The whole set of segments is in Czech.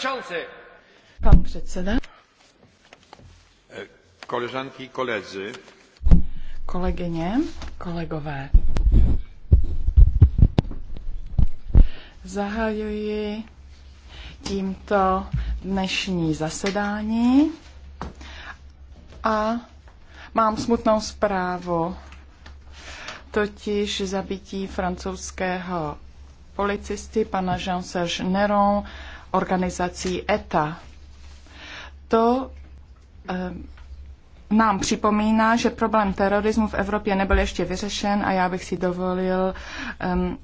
Pane Pan předseda. Koleżanki i Kolegyně, kolegové. Zahajuji tímto dnešní zasedání a mám smutnou zprávu, totiž zabití francouzského policisty pana Jean-Serge Neron organizací ETA. To eh, nám připomíná, že problém terorismu v Evropě nebyl ještě vyřešen a já bych si dovolil ehm,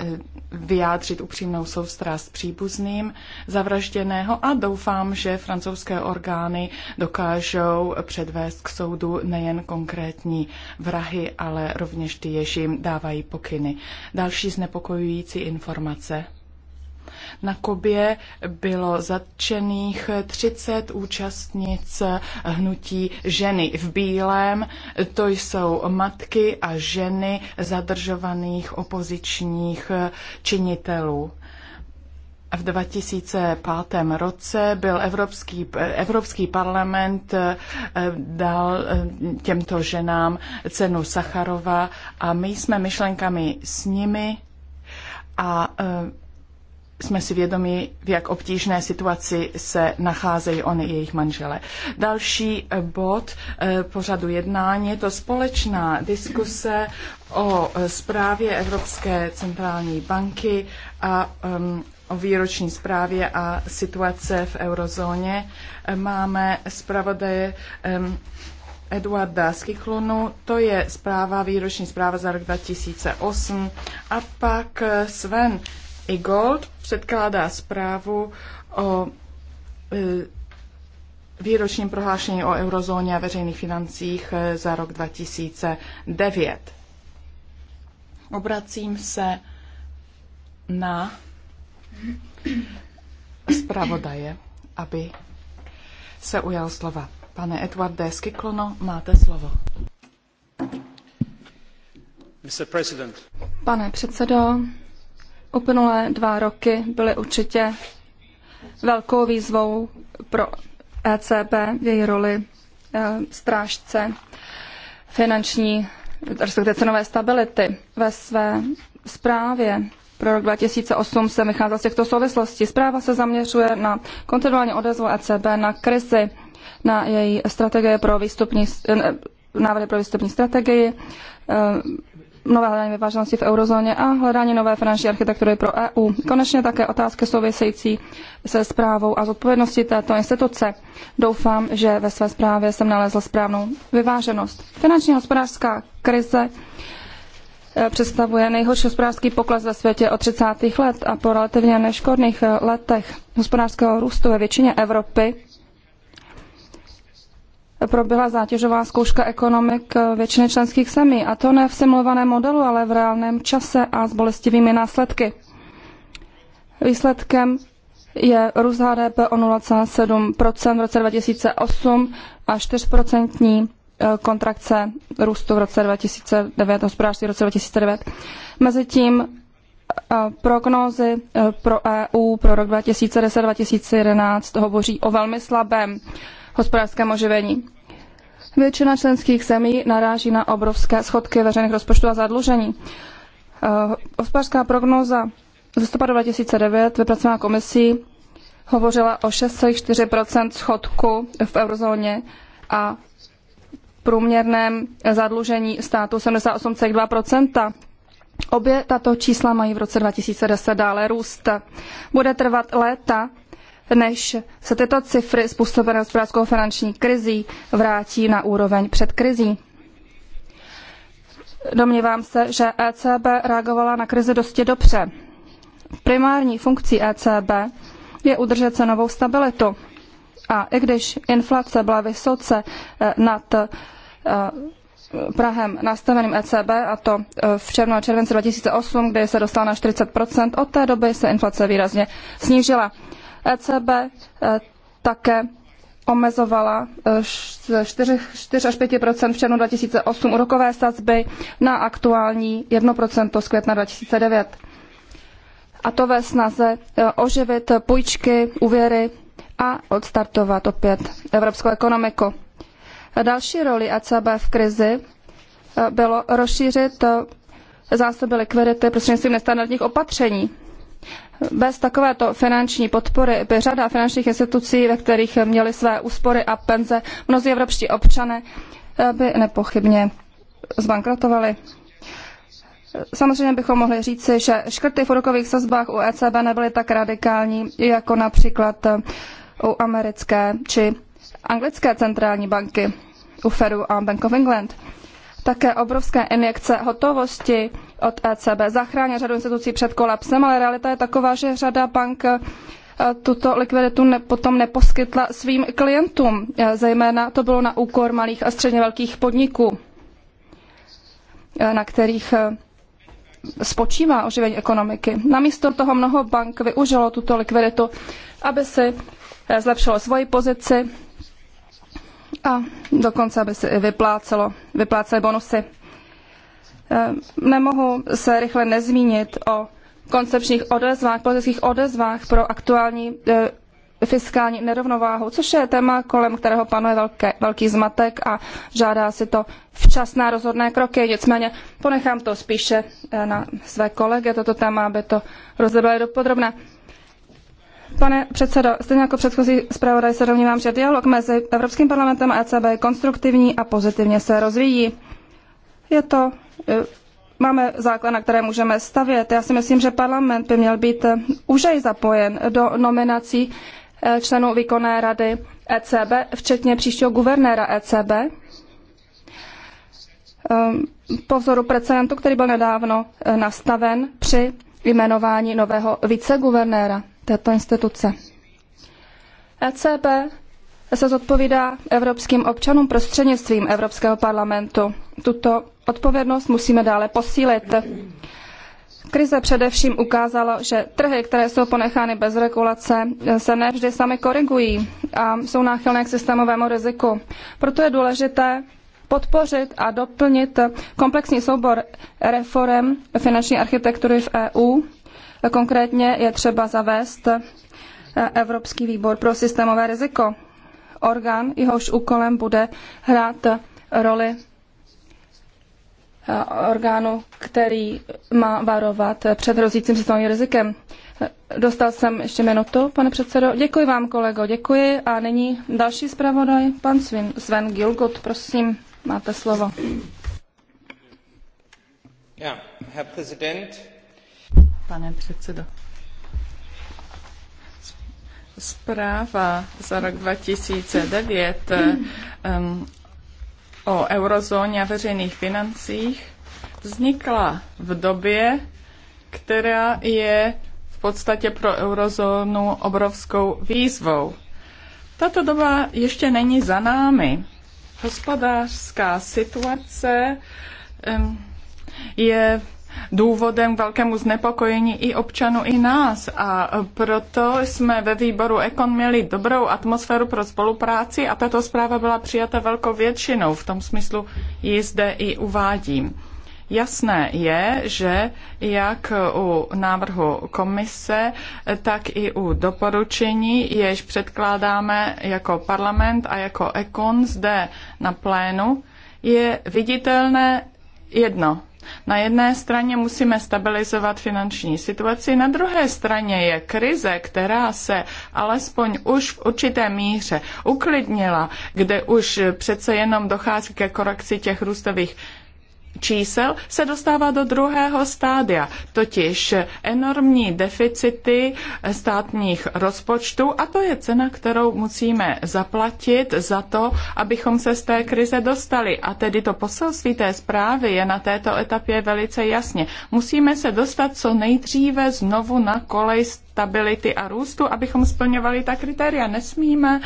eh, vyjádřit upřímnou soustrast příbuzným zavražděného a doufám, že francouzské orgány dokážou předvést k soudu nejen konkrétní vrahy, ale rovněž ty, jež jim dávají pokyny. Další znepokojující informace na Kobě bylo zatčených 30 účastnic hnutí ženy v bílém. To jsou matky a ženy zadržovaných opozičních činitelů. V 2005 roce byl Evropský, Evropský parlament eh, dal eh, těmto ženám cenu Sacharova a my jsme myšlenkami s nimi a eh, jsme si vědomi, v jak obtížné situaci se nacházejí oni i jejich manžele. Další eh, bod eh, pořadu jednání je to společná diskuse o zprávě eh, Evropské centrální banky a um, o výroční zprávě a situace v eurozóně. Máme zpravodaje um, Eduarda Skiklunu, to je zpráva, výroční zpráva za rok 2008. A pak Sven Igold předkládá zprávu o e, výročním prohlášení o eurozóně a veřejných financích e, za rok 2009. Obracím se na zpravodaje, aby se ujal slova. Pane Edwarde Skiklono, máte slovo. Pane předsedo, Uplynulé dva roky byly určitě velkou výzvou pro ECB v její roli eh, strážce finanční, respektive cenové stability. Ve své zprávě pro rok 2008 se vycházel z těchto souvislostí. Zpráva se zaměřuje na kontinuální odezvu ECB na krizi, na její strategie pro výstupní, eh, návrhy pro výstupní strategii, eh, nové hledání vyváženosti v eurozóně a hledání nové finanční architektury pro EU. Konečně také otázky související se zprávou a zodpovědností této instituce. Doufám, že ve své zprávě jsem nalezl správnou vyváženost. Finanční hospodářská krize eh, představuje nejhorší hospodářský pokles ve světě od 30. let a po relativně neškodných eh, letech hospodářského růstu ve většině Evropy proběhla zátěžová zkouška ekonomik eh, většiny členských zemí. A to ne v simulovaném modelu, ale v reálném čase a s bolestivými následky. Výsledkem je růst HDP o 0,7 v roce 2008 a 4% eh, kontrakce růstu v roce 2009, hospodářství v roce 2009. Mezitím eh, prognózy pro EU pro rok 2010-2011 hovoří o velmi slabém hospodářském oživení. Většina členských zemí naráží na obrovské schodky veřejných rozpočtů a zadlužení. Eh, hospodářská prognóza z listopadu 2009 vypracovaná komisí hovořila o 6,4 schodku v eurozóně a průměrném zadlužení státu 78,2 Obě tato čísla mají v roce 2010 dále růst. Bude trvat léta, než se tyto cifry způsobené hospodářskou finanční krizí vrátí na úroveň před krizí. Domnívám se, že ECB reagovala na krizi dosti dobře. Primární funkcí ECB je udržet cenovou stabilitu. A i když inflace byla vysoce eh, nad eh, Prahem nastaveným ECB, a to eh, v červnu a červenci 2008, kdy se dostala na 40 od té doby se inflace výrazně snížila. ECB e, také omezovala e, ze 4, 4 až 5 v červnu 2008 úrokové sazby na aktuální 1 z května 2009. A to ve snaze e, oživit půjčky, úvěry a odstartovat opět evropskou ekonomiku. Další roli ECB v krizi bylo rozšířit zásoby likvidity prostřednictvím nestandardních opatření. Bez takovéto finanční podpory by řada finančních institucí, ve kterých měly své úspory a penze, mnozí evropští občané eh, by nepochybně zbankrotovali. Samozřejmě bychom mohli říci, že škrty v úrokových sazbách u ECB nebyly tak radikální, jako například eh, u americké či anglické centrální banky, u Fedu a Bank of England. Také obrovské injekce hotovosti od ECB zachránil řadu institucí před kolapsem, ale realita je taková, že řada bank e, tuto likviditu ne, potom neposkytla svým klientům. E, zejména to bylo na úkor malých a středně velkých podniků, e, na kterých spočívá oživení ekonomiky. Namísto toho mnoho bank využilo tuto likviditu, aby si zlepšilo svoji pozici a dokonce, aby si i vyplácelo, vypláceli bonusy. Eh, nemohu se rychle nezmínit o koncepčních odezvách, politických odezvách pro aktuální eh, fiskální nerovnováhu, což je téma, kolem kterého panuje velké, velký zmatek a žádá si to včasná rozhodné kroky. Nicméně ponechám to spíše eh, na své kolegy, toto téma, aby to rozebrali dopodrobna. Pane předsedo, stejně jako předchozí zpravodaj se domnívám, že dialog mezi Evropským parlamentem a ECB je konstruktivní a pozitivně se rozvíjí. Je to, e, máme základ, na které můžeme stavět. Já si myslím, že parlament by měl být e, užej zapojen do nominací e, členů výkonné rady ECB, včetně příštího guvernéra ECB, po vzoru precedentu, který byl nedávno nastaven při jmenování nového viceguvernéra této instituce. ECB se zodpovídá evropským občanům prostřednictvím Evropského parlamentu tuto odpovědnost musíme dále posílit. Krize především ukázala, že trhy, které jsou ponechány bez regulace, se nevždy sami korigují a jsou náchylné k systémovému riziku. Proto je důležité podpořit a doplnit komplexní soubor reform finanční architektury v EU. Konkrétně je třeba zavést Evropský výbor pro systémové riziko. Orgán, jehož úkolem bude hrát roli Eh, orgánu, který má varovat před hrozícím systémovým rizikem. Dostal jsem ještě minutu, pane předsedo. Děkuji vám, kolego, děkuji. A nyní další zpravodaj, pan Sven, Sven Gilgut, prosím, máte slovo. Ja, Herr Präsident. Pane předsedo. Zpráva za rok 2009 um, o eurozóně a veřejných financích vznikla v době, která je v podstatě pro eurozónu obrovskou výzvou. Tato doba ještě není za námi. Hospodářská situace je důvodem k velkému znepokojení i občanů, i nás. A proto jsme ve výboru Ekon měli dobrou atmosféru pro spolupráci a tato zpráva byla přijata velkou většinou. V tom smyslu ji zde i uvádím. Jasné je, že jak u návrhu komise, tak i u doporučení, jež předkládáme jako parlament a jako ekon zde na plénu, je viditelné jedno na jedné straně musíme stabilizovat finanční situaci, na druhé straně je krize, která se alespoň už v určité míře uklidnila, kde už přece jenom dochází ke korekci těch růstových čísel se dostává do druhého stádia, totiž enormní deficity státních rozpočtů a to je cena, kterou musíme zaplatit za to, abychom se z té krize dostali. A tedy to poselství té zprávy je na této etapě velice jasně. Musíme se dostat co nejdříve znovu na kolej stability a růstu, abychom splňovali ta kritéria. Nesmíme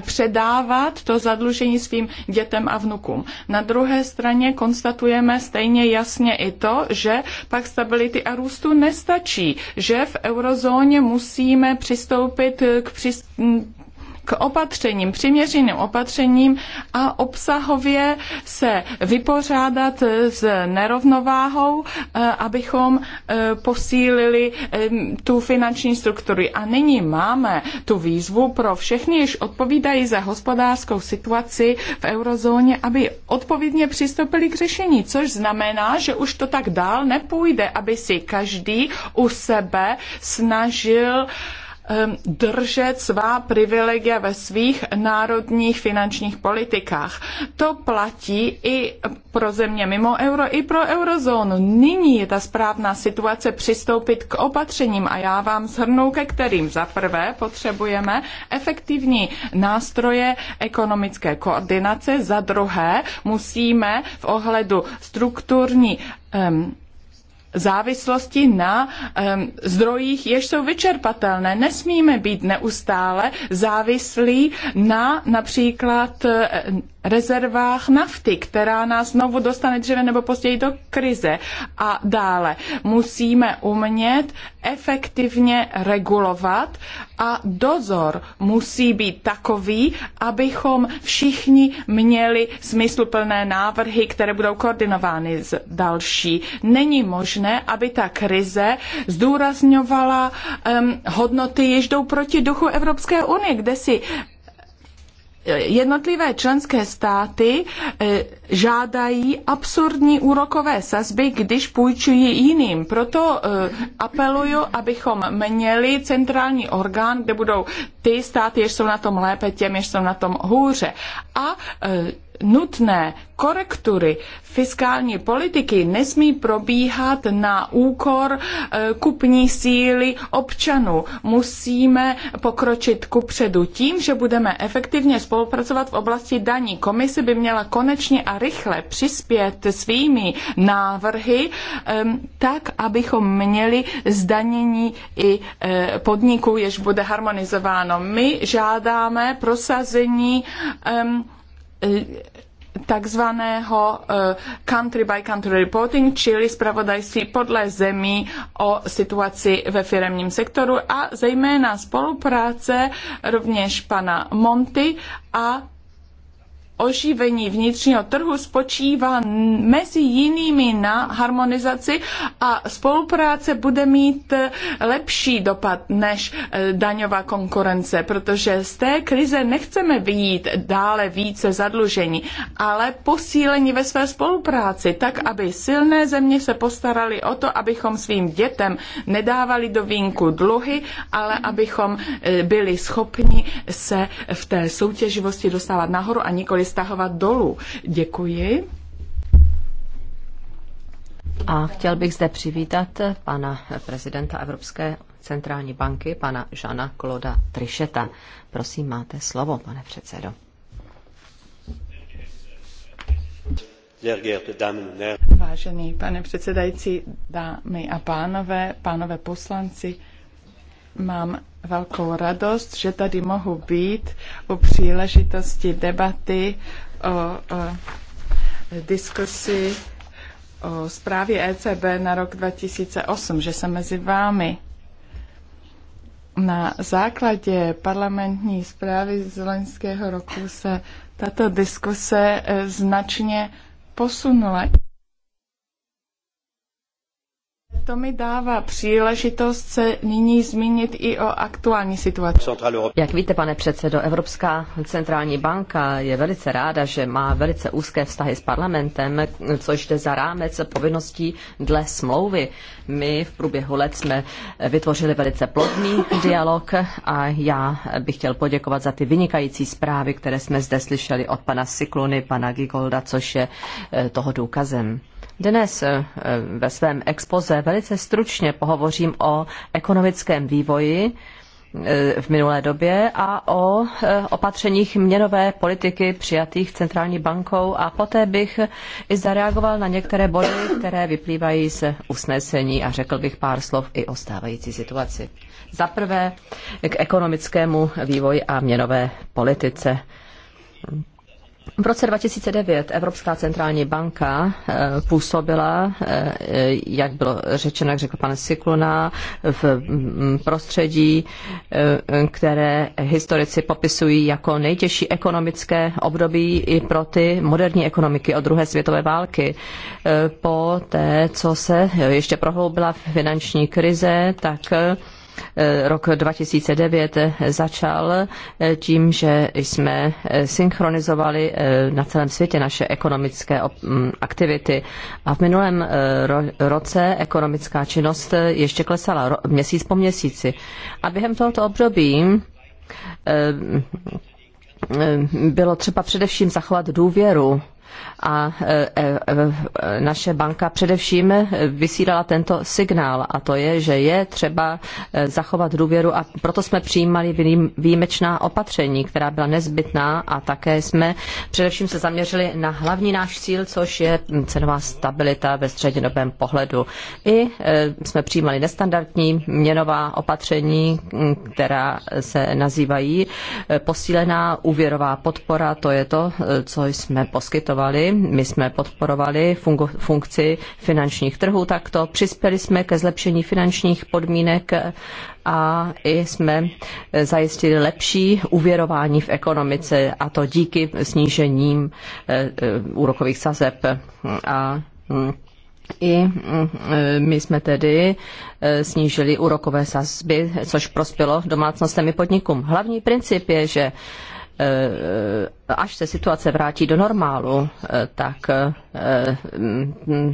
předávat to zadlužení svým dětem a vnukům. Na druhé straně konstatujeme stejně jasně i to, že pak stability a růstu nestačí, že v eurozóně musíme přistoupit k přist- k opatřením, přiměřeným opatřením a obsahově se vypořádat s nerovnováhou, eh, abychom eh, posílili eh, tu finanční strukturu. A nyní máme tu výzvu pro všechny, již odpovídají za hospodářskou situaci v eurozóně, aby odpovědně přistoupili k řešení, což znamená, že už to tak dál nepůjde, aby si každý u sebe snažil uh, Ehm, držet svá privilegia ve svých národních finančních politikách. To platí i pro země mimo euro, i pro eurozónu. Nyní je ta správná situace přistoupit k opatřením a já vám shrnu, ke kterým za prvé potřebujeme efektivní nástroje ekonomické koordinace, za druhé musíme v ohledu strukturní um, závislosti na um, zdrojích, jež jsou vyčerpatelné. Nesmíme být neustále závislí na například rezervách nafty, která nás znovu dostane dříve nebo později do krize. A dále musíme umět efektivně regulovat a dozor musí být takový, abychom všichni měli smysluplné návrhy, které budou koordinovány s další. Není možné, aby ta krize zdůrazňovala um, hodnoty, jež jdou proti duchu Evropské unie, kde si jednotlivé členské státy e, žádají absurdní úrokové sazby, když půjčují jiným. Proto e, apeluju, abychom měli centrální orgán, kde budou ty státy, jež jsou na tom lépe, těm, jež jsou na tom hůře. A e, nutné korektury fiskální politiky nesmí probíhat na úkor eh, kupní síly občanů. Musíme pokročit kupředu tím, že budeme efektivně spolupracovat v oblasti daní. Komise by měla konečně a rychle přispět svými návrhy tak, abychom měli zdanění i eh, podniků, jež bude harmonizováno. My žádáme prosazení Eh, takzvaného eh, country by country reporting, čili zpravodajství podle zemí o situaci ve firemním sektoru a zejména spolupráce rovněž pana Monty a oživení vnitřního trhu spočívá mezi jinými na harmonizaci a spolupráce bude mít eh, lepší dopad než eh, daňová konkurence, protože z té krize nechceme vyjít dále více zadlužení, ale posílení ve své spolupráci, tak aby silné země se postaraly o to, abychom svým dětem nedávali do vínku dluhy, ale abychom eh, byli schopni se v té soutěživosti dostávat nahoru a nikoli stahovat dolů. Děkuji. A chtěl bych zde přivítat pana prezidenta Evropské centrální banky, pana Žana Kloda Trišeta. Prosím, máte slovo, pane předsedo. Vážený pane předsedající, dámy a pánové, pánové poslanci, mám velkou radost, že tady mohu být u příležitosti debaty o, o diskusi o zprávě ECB na rok 2008, že jsem mezi vámi. Na základě parlamentní zprávy z loňského roku se tato diskuse e, značně posunula. To mi dává příležitost se nyní zmínit i o aktuální situaci. Jak víte, pane předsedo, Evropská centrální banka je velice ráda, že má velice úzké vztahy s parlamentem, což jde za rámec povinností dle smlouvy. My v průběhu let jsme vytvořili velice plodný dialog a já bych chtěl poděkovat za ty vynikající zprávy, které jsme zde slyšeli od pana Siklony, pana Gigolda, což je eh, toho důkazem. Dnes eh, ve svém expoze velice stručně pohovořím o ekonomickém vývoji eh, v minulé době a o eh, opatřeních měnové politiky přijatých centrální bankou a poté bych i zareagoval na některé body, které vyplývají z usnesení a řekl bych pár slov i o stávající situaci. Za prvé k ekonomickému vývoji a měnové politice. V roce 2009 Evropská centrální banka eh, působila, eh, jak bylo řečeno, jak řekl pan Sikluna, v mm, prostředí, eh, které historici popisují jako nejtěžší ekonomické období i pro ty moderní ekonomiky od druhé světové války. Po té, co se ještě prohloubila finanční krize, tak Eh, rok 2009 eh, začal eh, tím, že jsme synchronizovali na celém světě naše ekonomické mm, aktivity a v minulém roce ekonomická činnost ještě klesala měsíc po měsíci. A během tohoto období mm, bylo třeba především zachovat důvěru a e, e, e, naše banka především vysílala tento signál a to je, že je třeba zachovat důvěru a proto jsme přijímali výjimečná opatření, která byla nezbytná a také jsme především se zaměřili na hlavní náš cíl, což je cenová stabilita ve střednědobém pohledu. I jsme přijímali nestandardní měnová opatření, která se nazývají posílená úvěrová podpora, to je to, co jsme poskytovali podporovali, my jsme podporovali fungu, funkci finančních trhů takto, přispěli jsme ke zlepšení finančních podmínek a i jsme zajistili lepší uvěrování v ekonomice a to díky snížením eh, eh, úrokových sazeb. A hm, i hm, my jsme tedy eh, snížili úrokové sazby, což prospělo domácnostem i podnikům. Hlavní princip je, že až se situace vrátí do normálu, eh, tak eh, mm,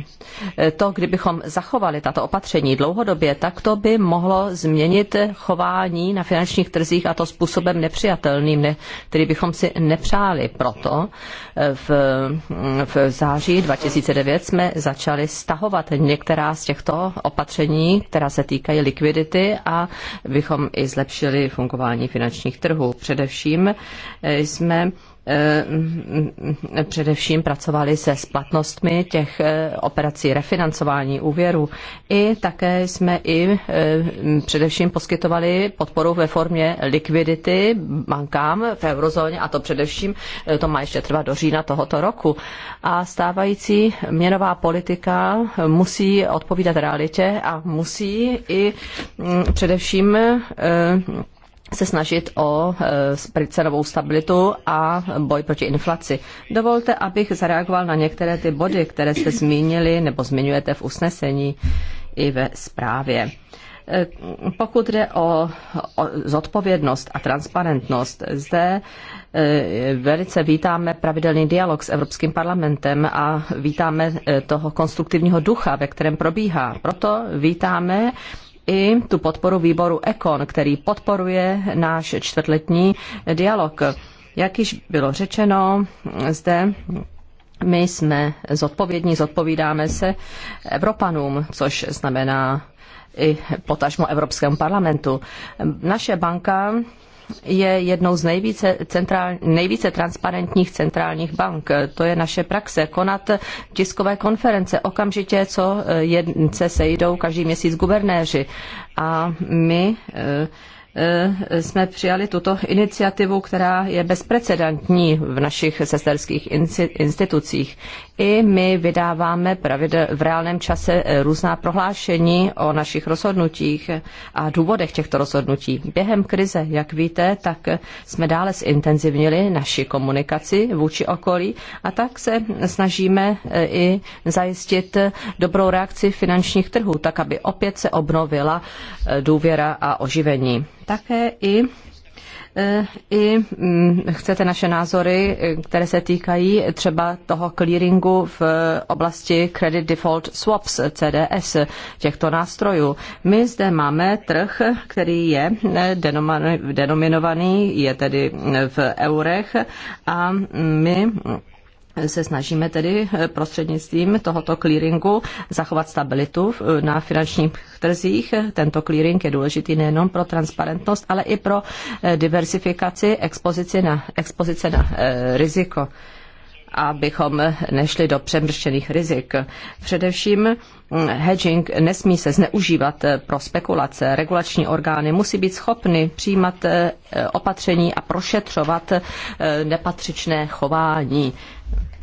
to, kdybychom zachovali tato opatření dlouhodobě, tak to by mohlo změnit chování na finančních trzích a to způsobem nepřijatelným, který bychom si nepřáli. Proto eh, v, mm, v září 2009 jsme začali stahovat některá z těchto opatření, která se týkají likvidity a bychom i zlepšili fungování finančních trhů. Především jsme Eh, především pracovali se splatnostmi těch eh, operací refinancování úvěru. I také jsme i eh, především poskytovali podporu ve formě likvidity bankám v eurozóně a to především, to má ještě trvat do října tohoto roku. A stávající měnová politika musí odpovídat realitě a musí i mm, především se snažit o e, cenovou stabilitu a boj proti inflaci. Dovolte, abych zareagoval na některé ty body, které jste zmínili nebo zmiňujete v usnesení i ve zprávě. E, pokud jde o, o zodpovědnost a transparentnost, zde e, velice vítáme pravidelný dialog s Evropským parlamentem a vítáme toho konstruktivního ducha, ve kterém probíhá. Proto vítáme i tu podporu výboru Ekon, který podporuje náš čtvrtletní dialog. Jak již bylo řečeno, zde my jsme zodpovědní, zodpovídáme se Evropanům, což znamená i potažmo Evropskému parlamentu. Naše banka je jednou z nejvíce, centrál, nejvíce transparentních centrálních bank. To je naše praxe. Konat tiskové konference okamžitě, co se eh, sejdou každý měsíc guvernéři. A my eh, Eh, jsme přijali tuto iniciativu, která je bezprecedentní v našich sesterských institucích. I my vydáváme pravidel, v reálném čase eh, různá prohlášení o našich rozhodnutích a důvodech těchto rozhodnutí. Během krize, jak víte, tak eh, jsme dále zintenzivnili naši komunikaci vůči okolí a tak se snažíme i zajistit dobrou reakci finančních trhů, tak aby opět se obnovila důvěra a oživení také i e, i mm, chcete naše názory, které se týkají třeba toho clearingu v oblasti Credit Default Swaps, CDS, těchto nástrojů. My zde máme trh, který je e, denominovaný, je tedy v eurech a my se snažíme tedy eh, prostřednictvím tohoto clearingu zachovat stabilitu eh, na finančních trzích. Tento clearing je důležitý nejenom pro transparentnost, ale i pro eh, diversifikaci expozice na, expozice na riziko abychom nešli do přemrštěných rizik. Především hm, hedging nesmí se zneužívat pro spekulace. Regulační orgány musí být schopny přijímat opatření a prošetřovat nepatřičné chování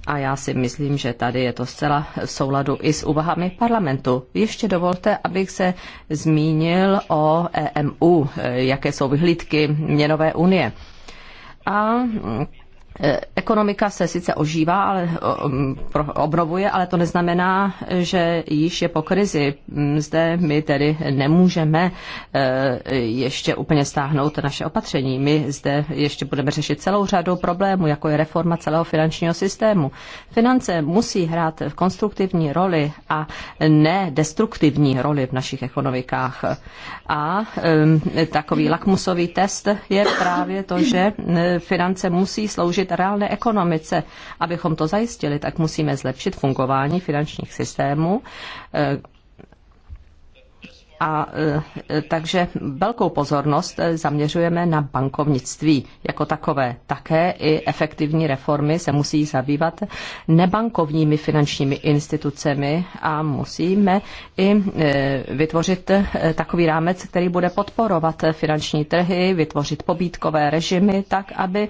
a já si myslím, že tady je to zcela v souladu i s úvahami parlamentu. Ještě dovolte, abych se zmínil o EMU, jaké jsou vyhlídky měnové unie. A Eh, ekonomika se sice ožívá, ale mm, obnovuje, ale to neznamená, že již je po krizi. Mm, zde my tedy nemůžeme eh, ještě úplně stáhnout naše opatření. My zde ještě budeme řešit celou řadu problémů, jako je reforma celého finančního systému. Finance musí hrát v konstruktivní roli a ne destruktivní roli v našich ekonomikách. A eh, takový lakmusový test je právě to, že finance musí sloužit sloužit reálné ekonomice. Abychom to zajistili, tak musíme zlepšit fungování finančních systémů, eh, a eh, takže velkou pozornost eh, zaměřujeme na bankovnictví jako takové. Také i efektivní reformy se musí zabývat nebankovními finančními institucemi a musíme i vytvořit takový rámec, který bude podporovat finanční trhy, vytvořit pobídkové režimy tak, aby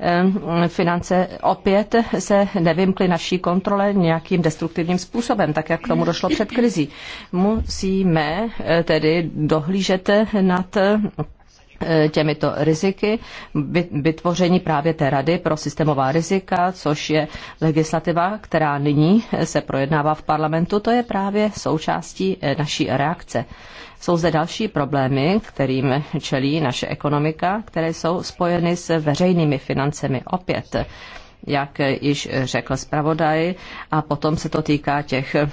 Eh, finance opět se nevymkly naší kontrole nějakým destruktivním způsobem, tak jak k tomu došlo před krizí. Musíme eh, tedy dohlížet nad eh, těmito riziky, vytvoření právě té rady pro systémová rizika, což je legislativa, která nyní se projednává v parlamentu, to je právě součástí naší reakce. Jsou zde další problémy, kterým čelí naše ekonomika, které jsou spojeny s veřejnými financemi opět jak již řekl zpravodaj, a potom se to týká těch eh,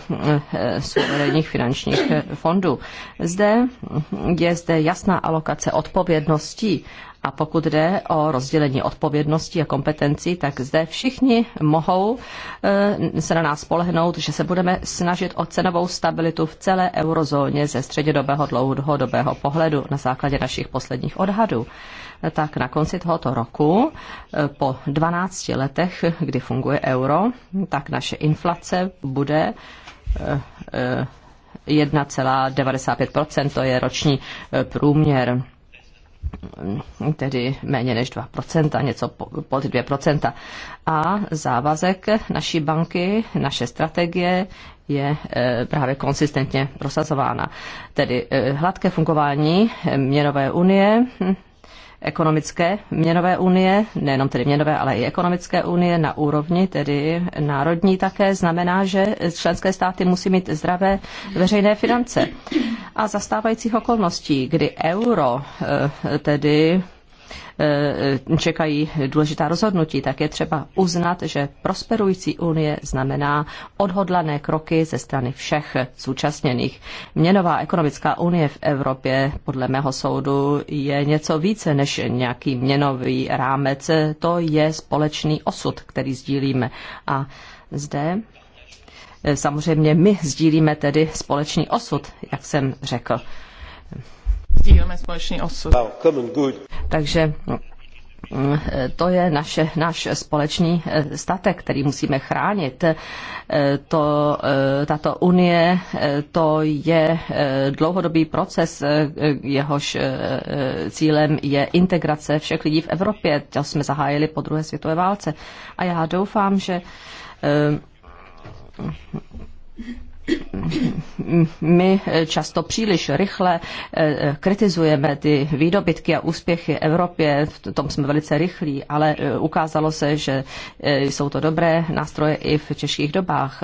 suverénních finančních fondů. Zde je zde jasná alokace odpovědností a pokud jde o rozdělení odpovědnosti a kompetencí, tak zde všichni mohou eh, se na nás spolehnout, že se budeme snažit o cenovou stabilitu v celé eurozóně ze střednědobého dlouhodobého pohledu na základě našich posledních odhadů. Tak na konci tohoto roku, eh, po 12 letech, kdy funguje euro, tak naše inflace bude 1,95%, eh, to je roční průměr tedy méně než 2%, něco pod 2%. A závazek naší banky, naše strategie je eh, právě konsistentně prosazována. Tedy eh, hladké fungování eh, měnové unie hm, ekonomické měnové unie, nejenom tedy měnové, ale i ekonomické unie na úrovni, tedy národní také, znamená, že členské státy musí mít zdravé veřejné finance. A zastávajících okolností, kdy euro eh, tedy Eh, čekají důležitá rozhodnutí, tak je třeba uznat, že prosperující unie znamená odhodlané kroky ze strany všech zúčastněných. Měnová ekonomická unie v Evropě podle mého soudu je něco více než nějaký měnový rámec. To je společný osud, který sdílíme. A zde eh, samozřejmě my sdílíme tedy společný osud, jak jsem řekl. Sdílíme společný osud. Takže mm, to je naše, náš společný eh, statek, který musíme chránit. Eh, to, eh, tato unie, to je dlouhodobý proces, jehož cílem je integrace všech lidí v Evropě. To jsme zahájili po druhé světové válce. A já doufám, že my často příliš rychle eh, kritizujeme ty výdobytky a úspěchy Evropě, v tom jsme velice rychlí, ale eh, ukázalo se, že eh, jsou to dobré nástroje i v těžkých dobách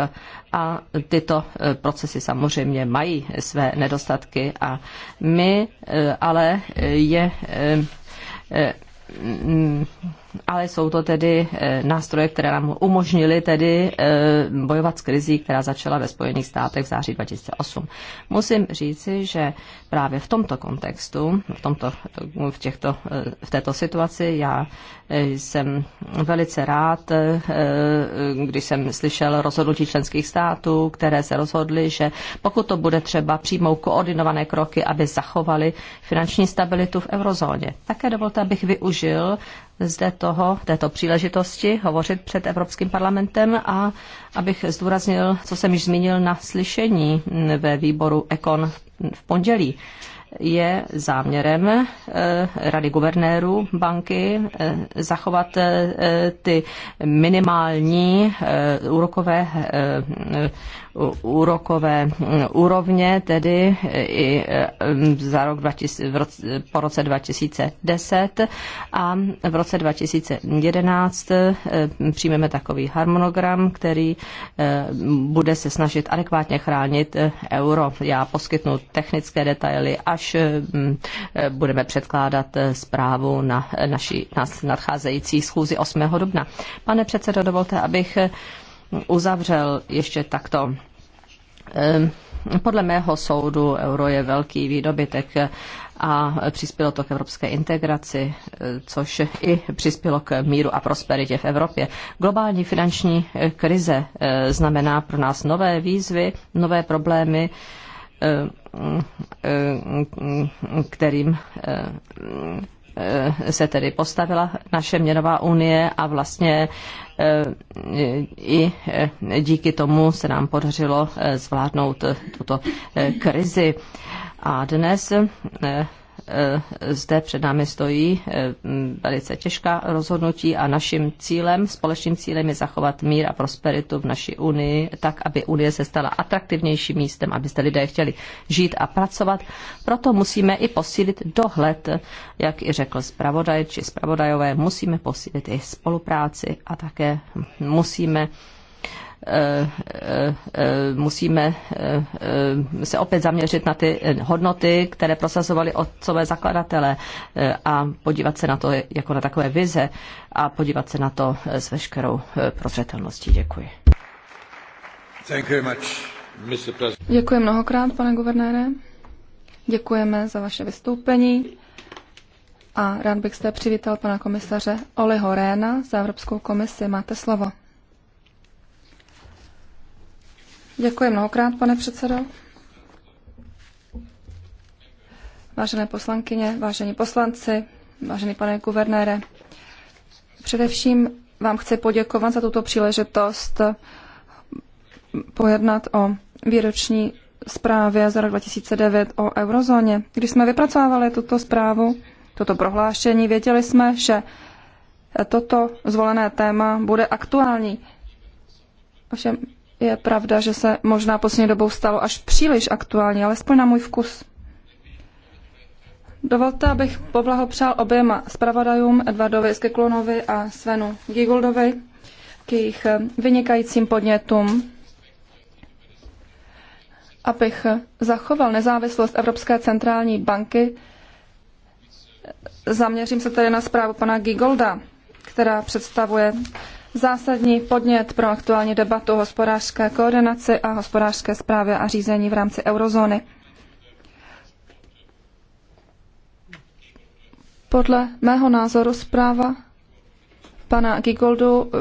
a tyto procesy samozřejmě mají své nedostatky a my ale je ale jsou to tedy eh, nástroje, které nám umožnily tedy eh, bojovat s krizí, která začala ve Spojených státech v září 2008. Musím říci, že právě v tomto kontextu, v, tomto, v, těchto, eh, v této situaci, já jsem velice rád, když jsem slyšel rozhodnutí členských států, které se rozhodly, že pokud to bude třeba, přijmout koordinované kroky, aby zachovali finanční stabilitu v eurozóně. Také dovolte, abych využil zde toho, této příležitosti hovořit před Evropským parlamentem a abych zdůraznil, co jsem již zmínil na slyšení ve výboru Ekon v pondělí je záměrem eh, Rady guvernérů banky eh, zachovat eh, ty minimální úrokové, úrokové hm, úrovně, tedy i za rok 2000, po roce 2010 a v roce 2011 přijmeme takový harmonogram, který bude se snažit adekvátně chránit euro. Já poskytnu technické detaily až až eh, eh, budeme předkládat eh, zprávu na naší na nadcházející schůzi 8. dubna. Pane předsedo, dovolte, abych uzavřel ještě takto. Podle mého soudu euro je velký výdobytek a přispělo to k evropské integraci, což i přispělo k míru a prosperitě v Evropě. Globální finanční krize znamená pro nás nové výzvy, nové problémy, kterým eh, eh, se tedy postavila naše měnová unie a vlastně eh, i díky tomu se nám podařilo zvládnout tuto krizi. A dnes Eh, zde před námi stojí eh, velice těžká rozhodnutí a naším cílem, společným cílem je zachovat mír a prosperitu v naší Unii, tak, aby Unie se stala atraktivnějším místem, aby zde lidé chtěli žít a pracovat. Proto musíme i posílit dohled, jak i řekl zpravodaj či zpravodajové, musíme posílit i spolupráci a také musíme musíme eh, eh, se opět zaměřit na ty hodnoty, které prosazovali otcové zakladatelé eh, a podívat se na to jako na takové vize a podívat se na to s veškerou prozřetelností. Děkuji. Děkuji mnohokrát, pane guvernére. Děkujeme za vaše vystoupení. A rád bych zde přivítal pana komisaře Oliho Réna za Evropskou komisi. Máte slovo. Děkuji mnohokrát, pane předsedo. Vážené poslankyně, vážení poslanci, vážený pane guvernére, především vám chci poděkovat za tuto příležitost pojednat o výroční zprávě za rok 2009 o eurozóně. Když jsme vypracovávali tuto zprávu, toto prohlášení, věděli jsme, že toto zvolené téma bude aktuální. Ovšem je pravda, že se možná poslední dobou stalo až příliš aktuální, alespoň na můj vkus. Dovolte, abych poblahopřál oběma zpravodajům Edvardovi Skeklonovi a Svenu Giguldovi k jejich vynikajícím podnětům, abych zachoval nezávislost Evropské centrální banky. Zaměřím se tedy na zprávu pana Gigolda, která představuje zásadní podnět pro aktuální debatu hospodářské koordinaci a hospodářské zprávy a řízení v rámci eurozóny. Podle mého názoru zpráva pana Gigoldu,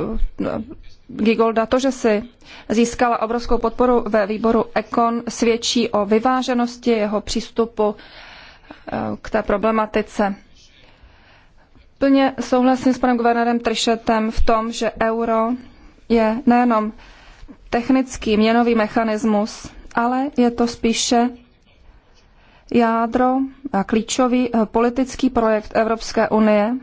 eh, Gigolda, to, že si získala obrovskou podporu ve výboru Econ, svědčí o vyváženosti jeho přístupu eh, k té problematice. Plně souhlasím s panem guvernérem Tršetem v tom, že euro je nejenom technický měnový mechanismus, ale je to spíše jádro a klíčový eh, politický projekt Evropské unie,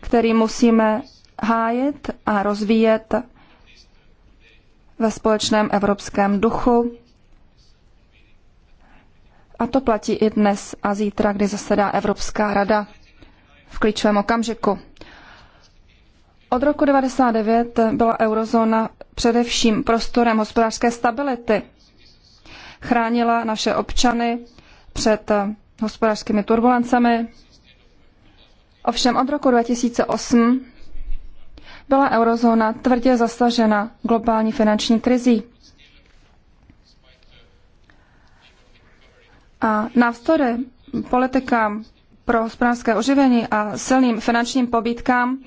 který musíme hájit a rozvíjet ve společném evropském duchu. A to platí i dnes a zítra, kdy zasedá Evropská rada v klíčovém okamžiku. Od roku 1999 byla eurozóna především prostorem hospodářské stability. Chránila naše občany před hospodářskými turbulencemi. Ovšem od roku 2008 byla eurozóna tvrdě zasažena globální finanční krizí. A navzdory politikám pro hospodářské oživení a silným finančním pobítkám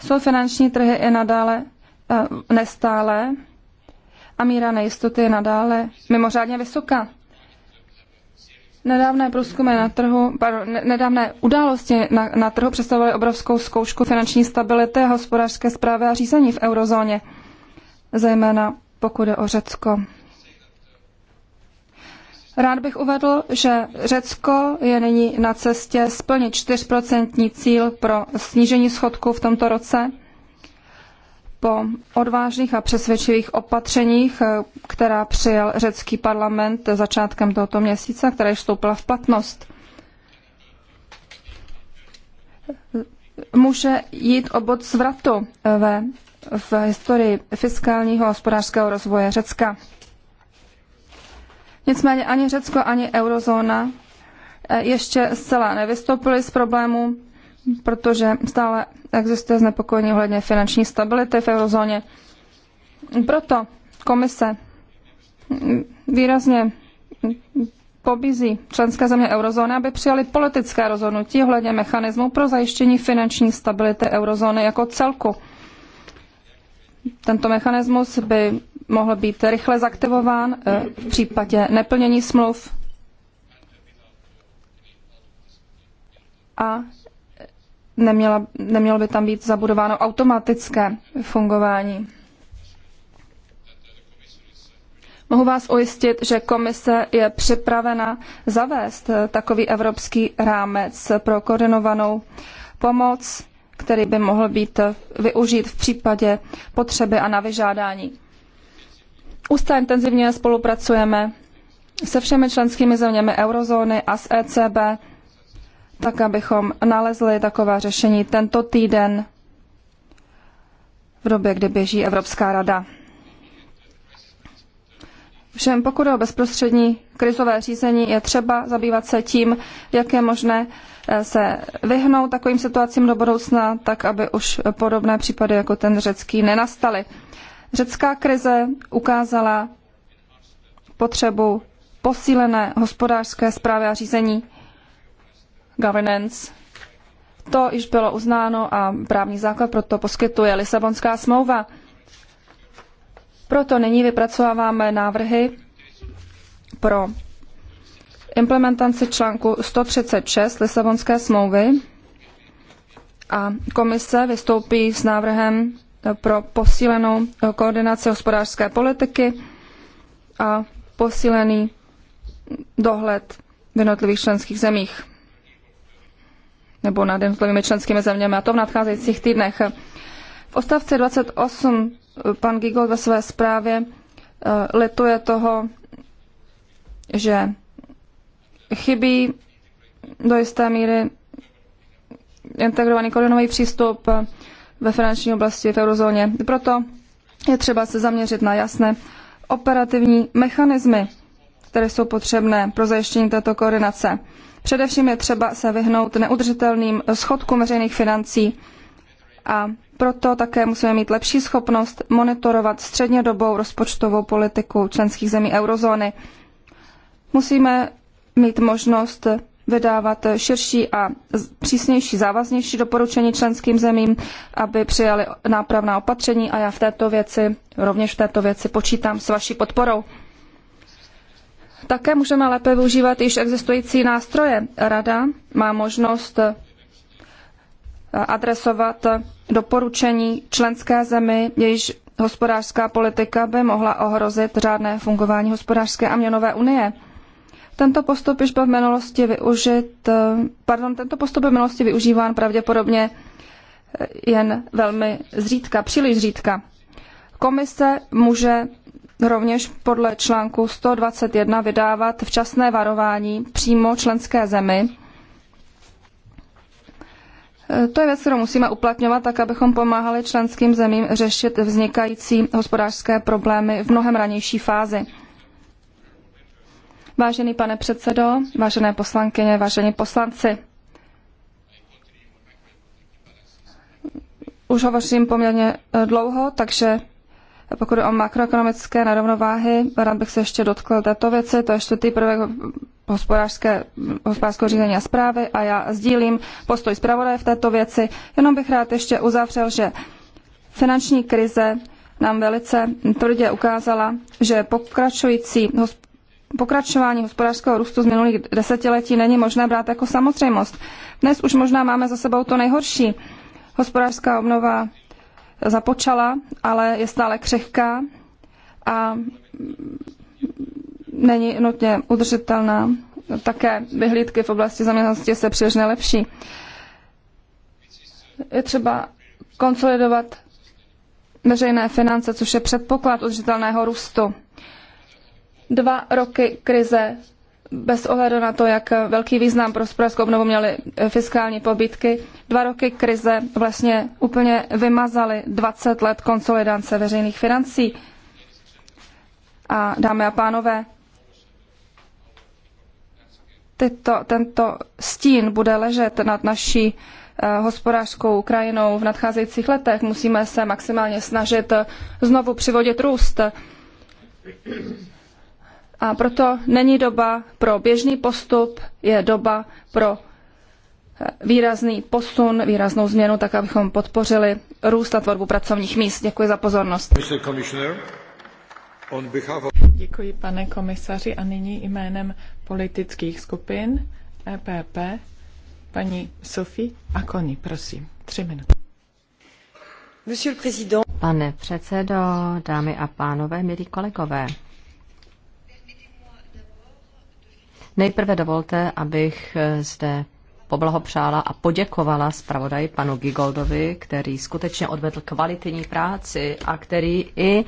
jsou finanční trhy i nadále eh, nestále a míra nejistoty je nadále mimořádně vysoká. Nedávné průzkumy na trhu, pardon, nedávné události na, na trhu představovaly obrovskou zkoušku finanční stability a hospodářské zprávy a řízení v eurozóně, zejména pokud je o Řecko. Rád bych uvedl, že Řecko je nyní na cestě splnit 4% cíl pro snížení schodku v tomto roce. Po odvážných a přesvědčivých opatřeních, eh, která přijal řecký parlament začátkem tohoto měsíce, které vstoupila v platnost, může jít o bod zvratu eh, ve, v historii fiskálního a hospodářského rozvoje Řecka. Nicméně ani Řecko, ani eurozóna eh, ještě zcela nevystoupily z problému, protože stále existuje znepokojení ohledně finanční stability v eurozóně. Proto komise výrazně pobízí členské země eurozóny, aby přijali politické rozhodnutí ohledně mechanismu pro zajištění finanční stability eurozóny jako celku. Tento mechanismus by mohl být rychle zaktivován eh, v případě neplnění smluv a neměla, nemělo by tam být zabudováno automatické fungování. Mohu vás ujistit, že komise je připravena zavést eh, takový evropský rámec pro koordinovanou pomoc, který by mohl být eh, využít v případě potřeby a na vyžádání. Úzce intenzivně spolupracujeme se všemi členskými zeměmi eurozóny a s ECB, tak abychom nalezli taková řešení tento týden v době, kdy běží Evropská rada. Všem pokud o bezprostřední krizové řízení je třeba zabývat se tím, jak je možné eh, se vyhnout takovým situacím do budoucna, tak aby už podobné případy jako ten řecký nenastaly. Řecká krize ukázala potřebu posílené hospodářské zprávy a řízení governance. To již bylo uznáno a právní základ proto poskytuje Lisabonská smlouva. Proto nyní vypracováváme návrhy pro implementaci článku 136 Lisabonské smlouvy a komise vystoupí s návrhem pro posílenou eh, koordinaci hospodářské politiky a posílený dohled v jednotlivých členských zemích nebo nad jednotlivými členskými zeměmi a to v nadcházejících týdnech. V odstavci 28 eh, pan Gigold ve své zprávě eh, lituje toho, že chybí do jisté míry integrovaný koordinovaný přístup ve finanční oblasti v eurozóně. Proto je třeba se zaměřit na jasné operativní mechanismy, které jsou potřebné pro zajištění této koordinace. Především je třeba se vyhnout neudržitelným schodkům veřejných financí a proto také musíme mít lepší schopnost monitorovat střednědobou rozpočtovou politiku členských zemí eurozóny. Musíme mít možnost vydávat širší a přísnější, závaznější doporučení členským zemím, aby přijali nápravná opatření a já v této věci, rovněž v této věci počítám s vaší podporou. Také můžeme lépe využívat již existující nástroje. Rada má možnost eh, adresovat doporučení členské zemi, jejíž hospodářská politika by mohla ohrozit řádné fungování hospodářské a měnové unie. Tento postup již byl v minulosti využit, eh, pardon, tento postup byl v minulosti využíván pravděpodobně eh, jen velmi zřídka, příliš zřídka. Komise může rovněž podle článku 121 vydávat včasné varování přímo členské zemi. Eh, to je věc, kterou musíme uplatňovat, tak abychom pomáhali členským zemím řešit vznikající hospodářské problémy v mnohem ranější fázi. Vážený pane předsedo, vážené poslankyně, vážení poslanci, už hovořím poměrně eh, dlouho, takže pokud o makroekonomické nerovnováhy, rád bych se ještě dotkl této věci, to je čtvrtý prvek hospodářské, hospodářského řízení a zprávy a já sdílím postoj zpravodaje v této věci. Jenom bych rád ještě uzavřel, že finanční krize nám velice tvrdě ukázala, že pokračující pokračování hospodářského růstu z minulých desetiletí není možné brát jako samozřejmost. Dnes už možná máme za sebou to nejhorší. Hospodářská obnova započala, ale je stále křehká a není nutně udržitelná. Také vyhlídky v oblasti zaměstnanosti se příliš nelepší. Je třeba konsolidovat veřejné finance, což je předpoklad udržitelného růstu dva roky krize bez ohledu na to, jak velký význam pro hospodářskou obnovu měly eh, fiskální pobídky, dva roky krize vlastně úplně vymazaly 20 let konsolidance veřejných financí. A dámy a pánové, tyto, tento stín bude ležet nad naší eh, hospodářskou krajinou v nadcházejících letech. Musíme se maximálně snažit eh, znovu přivodit růst. A proto není doba pro běžný postup, je doba pro eh, výrazný posun, výraznou změnu, tak abychom podpořili růst a tvorbu pracovních míst. Děkuji za pozornost. Děkuji, pane komisaři. A nyní jménem politických skupin EPP paní Sophie Akoni, prosím. Tři minuty. Pane předsedo, dámy a pánové, milí kolegové, Nejprve dovolte, abych eh, zde poblahopřála a poděkovala zpravodaji panu Gigoldovi, který skutečně odvedl kvalitní práci a který i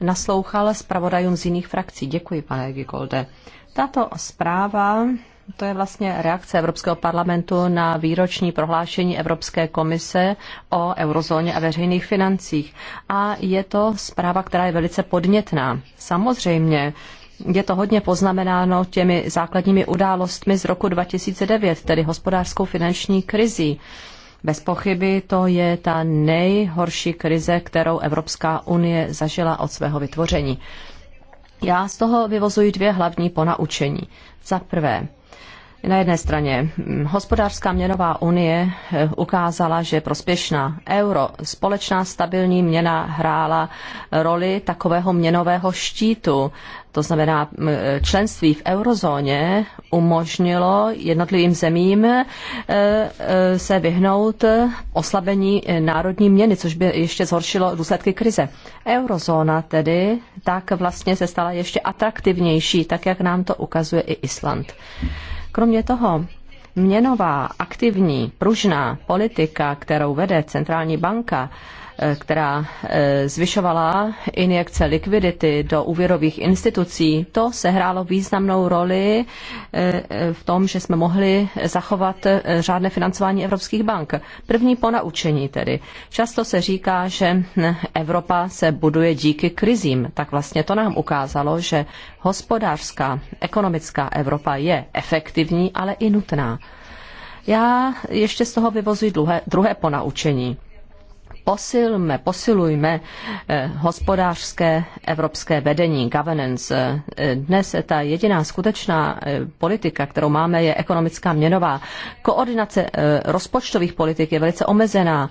naslouchal zpravodajům z jiných frakcí. Děkuji, pane Gigolde. Tato zpráva to je vlastně reakce Evropského parlamentu na výroční prohlášení Evropské komise o eurozóně a veřejných financích. A je to zpráva, která je velice podnětná. Samozřejmě, je to hodně poznamenáno těmi základními událostmi z roku 2009, tedy hospodářskou finanční krizí. Bez pochyby to je ta nejhorší krize, kterou Evropská unie zažila od svého vytvoření. Já z toho vyvozuji dvě hlavní ponaučení. Za prvé, na jedné straně hm, hospodářská měnová unie eh, ukázala, že prospěšná. Euro, společná stabilní měna, hrála roli takového měnového štítu to znamená členství v eurozóně, umožnilo jednotlivým zemím e, e, se vyhnout oslabení národní měny, což by ještě zhoršilo důsledky krize. Eurozóna tedy tak vlastně se stala ještě atraktivnější, tak jak nám to ukazuje i Island. Kromě toho, měnová, aktivní, pružná politika, kterou vede centrální banka, Eh, která eh, zvyšovala injekce likvidity do úvěrových institucí, to sehrálo významnou roli eh, v tom, že jsme mohli zachovat řádné financování evropských bank. První ponaučení tedy. Často se říká, že hm, Evropa se buduje díky krizím. Tak vlastně to nám ukázalo, že hospodářská, ekonomická Evropa je efektivní, ale i nutná. Já ještě z toho vyvozuji druhé, druhé ponaučení posilme, posilujme eh, hospodářské evropské vedení, governance. Eh, dnes ta jediná skutečná eh, politika, kterou máme, je ekonomická měnová. Koordinace rozpočtových politik je velice omezená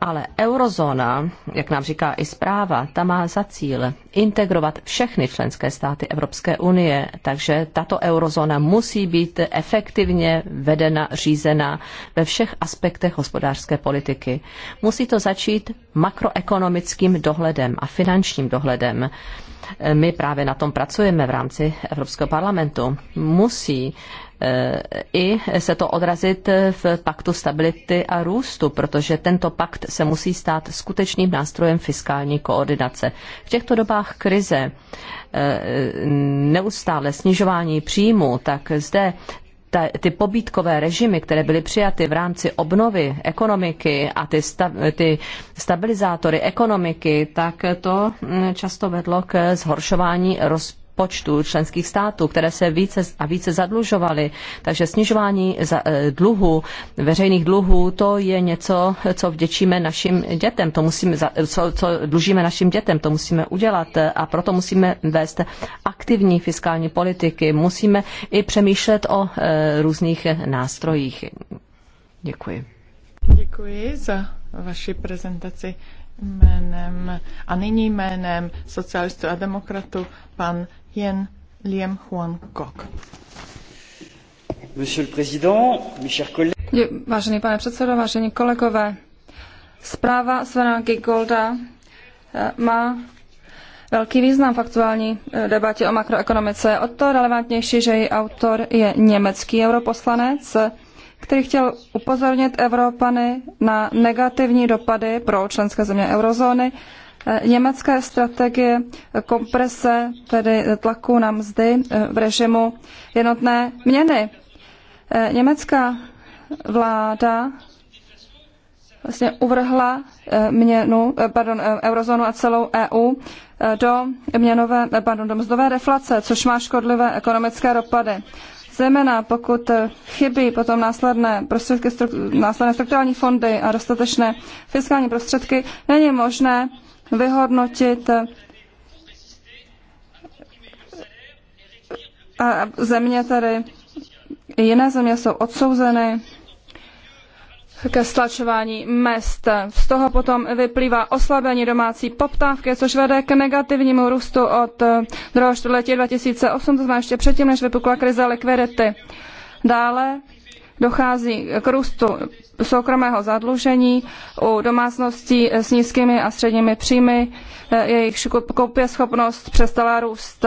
ale eurozóna, jak nám říká i zpráva, ta má za cíl integrovat všechny členské státy Evropské unie, takže tato eurozóna musí být efektivně vedena, řízena ve všech aspektech hospodářské politiky. Musí to začít makroekonomickým dohledem a finančním dohledem. My právě na tom pracujeme v rámci Evropského parlamentu. Musí i se to odrazit v paktu stability a růstu, protože tento pakt se musí stát skutečným nástrojem fiskální koordinace. V těchto dobách krize eh, neustále snižování příjmu, tak zde ty pobídkové režimy, které byly přijaty v rámci obnovy ekonomiky a ty, sta, ty stabilizátory ekonomiky, tak to hm, často vedlo k zhoršování rozpočtu počtu členských států, které se více a více zadlužovaly. Takže snižování eh, dluhu, veřejných dluhů, to je něco, co vděčíme našim dětem, to musíme, co, co dlužíme našim dětem, to musíme udělat a proto musíme vést aktivní fiskální politiky, musíme i přemýšlet o eh, různých nástrojích. Děkuji. Děkuji za vaši prezentaci jménem a nyní jménem socialistů a demokratů pan jen Liam Huan Kok. Vážený pane předsedo, vážení kolegové, zpráva Svena Gigolda eh, má velký význam v aktuální eh, debatě o makroekonomice. Je o to relevantnější, že její autor je německý europoslanec, který chtěl upozornit Evropany na negativní dopady pro členské země eurozóny Eh, německé strategie komprese, tedy tlaku na mzdy eh, v režimu jednotné měny. Eh, německá vláda vlastně uvrhla měnu, pardon, eurozónu a celou EU do měnové, pardon, do mzdové deflace, což má škodlivé ekonomické dopady. Zejména pokud chybí potom následné prostředky, následné strukturální fondy a dostatečné fiskální prostředky, není možné vyhodnotit a země tady, jiné země jsou odsouzeny ke stlačování mest. Z toho potom vyplývá oslabení domácí poptávky, což vede k negativnímu růstu od druhého čtvrtletí 2008, to znamená ještě předtím, než vypukla krize likvidity. Dále dochází k růstu soukromého zadlužení u domácností s nízkými a středními příjmy, eh, jejich koupěschopnost přestala růst.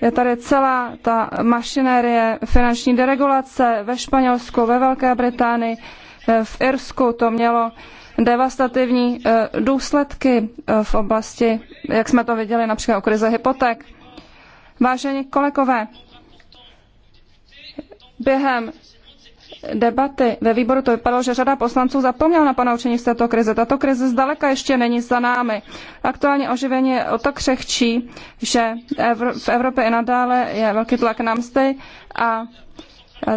Je tady celá ta mašinérie finanční deregulace ve Španělsku, ve Velké Británii, eh, v Irsku to mělo devastativní eh, důsledky v oblasti, jak jsme to viděli například u krize hypoték. Vážení kolegové, během debaty ve výboru to vypadalo, že řada poslanců zapomněla na ponaučení z této krize. Tato krize zdaleka ještě není za námi. Aktuální oživení je o to křehčí, že v Evropě i nadále je velký tlak na mzdy a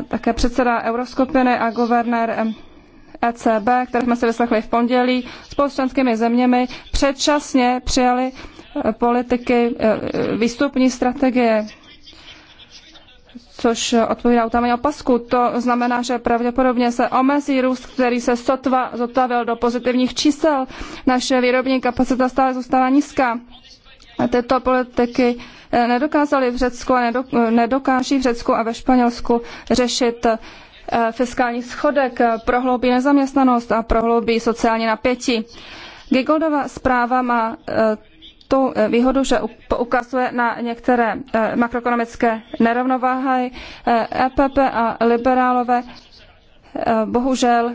také předseda Euroskupiny a guvernér ECB, e které jsme si vyslechli v pondělí, spolu s členskými zeměmi předčasně přijali e, politiky e, výstupní strategie což odpovídá utámení opasku. To znamená, že pravděpodobně se omezí růst, který se sotva zotavil do pozitivních čísel. Naše výrobní kapacita stále zůstává nízká. Tyto politiky eh, nedokázaly v Řecku a nedokáží v Řecku a ve Španělsku řešit eh, fiskální schodek, prohloubí nezaměstnanost a prohloubí sociální napětí. Gigoldova zpráva má eh, tu eh, výhodu, že poukazuje na některé eh, makroekonomické nerovnováhy. EPP eh, e a liberálové bohužel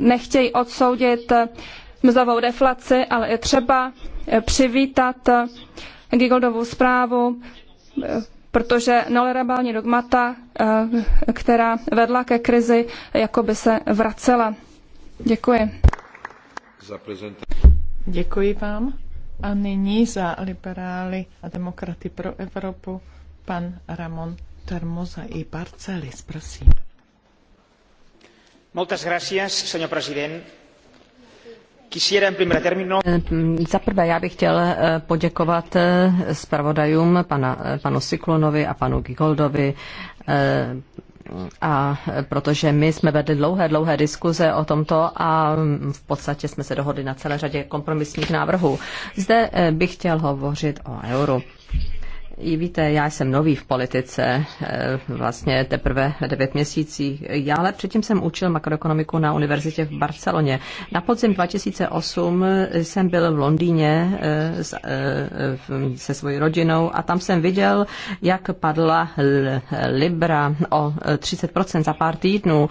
nechtějí odsoudit mzdovou deflaci, ale je třeba přivítat gigoldovou zprávu, protože nelerebální dogmata, která vedla ke krizi, jako by se vracela. Děkuji. Děkuji vám a nyní za liberály a demokraty pro Evropu pan Ramon Termoza i Barcelis, prosím. Moltes gracias, señor president. Eh, mm, za prvé já bych chtěl eh, poděkovat eh, zpravodajům pana, panu Siklonovi a panu Gigoldovi a protože my jsme vedli dlouhé, dlouhé diskuze o tomto a v podstatě jsme se dohodli na celé řadě kompromisních návrhů. Zde eh, bych chtěl hovořit o euru. Víte, já jsem nový v politice, eh, vlastně teprve devět měsící. Já ale předtím jsem učil makroekonomiku na univerzitě v Barceloně. Na podzim 2008 jsem byl v Londýně eh, eh, se svojí rodinou a tam jsem viděl, jak padla Libra o 30% za pár týdnů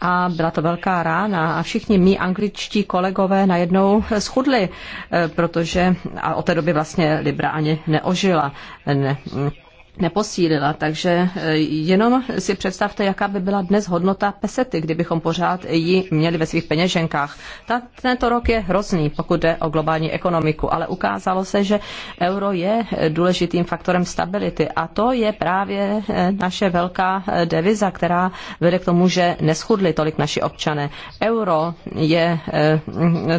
a byla to velká rána a všichni mý angličtí kolegové najednou schudli, eh, protože a od té doby vlastně Libra ani neožila. Ne, mm neposílila. Takže e, jenom si představte, jaká by byla dnes hodnota pesety, kdybychom pořád ji měli ve svých peněženkách. Ta, tento rok je hrozný, pokud jde o globální ekonomiku, ale ukázalo se, že euro je e, důležitým faktorem stability a to je právě e, naše velká deviza, která vede k tomu, že neschudli tolik naši občané. Euro je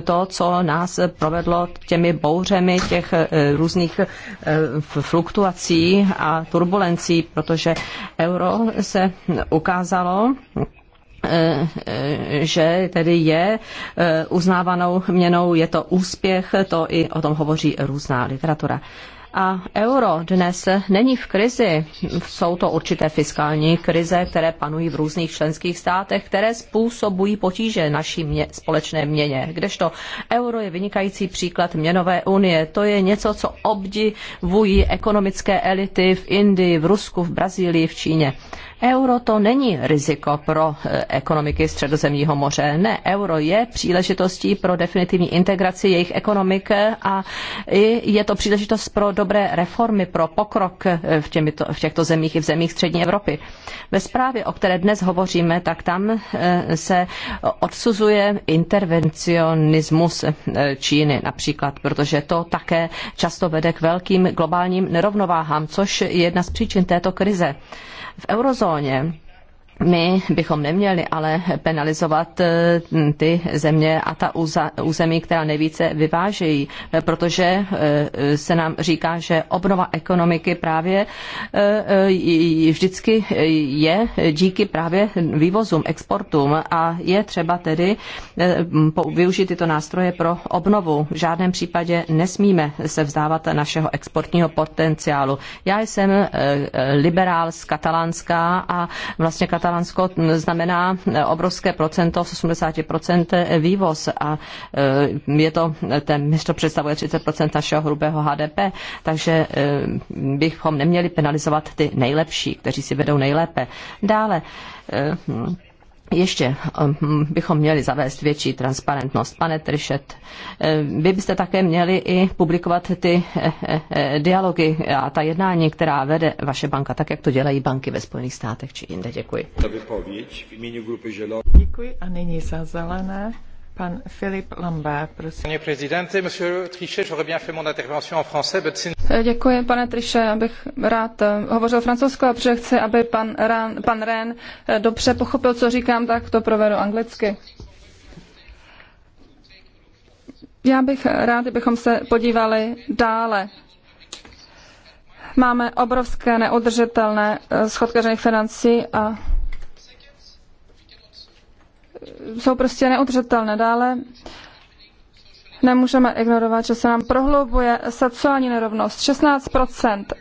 to, co nás provedlo těmi bouřemi těch různých fluktuací a turbulencí, protože euro se ukázalo, eh, že tedy je eh, uznávanou měnou, je to úspěch, to i o tom hovoří různá literatura. A euro dnes není v krizi. Jsou to určité fiskální krize, které panují v různých členských státech, které způsobují potíže naší mě, společné měně. Kdežto euro je vynikající příklad měnové unie. To je něco, co obdivují ekonomické elity v Indii, v Rusku, v Brazílii, v Číně. Euro to není riziko pro eh, ekonomiky Středozemního moře. Ne, euro je příležitostí pro definitivní integraci jejich ekonomik a je to příležitost pro dobré reformy, pro pokrok eh, v, těmito, v těchto zemích i v zemích střední Evropy. Ve zprávě, o které dnes hovoříme, tak tam eh, se odsuzuje intervencionismus Číny například, protože to také často vede k velkým globálním nerovnováhám, což je jedna z příčin této krize v eurozóně my bychom neměli ale penalizovat eh, ty země a ta území, která nejvíce vyvážejí, eh, protože eh, se nám říká, že obnova ekonomiky právě vždycky je díky právě vývozům, exportům a je třeba tedy využít tyto nástroje pro obnovu. V žádném případě nesmíme se vzdávat našeho exportního potenciálu. Já jsem liberál z Katalánska a vlastně Katalánska Katalánsko znamená obrovské procento, 80% vývoz a e, je to, ten město představuje 30% našeho hrubého HDP, takže e, bychom neměli penalizovat ty nejlepší, kteří si vedou nejlépe. Dále, e, ještě um, bychom měli zavést větší transparentnost. Pane Trišet, eh, vy byste také měli i publikovat ty eh, eh, dialogy a ta jednání, která vede vaše banka, tak jak to dělají banky ve Spojených státech či jinde. Děkuji. Děkuji a nyní za zelené Pan Filip Lambert, prosím. Eh, děkuji, pane Triše, abych rád eh, hovořil francouzsky a protože chci, aby pan, Ran, pan Ren eh, dobře pochopil, co říkám, tak to provedu anglicky. Já bych rád, kdybychom se podívali dále. Máme obrovské neudržitelné schodky financí a jsou prostě neudržitelné. Dále nemůžeme ignorovat, že se nám prohlubuje sociální nerovnost. 16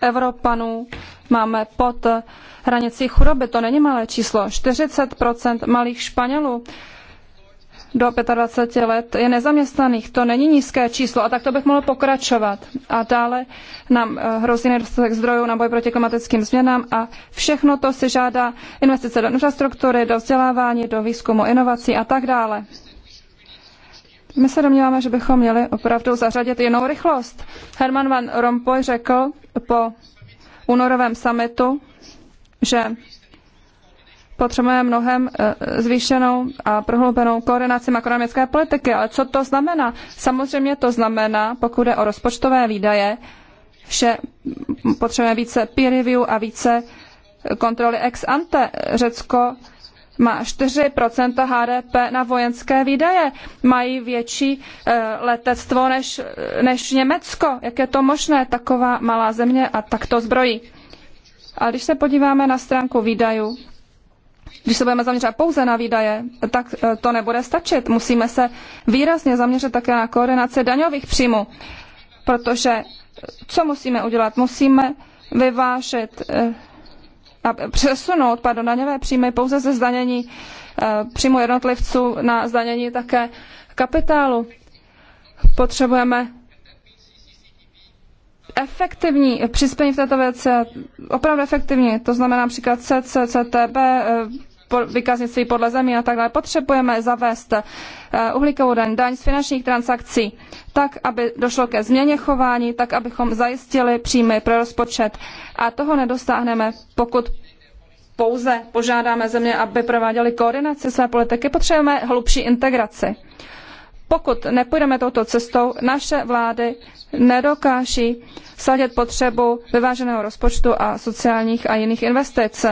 Evropanů máme pod hranicí chudoby, to není malé číslo. 40 malých Španělů do 25 let je nezaměstnaných. To není nízké číslo a tak to bych mohl pokračovat. A dále nám eh, hrozí nedostatek zdrojů na boj proti klimatickým změnám a všechno to si žádá investice do infrastruktury, do vzdělávání, do výzkumu, inovací a tak dále. My se domníváme, že bychom měli opravdu zařadit jinou rychlost. Herman van Rompuy řekl po únorovém summitu, že potřebujeme mnohem eh, zvýšenou a prohloubenou koordinaci makroekonomické politiky. Ale co to znamená? Samozřejmě to znamená, pokud je o rozpočtové výdaje, že potřebujeme více peer review a více eh, kontroly ex ante. Řecko má 4% HDP na vojenské výdaje. Mají větší eh, letectvo než, než Německo. Jak je to možné, taková malá země a takto zbrojí? A když se podíváme na stránku výdajů, když se budeme zaměřovat pouze na výdaje, tak eh, to nebude stačit. Musíme se výrazně zaměřit také na koordinace daňových příjmů, protože eh, co musíme udělat? Musíme vyvážet eh, a přesunout pardon, daňové příjmy pouze ze zdanění příjmu jednotlivců na zdanění také kapitálu. Potřebujeme efektivní přispění v této věci, opravdu efektivní, to znamená například CCCTB, vykaznictví podle zemí a tak dále. Potřebujeme zavést eh, uhlíkovou daň, daň z finančních transakcí, tak, aby došlo ke změně chování, tak, abychom zajistili příjmy pro rozpočet. A toho nedosáhneme, pokud pouze požádáme země, aby prováděly koordinaci své politiky, potřebujeme hlubší integraci. Pokud nepůjdeme touto cestou, naše vlády nedokáží sladit potřebu vyváženého rozpočtu a sociálních a jiných investic.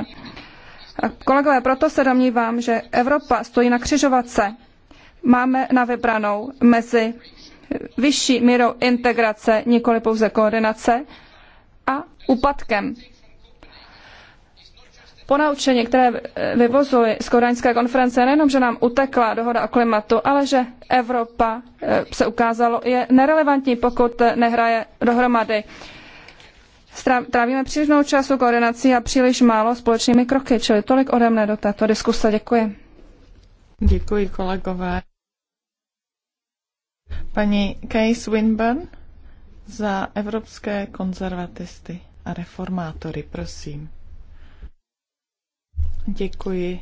Kolegové, proto se domnívám, že Evropa stojí na křižovatce. Máme na vybranou mezi vyšší mírou integrace, nikoli pouze koordinace, a úpadkem. Ponaučení, které vyvozuje z kodaňské konference, nejenom, že nám utekla dohoda o klimatu, ale že Evropa eh, se ukázalo je nerelevantní, pokud nehraje dohromady trávíme příliš mnoho času koordinací a příliš málo společnými kroky, čili tolik ode mne do této diskuse. Děkuji. Děkuji, kolegové. Paní Kay Swinburne za evropské konzervatisty a reformátory, prosím. Děkuji.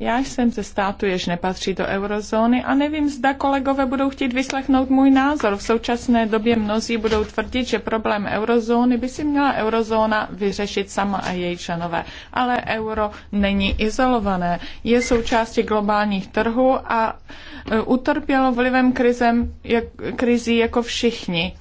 Já jsem ze státu, jež nepatří do eurozóny a nevím, zda kolegové budou chtít vyslechnout můj názor. V současné době mnozí budou tvrdit, že problém eurozóny by si měla eurozóna vyřešit sama a její členové. Ale euro není izolované. Je součástí globálních trhů a e, utrpělo vlivem krizem, jak, krizí jako všichni.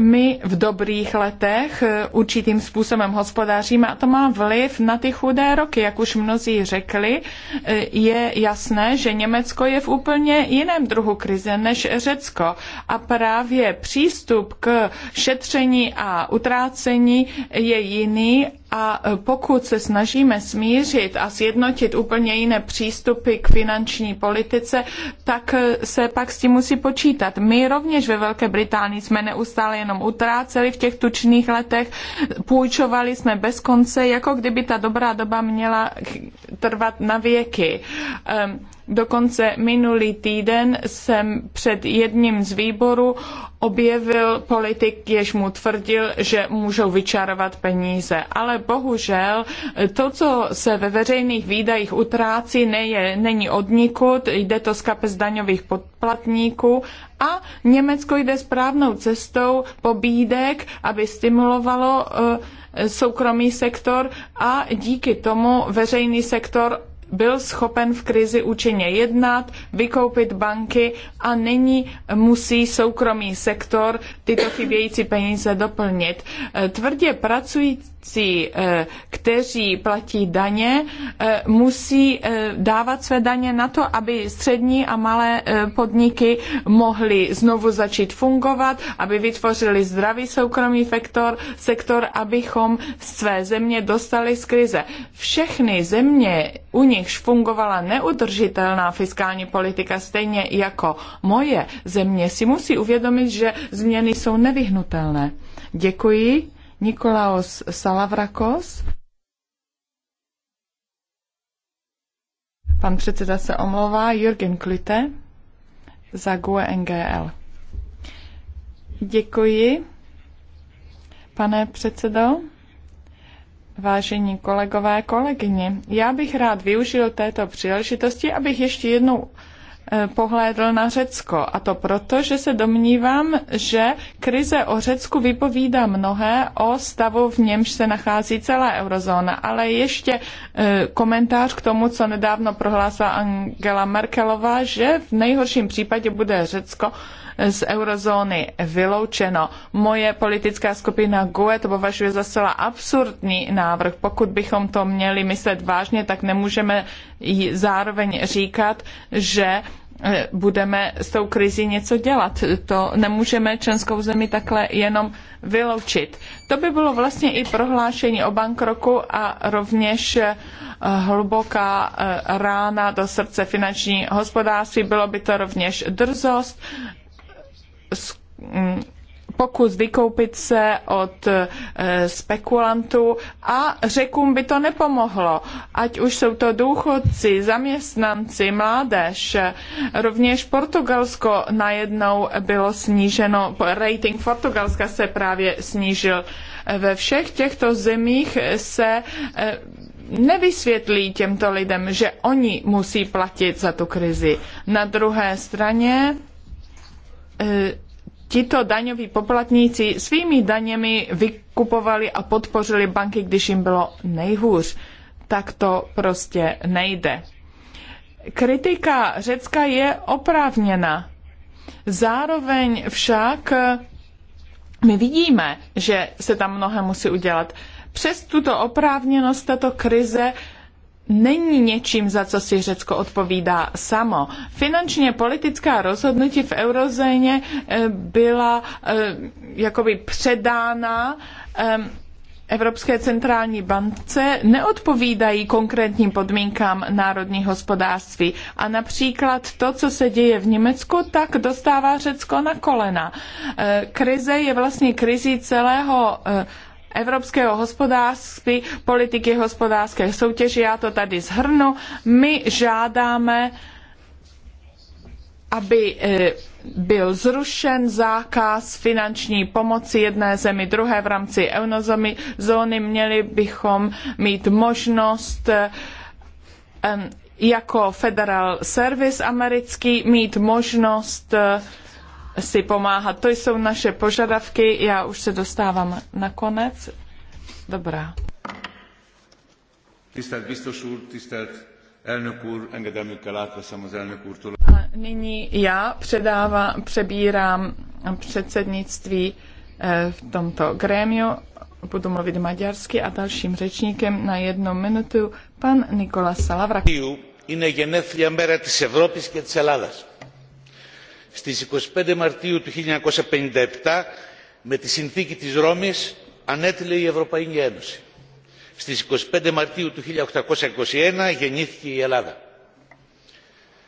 My v dobrých letech eh, určitým způsobem hospodaříme a to má vliv na ty chudé roky. Jak už mnozí řekli, eh, je jasné, že Německo je v úplně jiném druhu krize než Řecko a právě přístup k šetření a utrácení je jiný a eh, pokud se snažíme smířit a sjednotit úplně jiné přístupy k finanční politice, tak se pak s tím musí počítat. My rovněž ve Velké Británii jsme neustále stále jenom utráceli v těch tučných letech, půjčovali jsme bez konce, jako kdyby ta dobrá doba měla trvat na věky. Um, Dokonce minulý týden jsem před jedním z výborů objevil politik, jež mu tvrdil, že můžou vyčarovat peníze. Ale bohužel to, co se ve veřejných výdajích utrácí, neje, není odnikud, jde to z kapes daňových poplatníků a Německo jde správnou cestou pobídek, aby stimulovalo eh, soukromý sektor a díky tomu veřejný sektor byl schopen v krizi účinně jednat, vykoupit banky a nyní musí soukromý sektor tyto chybějící peníze doplnit. Eh, tvrdě pracující plátci, eh, kteří platí daně, eh, musí eh, dávat své daně na to, aby střední a malé podniky mohly znovu začít fungovat, aby vytvořili zdravý soukromý sektor, sektor abychom své země dostali z krize. Všechny země, u nichž fungovala neudržitelná fiskální politika, stejně jako moje země, si musí uvědomit, že změny jsou nevyhnutelné. Děkuji. Nikolaos Salavrakos. Pan předseda se omlouvá Jürgen Klite za GUE NGL. Děkuji, pane předsedo. Vážení kolegové, kolegyně, já bych rád využil této příležitosti, abych ještě jednou Eh, pohlédl na Řecko. A to proto, že se domnívám, že krize o Řecku vypovídá mnohé o stavu, v němž se nachází celá eurozóna. Ale ještě eh, komentář k tomu, co nedávno prohlásila Angela Merkelová, že v nejhorším případě bude Řecko eh, z eurozóny vyloučeno. Moje politická skupina GUE to považuje za zcela absurdní návrh. Pokud bychom to měli myslet vážně, tak nemůžeme zároveň říkat, že budeme s tou krizí něco dělat. To nemůžeme členskou zemi takhle jenom vyloučit. To by bylo vlastně i prohlášení o bankroku a rovněž eh, hluboká eh, rána do srdce finanční hospodářství. Bylo by to rovněž drzost, mm, pokus vykoupit se od eh, spekulantů a řekům by to nepomohlo, ať už jsou to důchodci, zaměstnanci, mládež. Rovněž Portugalsko najednou bylo sníženo, rating Portugalska se právě snížil. Ve všech těchto zemích se eh, nevysvětlí těmto lidem, že oni musí platit za tu krizi. Na druhé straně eh, tito daňoví poplatníci svými daněmi vykupovali a podpořili banky, když jim bylo nejhůř. Tak to prostě nejde. Kritika Řecka je oprávněna. Zároveň však eh, my vidíme, že se tam mnohé musí udělat. Přes tuto oprávněnost tato krize není něčím, za co si Řecko odpovídá samo. Finančně politická rozhodnutí v eurozóně eh, byla eh, jakoby předána ehm, Evropské centrální bance neodpovídají konkrétním podmínkám národní hospodářství. A například to, co se děje v Německu, tak dostává Řecko na kolena. Eh, krize je vlastně krizí celého evropského hospodářství, politiky hospodářské soutěže, já to tady zhrnu, my žádáme, aby e, byl zrušen zákaz finanční pomoci jedné zemi druhé v rámci eurozóny. zóny. Měli bychom mít možnost e, jako Federal Service americký mít možnost e, si pomáhat. To jsou naše požadavky. Já už se dostávám na konec. Dobrá. Tisztelt biztos úr, tisztelt elnök úr, engedelmükkel átveszem az elnök úrtól. A nyní já předávám, přebírám předsednictví eh, v tomto grémiu. Budu mluvit maďarsky a dalším řečníkem na jednu minutu pan Nikola Salavra. Είναι γενέθλια μέρα της Ευρώπης και της Ελλάδας στις 25 Μαρτίου του 1957 με τη συνθήκη της Ρώμης ανέτειλε η Ευρωπαϊκή Ένωση. Στις 25 Μαρτίου του 1821 γεννήθηκε η Ελλάδα.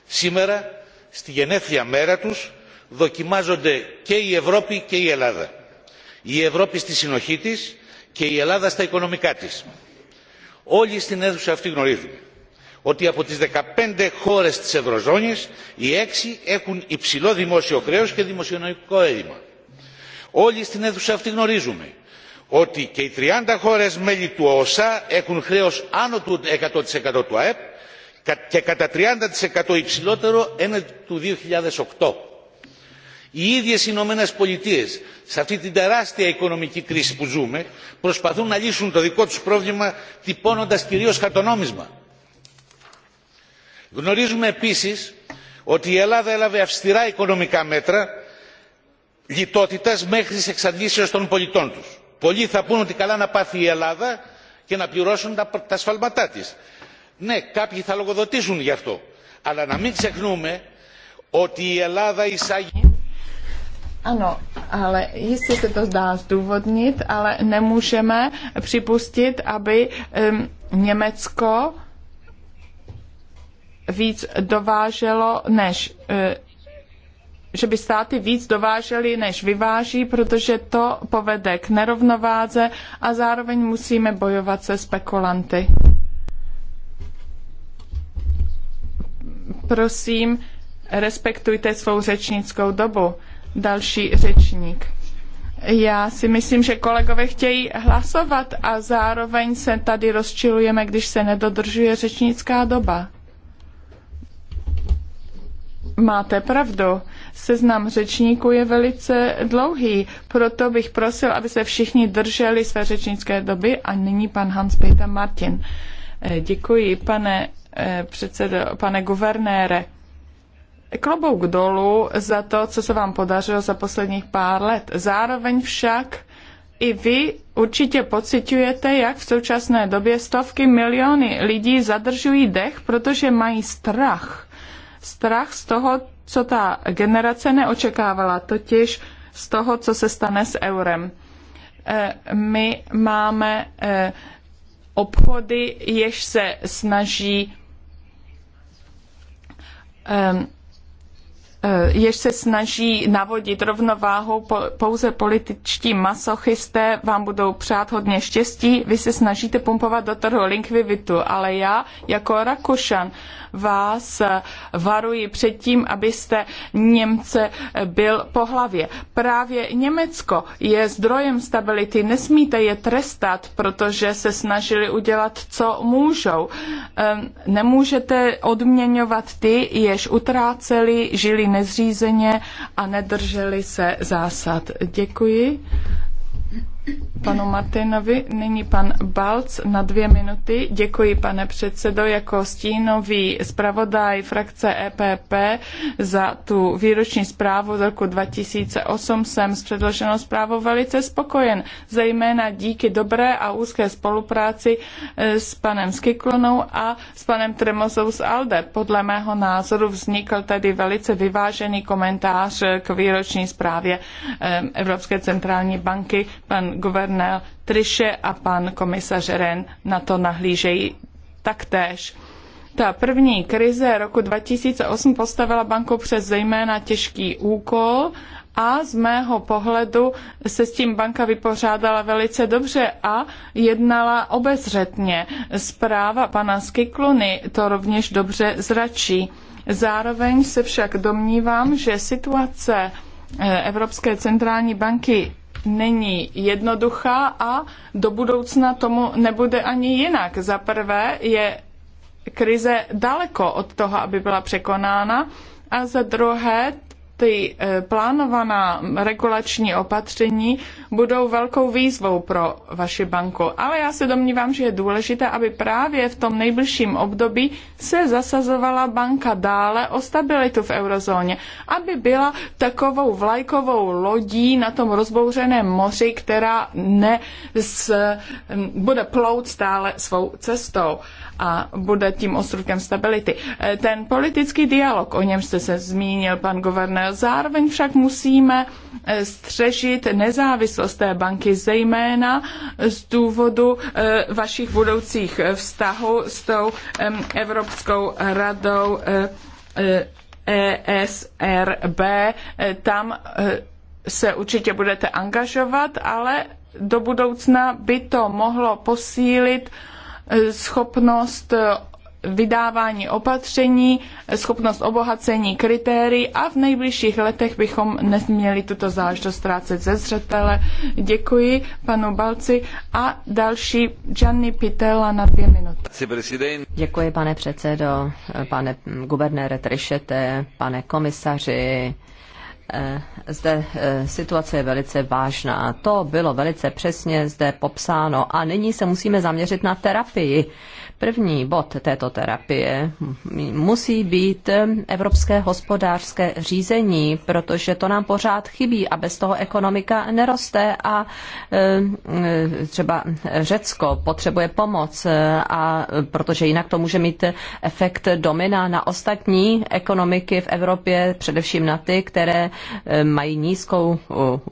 Σήμερα, στη γενέθλια μέρα τους, δοκιμάζονται και η Ευρώπη και η Ελλάδα. Η Ευρώπη στη συνοχή της και η Ελλάδα στα οικονομικά της. Όλοι στην αίθουσα αυτή γνωρίζουμε ότι από τις 15 χώρες της Ευρωζώνης οι έξι έχουν υψηλό δημόσιο κρέος και δημοσιονομικό έλλειμμα. Όλοι στην αίθουσα αυτή γνωρίζουμε ότι και οι 30 χώρες μέλη του ΟΣΑ έχουν χρέος άνω του 100% του ΑΕΠ και κατά 30% υψηλότερο ένα του 2008. Οι ίδιες οι Ηνωμένε Πολιτείε σε αυτή την τεράστια οικονομική κρίση που ζούμε προσπαθούν να λύσουν το δικό τους πρόβλημα τυπώνοντας κυρίως χαρτονόμισμα γνωρίζουμε επίσης ότι η ελλάδα έλαβε αυστηρά οικονομικά μέτρα λιτότητας μέχρι της εξαντλήσεως των πολιτών τους. πολλοί θα πούν ότι καλά να πάθει η ελλάδα και να πληρώσουν τα, τα σφάλματά της. ναι κάποιοι θα λογοδοτήσουν γι' αυτό αλλά να μην ξεχνούμε ότι η ελλάδα εισάγει ano, ale jistě se to zdá zdůvodnit, ale nemůžeme připustit, aby um, Německo víc dováželo, než e, že by státy víc dovážely, než vyváží, protože to povede k nerovnováze a zároveň musíme bojovat se spekulanty. Prosím, respektujte svou řečnickou dobu. Další řečník. Já si myslím, že kolegové chtějí hlasovat a zároveň se tady rozčilujeme, když se nedodržuje řečnická doba. Máte pravdu. Seznam řečníků je velice dlouhý, proto bych prosil, aby se všichni drželi své řečnické doby a nyní pan Hans Peter Martin. Eh, děkuji, pane eh, předsedo, pane guvernére. Klobouk dolů za to, co se vám podařilo za posledních pár let. Zároveň však i vy určitě pocitujete, jak v současné době stovky miliony lidí zadržují dech, protože mají strach strach z toho, co ta generace neočekávala, totiž z toho, co se stane s eurem. E, my máme e, obchody, jež se snaží e, Eh, jež se snaží navodit rovnováhu pouze političtí masochisté, vám budou přát hodně štěstí, vy se snažíte pumpovat do trhu linkvivitu, ale já jako Rakušan vás eh, varuji před tím, abyste Němce eh, byl po hlavě. Právě Německo je zdrojem stability, nesmíte je trestat, protože se snažili udělat, co můžou. Nemůžete odměňovat ty, jež utráceli, žili nezřízeně a nedrželi se zásad. Děkuji panu Martinovi. Nyní pan Balc na dvě minuty. Děkuji, pane předsedo, jako stínový zpravodaj frakce EPP za tu výroční zprávu z roku 2008. Jsem s předloženou zprávou velice spokojen, zejména díky dobré a úzké spolupráci eh, s panem Skiklonou a s panem Tremozou z ALDE. Podle mého názoru vznikl tedy velice vyvážený komentář k výroční zprávě eh, Evropské centrální banky. Pan guvernér Triše a pan komisař Ren na to nahlížejí taktéž. Ta první krize roku 2008 postavila banku přes zejména těžký úkol a z mého pohledu se s tím banka vypořádala velice dobře a jednala obezřetně. Zpráva pana Skikluny to rovněž dobře zračí. Zároveň se však domnívám, že situace eh, Evropské centrální banky není jednoduchá a do budoucna tomu nebude ani jinak. Za prvé je krize daleko od toho, aby byla překonána a za druhé ty eh, plánovaná regulační opatření budou velkou výzvou pro vaši banku. Ale já se domnívám, že je důležité, aby právě v tom nejbližším období se zasazovala banka dále o stabilitu v eurozóně, aby byla takovou vlajkovou lodí na tom rozbouřeném moři, která ne s, bude plout stále svou cestou a bude tím ostrukem stability. Eh, ten politický dialog, o něm jste se zmínil, pan guvernér, zároveň však musíme eh, střežit nezávislost té banky, zejména z důvodu eh, vašich budoucích vztahů s tou Evropskou radou ESRB. E tam se určitě budete angažovat, ale do budoucna by to mohlo posílit uh, Eh, schopnost eh, vydávání opatření, eh, schopnost obohacení kritérií a v nejbližších letech bychom nesměli tuto záležitost ztrácet ze zřetele. Děkuji panu Balci a další Gianni Pitella na dvě minuty. Děkuji pane předsedo, pane guvernére Trišete, pane komisaři, Eh, zde eh, situace je velice vážná. To bylo velice přesně zde popsáno a nyní se musíme zaměřit na terapii První bod této terapie musí být evropské hospodářské řízení, protože to nám pořád chybí a bez toho ekonomika neroste a e, e, třeba Řecko potřebuje pomoc, e, a protože jinak to může mít efekt domina na ostatní ekonomiky v Evropě, především na ty, které mají nízkou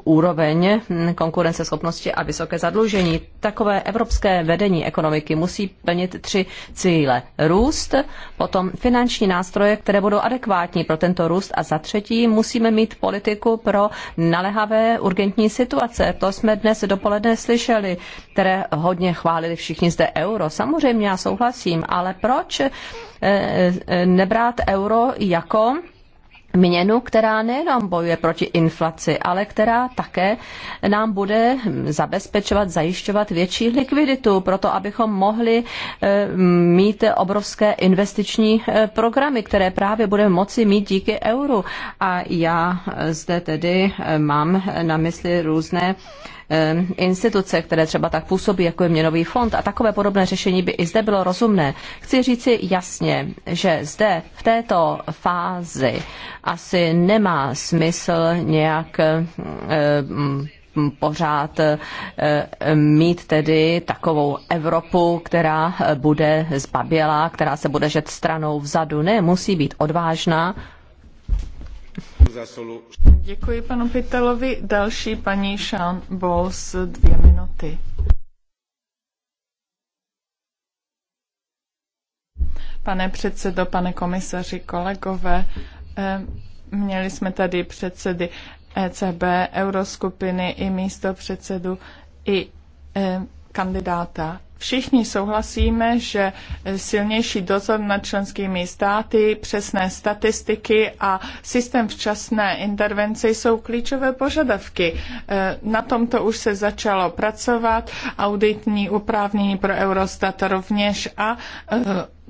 úroveň konkurenceschopnosti a vysoké zadlužení. Takové evropské vedení ekonomiky musí plnit tři tři cíle. Růst, potom finanční nástroje, které budou adekvátní pro tento růst a za třetí musíme mít politiku pro nalehavé urgentní situace. To jsme dnes dopoledne slyšeli, které hodně chválili všichni zde euro. Samozřejmě já souhlasím, ale proč eh, eh, nebrát euro jako měnu, která nejenom bojuje proti inflaci, ale která také nám bude zabezpečovat, zajišťovat větší likviditu, proto abychom mohli eh, mít obrovské investiční eh, programy, které právě budeme moci mít díky euru. A já eh, zde tedy mám na mysli různé Ehm, instituce, které třeba tak působí, jako je měnový fond a takové podobné řešení by i zde bylo rozumné. Chci říci jasně, že zde v této fázi asi nemá smysl nějak ehm, pořád ehm, mít tedy takovou Evropu, která bude zbabělá, která se bude žet stranou vzadu. Ne, musí být odvážná, Děkuji panu Pitelovi. Další paní Sean Bowles, dvě minuty. Pane předsedo, pane komisaři, kolegové, eh, měli jsme tady předsedy ECB, euroskupiny i místo předsedu i eh, kandidáta. Všichni souhlasíme, že silnější dozor nad členskými státy, přesné statistiky a systém včasné intervence jsou klíčové požadavky. E, na tomto už se začalo pracovat, auditní uprávnění pro Eurostat rovněž a e,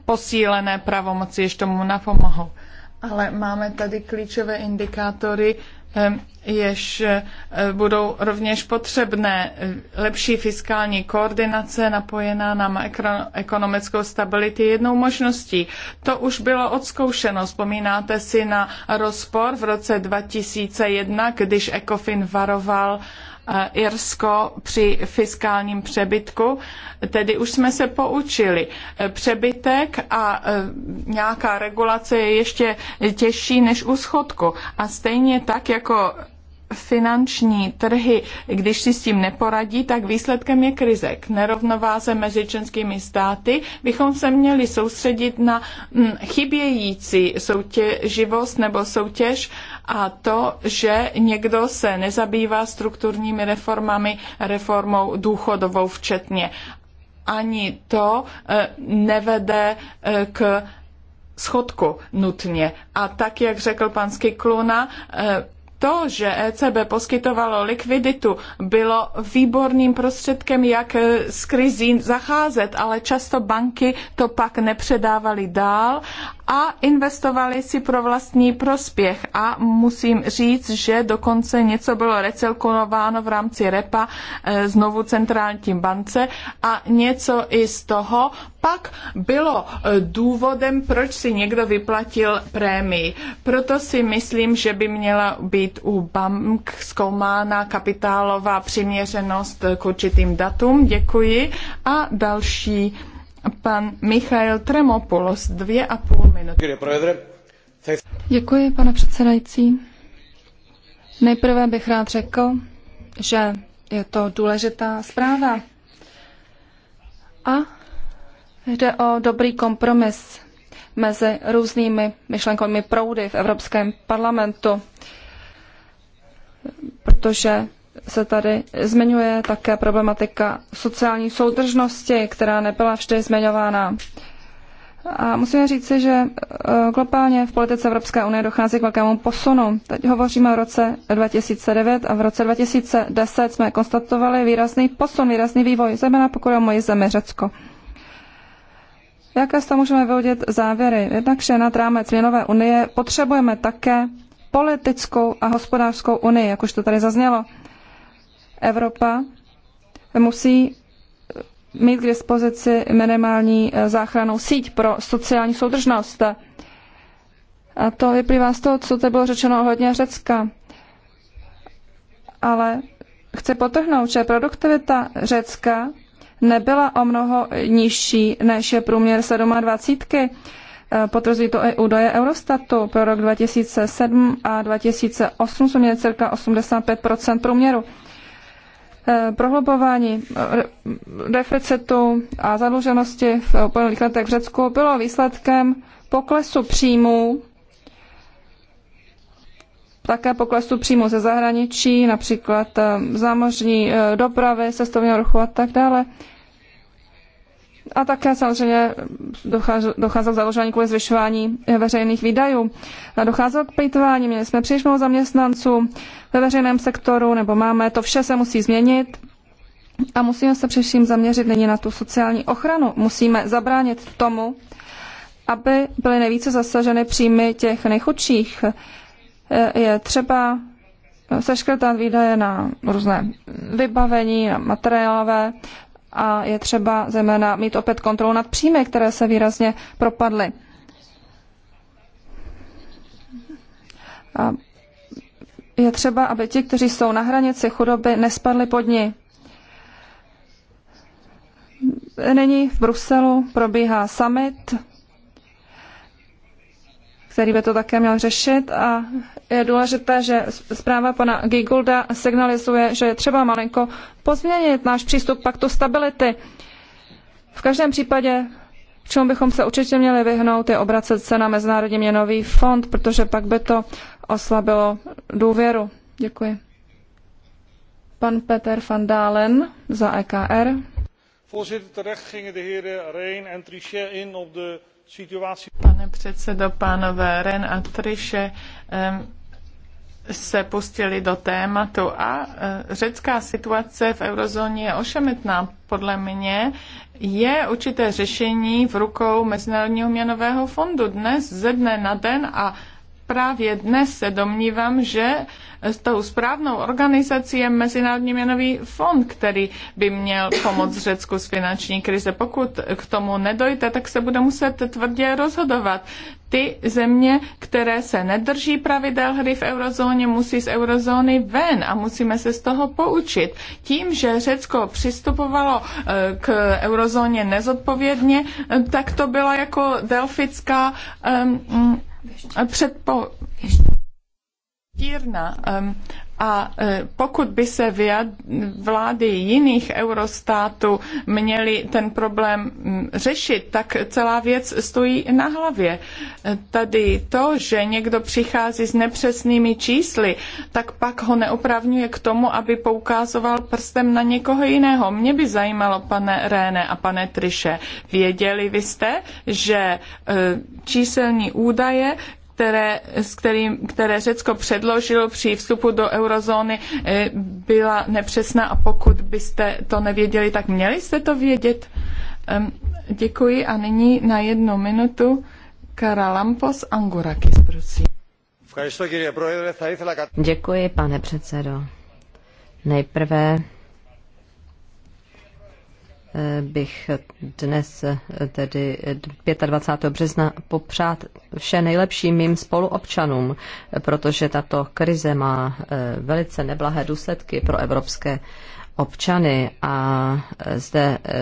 posílené pravomoci ještě tomu napomohou. Ale máme tady klíčové indikátory Eh, jež eh, budou rovněž potřebné eh, lepší fiskální koordinace napojená na ekonomickou stabilitu jednou možností. To už bylo odzkoušeno. Vzpomínáte si na rozpor v roce 2001, když ECOFIN varoval E, Irsko při fiskálním přebytku. Tedy už jsme se poučili. E, přebytek a e, nějaká regulace je ještě těžší než u schodku. A stejně tak jako finanční trhy, když si s tím neporadí, tak výsledkem je krize. K nerovnováze mezi členskými státy bychom se měli soustředit na mm, chybějící soutěživost nebo soutěž a to, že někdo se nezabývá strukturními reformami, reformou důchodovou včetně. Ani to eh, nevede eh, k schodku nutně. A tak, jak řekl pan Skikluna, eh, to, že ECB poskytovalo likviditu, bylo výborným prostředkem, jak eh, s krizí zacházet, ale často banky to pak nepředávaly dál a investovali si pro vlastní prospěch. A musím říct, že dokonce něco bylo recirkulováno v rámci REPA eh, znovu centrální bance a něco i z toho pak bylo eh, důvodem, proč si někdo vyplatil prémii. Proto si myslím, že by měla být být u bank zkoumána kapitálová přiměřenost k určitým datům. Děkuji. A další pan Michail Tremopoulos, dvě a půl minuty. Děkuji, pane předsedající. Nejprve bych rád řekl, že je to důležitá zpráva. A jde o dobrý kompromis mezi různými myšlenkovými proudy v Evropském parlamentu protože se tady zmiňuje také problematika sociální soudržnosti, která nebyla vždy zmiňována. A musíme říci, že eh, globálně v politice Evropské unie dochází k velkému posunu. Teď hovoříme o roce 2009 a v roce 2010 jsme konstatovali výrazný posun, výrazný vývoj, zejména pokud je o moji zemi Řecko. Jaké z toho můžeme vyvodit závěry? Jednakže že nad rámec měnové unie potřebujeme také politickou a hospodářskou unii, jak už to tady zaznělo. Evropa musí mít k dispozici minimální eh, záchranou síť pro sociální soudržnost. A to vyplývá z toho, co tady bylo řečeno ohledně Řecka. Ale chci potrhnout, že produktivita Řecka nebyla o mnoho nižší, než je průměr 27. Eh, potvrzují to i údaje Eurostatu. Pro rok 2007 a 2008 jsou měli cirka 85 průměru. Eh, prohlubování eh, deficitu a zadluženosti v uplynulých letech v Řecku bylo výsledkem poklesu příjmů také poklesu příjmu ze zahraničí, například zámořní dopravy, cestovního ruchu a tak dále. A také samozřejmě docházelo k založení kvůli zvyšování eh, veřejných výdajů. Docházelo k plýtvání, měli jsme příliš mnoho zaměstnanců ve veřejném sektoru, nebo máme, to vše se musí změnit. A musíme se především zaměřit nyní na tu sociální ochranu. Musíme zabránit tomu, aby byly nejvíce zasaženy příjmy těch nejchudších. Eh, je třeba eh, seškrtat výdaje na různé vybavení, na materiálové a je třeba zejména mít opět kontrolu nad příjmy, které se výrazně propadly. A je třeba, aby ti, kteří jsou na hranici chudoby, nespadli pod ní. Není v Bruselu probíhá summit který by to také měl řešit. A je důležité, že zpráva pana Gigulda signalizuje, že je třeba malinko pozměnit náš přístup paktu stability. V každém případě k čemu bychom se určitě měli vyhnout, je obracet se na Mezinárodní měnový fond, protože pak by to oslabilo důvěru. Děkuji. Pan Peter van Dalen za EKR. Voorzitter, terecht gingen de heren Reen en Trichet in op de Pane předsedo, pánové Ren a Triše se pustili do tématu a e, řecká situace v eurozóně je ošemetná. Podle mě je určité řešení v rukou Mezinárodního měnového fondu dnes ze dne na den a právě dnes se domnívám, že s tou správnou organizací je Mezinárodní měnový fond, který by měl pomoct Řecku z finanční krize. Pokud k tomu nedojde, tak se bude muset tvrdě rozhodovat. Ty země, které se nedrží pravidel hry v eurozóně, musí z eurozóny ven a musíme se z toho poučit. Tím, že Řecko přistupovalo eh, k eurozóně nezodpovědně, eh, tak to byla jako delfická um, a předpo, Tírna. Um, a eh, pokud by se vlády jiných eurostátů měly ten problém mm, řešit, tak celá věc stojí na hlavě. Tady to, že někdo přichází s nepřesnými čísly, tak pak ho neopravňuje k tomu, aby poukazoval prstem na někoho jiného. Mě by zajímalo, pane Réne a pane Triše, věděli vy jste, že eh, číselní údaje které, s kterým, které Řecko předložilo při vstupu do eurozóny, eh, byla nepřesná a pokud byste to nevěděli, tak měli jste to vědět. Děkuji a nyní na jednu minutu Karalampos Angurakis, prosím. Děkuji, pane předsedo. Nejprve bych dnes, tedy 25. března, popřát vše nejlepší mým spoluobčanům, protože tato krize má eh, velice neblahé důsledky pro evropské občany. A e, zde e,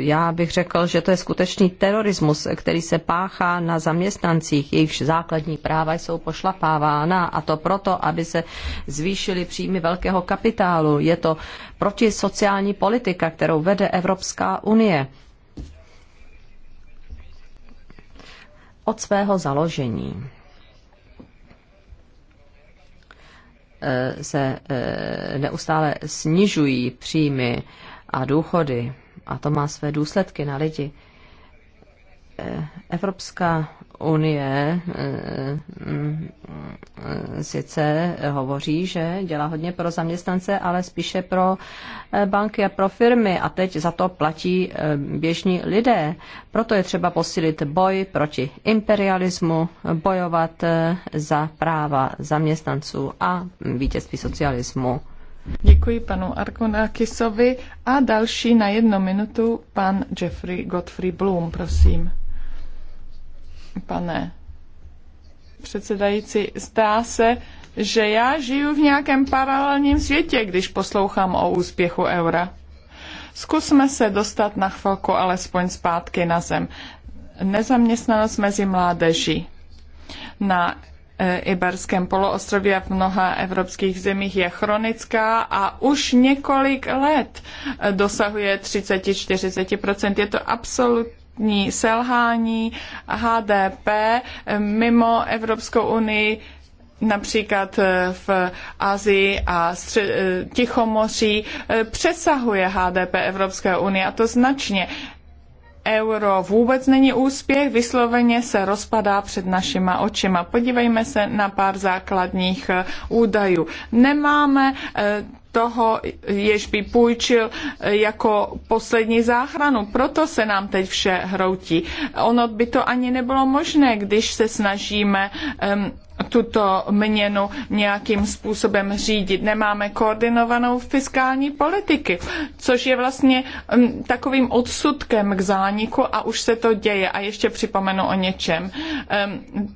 já bych řekl, že to je skutečný terorismus, který se páchá na zaměstnancích, jejichž základní práva jsou pošlapávána a to proto, aby se zvýšily příjmy velkého kapitálu. Je to proti sociální politika, kterou vede Evropská unie. Od svého založení. Eh, se eh, neustále snižují příjmy a důchody a to má své důsledky na lidi. Eh, Evropská Unie eh, eh, sice hovoří, že dělá hodně pro zaměstnance, ale spíše pro eh, banky a pro firmy a teď za to platí běžní lidé. Proto je třeba posílit boj proti imperialismu, bojovat za práva zaměstnanců a vítězství socialismu. Děkuji panu Arkonakisovi a další na jednu minutu pan Jeffrey Godfrey Bloom, prosím pane předsedající, zdá se, že já žiju v nějakém paralelním světě, když poslouchám o úspěchu eura. Zkusme se dostat na chvilku alespoň zpátky na zem. Nezaměstnanost mezi mládeží na e, Iberském poloostrově a v mnoha evropských zemích je chronická a už několik let dosahuje 30-40%. Je to absolutně absolutní selhání HDP eh, mimo Evropskou unii, například eh, v Asii a eh, Tichomoří, přesahuje HDP Evropské unie a to značně. Euro vůbec není úspěch, vysloveně se rozpadá před našima očima. Podívejme se na pár základních údajů. Nemáme toho, jež by půjčil jako poslední záchranu. Proto se nám teď vše hroutí. Ono by to ani nebylo možné, když se snažíme um, tuto měnu nějakým způsobem řídit. Nemáme koordinovanou fiskální politiky, což je vlastně um, takovým odsudkem k zániku a už se to děje. A ještě připomenu o něčem. Um,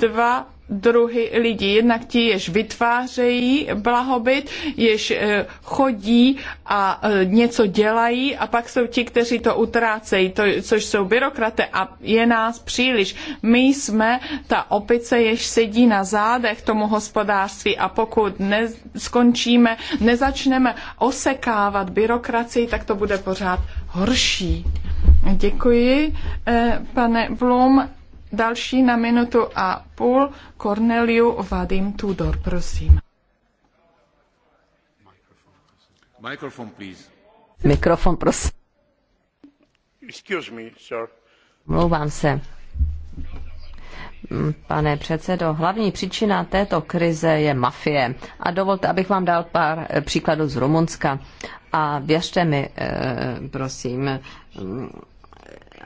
dva druhy lidí. Jednak ti, jež vytvářejí blahobyt, jež eh, chodí a eh, něco dělají a pak jsou ti, kteří to utrácejí, to, což jsou byrokraté a je nás příliš. My jsme ta opice, jež sedí na zádech tomu hospodářství a pokud neskončíme, nezačneme osekávat byrokracii, tak to bude pořád horší. Děkuji, eh, pane Blum. Další na minutu a půl Corneliu Vadim Tudor, prosím. Mikrofon, please. Mikrofon, prosím. Excuse me, sir. Mluvám se. Mm, pane předsedo, hlavní příčina této krize je mafie. A dovolte, abych vám dal pár eh, příkladů z Rumunska. A věřte mi, eh, prosím, mm,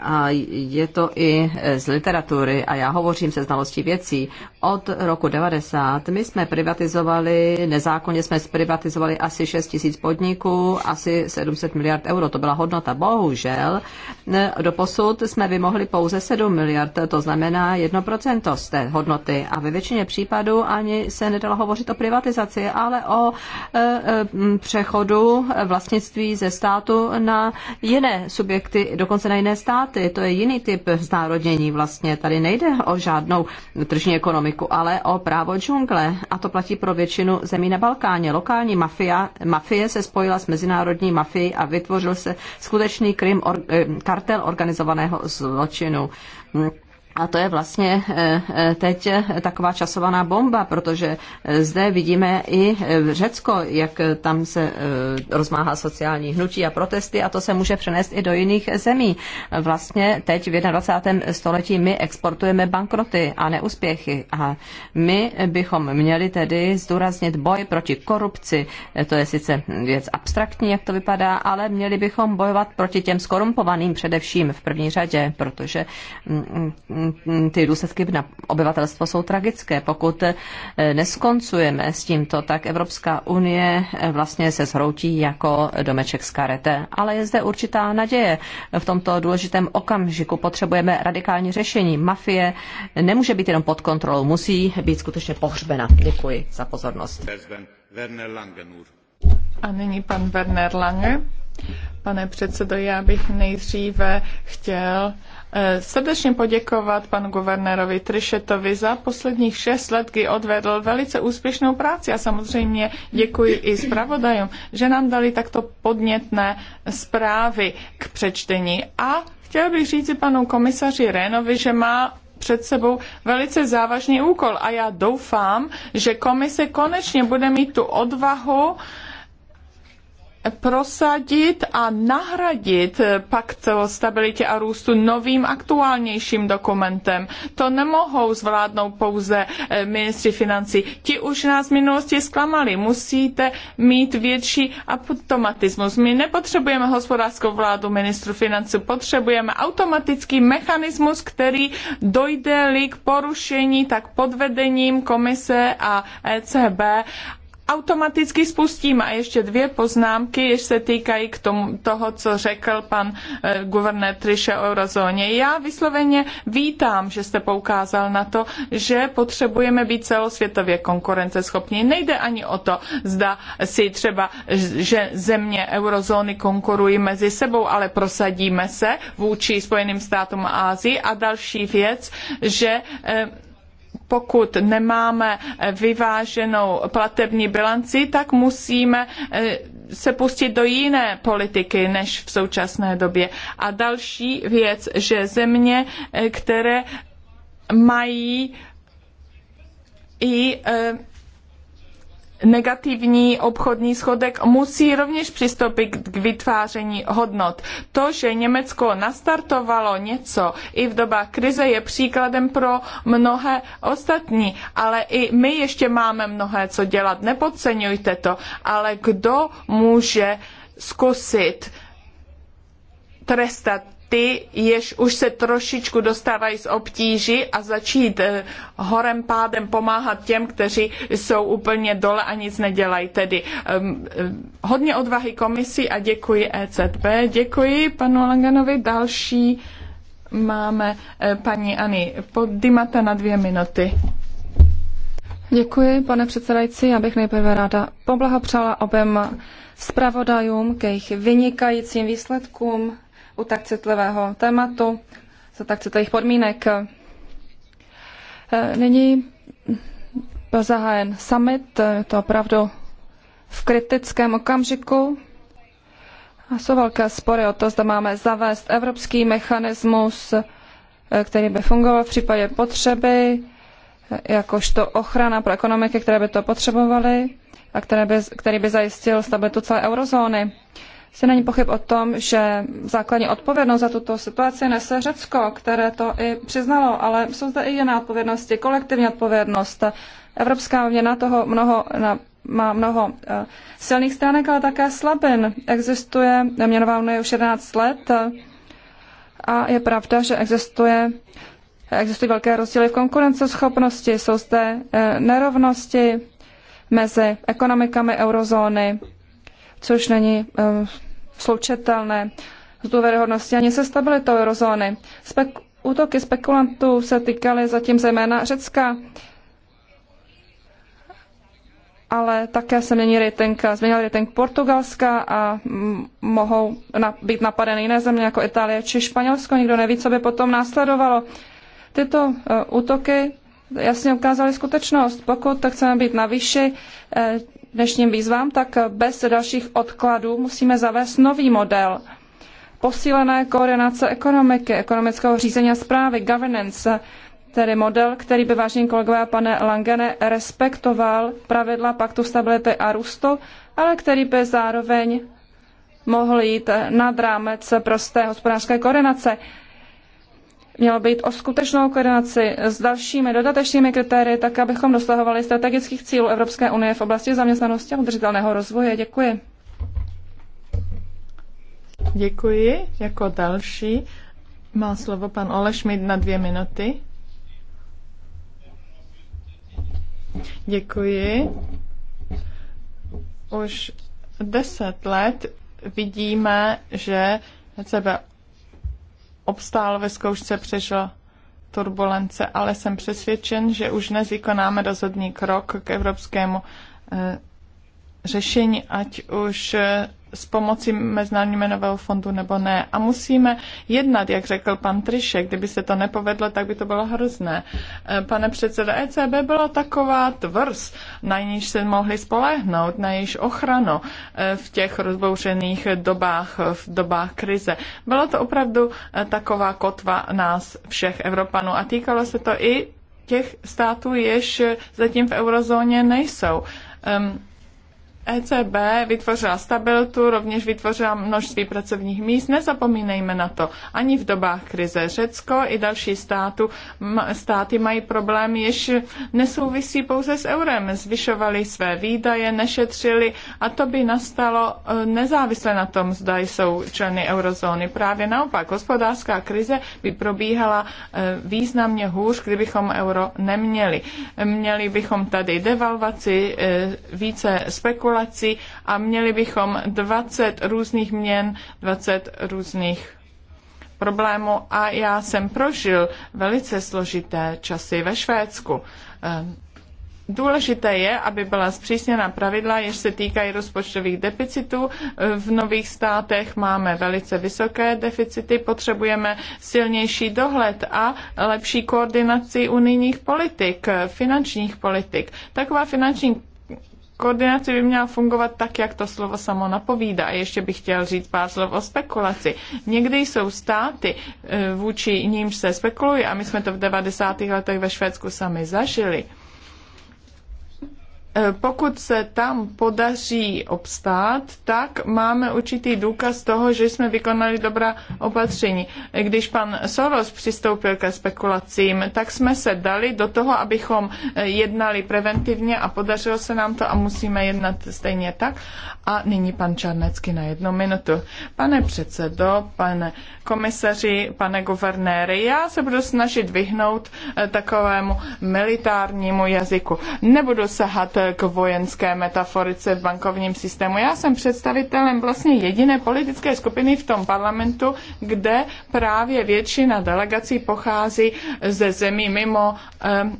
a je to i eh, z literatury a já hovořím se znalostí věcí. Od roku 90 my jsme privatizovali, nezákonně jsme zprivatizovali asi 6 tisíc podniků, asi 700 miliard euro, to byla hodnota. Bohužel eh, do posud jsme vymohli pouze 7 miliard, to znamená 1% z té hodnoty a ve většině případů ani se nedalo hovořit o privatizaci, ale o eh, přechodu vlastnictví ze státu na jiné subjekty, dokonce na jiné státy státy, to je jiný typ znárodnění vlastně. Tady nejde o žádnou tržní ekonomiku, ale o právo džungle. A to platí pro většinu zemí na Balkáně. Lokální mafia, mafie se spojila s mezinárodní mafií a vytvořil se skutečný krim or, eh, kartel organizovaného zločinu. Hm. A to je vlastně eh, eh, teď eh, taková časovaná bomba, protože zde vidíme i v Řecko, jak tam se rozmáhá sociální hnutí a protesty a to se může přenést i do jiných zemí. Vlastně teď v 21. století my exportujeme bankroty a neúspěchy a my bychom měli tedy zdůraznit boj proti korupci. To je sice věc abstraktní, jak to vypadá, ale měli bychom bojovat proti těm skorumpovaným především v první řadě, protože mm, mm, Mm, ty důsledky na obyvatelstvo jsou tragické. Pokud eh, neskoncujeme s tímto, tak Evropská unie eh, vlastně se zhroutí jako domeček z karete. Ale je zde určitá naděje. V tomto důležitém okamžiku potřebujeme radikální řešení. Mafie nemůže být jenom pod kontrolou, musí být skutečně pohřbena. Děkuji za pozornost. A nyní pan Werner Lange. Pane předsedo, já bych nejdříve chtěl Eh, srdečně poděkovat panu guvernérovi Trišetovi za posledních šest let, kdy odvedl velice úspěšnou práci a samozřejmě děkuji i zpravodajům, že nám dali takto podnětné zprávy k přečtení. A chtěl bych říci panu komisaři Renovi, že má před sebou velice závažný úkol a já doufám, že komise konečně bude mít tu odvahu uh, prosadit a nahradit pakt o stabilitě a růstu novým aktuálnějším dokumentem. To nemohou zvládnout pouze eh, ministři financí. Ti už nás v minulosti zklamali. Musíte mít větší automatismus. My nepotřebujeme hospodářskou vládu ministru financí, potřebujeme automatický mechanismus, který dojde-li k porušení, tak podvedením komise a ECB automaticky spustím. A ještě dvě poznámky, jež se týkají k tomu, toho, co řekl pan e, guvernér Triše o eurozóně. Já vysloveně vítám, že jste poukázal na to, že potřebujeme být celosvětově konkurenceschopní. Nejde ani o to, zda si třeba, že země eurozóny konkurují mezi sebou, ale prosadíme se vůči Spojeným státům a Ázii. A další věc, že e, pokud nemáme eh, vyváženou platební bilanci, tak musíme eh, se pustit do jiné politiky než v současné době. A další věc, že země, eh, které mají i negativní obchodní schodek musí rovněž přistoupit k vytváření hodnot. To, že Německo nastartovalo něco i v dobách krize, je příkladem pro mnohé ostatní, ale i my ještě máme mnohé co dělat. Nepodceňujte to, ale kdo může zkusit trestat ty, jež už se trošičku dostávají z obtíží a začít eh, horem pádem pomáhat těm, kteří jsou úplně dole a nic nedělají. Tedy um, hodně odvahy komisi a děkuji ECB. Děkuji panu Langanovi. Další máme eh, paní Ani podimata na dvě minuty. Děkuji, pane předsedající. Já bych nejprve ráda poblahopřála oběma zpravodajům ke jejich vynikajícím výsledkům u tak citlivého tématu, za tak citlivých podmínek. Eh, nyní byl zahájen summit, eh, je to opravdu v kritickém okamžiku. A jsou velké spory o to, zda máme zavést evropský mechanismus, eh, který by fungoval v případě potřeby, jakožto ochrana pro ekonomiky, které by to potřebovaly a které by, který by zajistil stabilitu celé eurozóny se není pochyb o tom, že základní odpovědnost za tuto situaci nese Řecko, které to i přiznalo, ale jsou zde i jiné odpovědnosti, kolektivní odpovědnost. Evropská unie na toho mnoho, na, má mnoho eh, silných stránek, ale také slabin. Existuje měnová unie už 11 let a je pravda, že existuje Existují velké rozdíly v konkurenceschopnosti, jsou zde eh, nerovnosti mezi ekonomikami eurozóny, což není eh, slučitelné s důvěryhodností ani se stabilitou eurozóny. Spek- útoky spekulantů se týkaly zatím zejména Řecka, ale také se mění rating, změnil rating Portugalska a mohou na, být napadeny jiné země jako Itálie či Španělsko. Nikdo neví, co by potom následovalo. Tyto uh, útoky jasně ukázaly skutečnost. Pokud chceme být na výši, eh, dnešním výzvám, tak bez dalších odkladů musíme zavést nový model posílené koordinace ekonomiky, ekonomického řízení a správy, governance, tedy model, který by, vážení kolegové, pane Langene, respektoval pravidla paktu stability a růstu, ale který by zároveň mohl jít nad rámec prosté hospodářské koordinace mělo být o skutečnou koordinaci s dalšími dodatečnými kritérii, tak abychom dosahovali strategických cílů Evropské unie v oblasti zaměstnanosti a udržitelného rozvoje. Děkuji. Děkuji. Jako další má slovo pan Ole Schmidt na dvě minuty. Děkuji. Už deset let vidíme, že CBO obstál ve zkoušce, přežil turbulence, ale jsem přesvědčen, že už dnes vykonáme rozhodný krok k evropskému eh, řešení, ať už eh, s pomocí Mezinárodní měnového fondu nebo ne. A musíme jednat, jak řekl pan Trišek, kdyby se to nepovedlo, tak by to bylo hrozné. Eh, pane předsedo, ECB byla taková tvrz, na níž se mohli spolehnout, na jejíž ochranu eh, v těch rozbouřených dobách, v dobách krize. Bylo to opravdu eh, taková kotva nás všech Evropanů a týkalo se to i těch států, jež zatím v eurozóně nejsou. Um, ECB vytvořila stabilitu, rovněž vytvořila množství pracovních míst. Nezapomínejme na to. Ani v dobách krize Řecko i další státu, státy mají problémy. jež nesouvisí pouze s eurem. Zvyšovali své výdaje, nešetřili a to by nastalo e, nezávisle na tom, zda jsou členy eurozóny. Právě naopak, hospodářská krize by probíhala e, významně hůř, kdybychom euro neměli. Měli bychom tady devalvaci, e, více spekulací, populaci a měli bychom 20 různých měn, 20 různých problémů a já jsem prožil velice složité časy ve Švédsku. Ehm, důležité je, aby byla zpřísněna pravidla, jež se týkají rozpočtových deficitů. V nových státech máme velice vysoké deficity, potřebujeme silnější dohled a lepší koordinaci unijních politik, finančních politik. Taková finanční koordinace by měla fungovat tak, jak to slovo samo napovídá. A ještě bych chtěl říct pár slov o spekulaci. Někdy jsou státy, e, vůči nímž se spekuluje, a my jsme to v 90. letech ve Švédsku sami zažili, Eh, pokud se tam podaří obstát, tak máme určitý důkaz toho, že jsme vykonali dobrá opatření. Eh, když pan Soros přistoupil ke spekulacím, tak jsme se dali do toho, abychom eh, jednali preventivně a podařilo se nám to a musíme jednat stejně tak. A nyní pan Čarnecky na jednu minutu. Pane předsedo, pane komisaři, pane guvernéry, já se budu snažit vyhnout takovému militárnímu jazyku. Nebudu sahat k vojenské metaforice v bankovním systému. Já jsem představitelem vlastně jediné politické skupiny v tom parlamentu, kde právě většina delegací pochází ze zemí mimo um,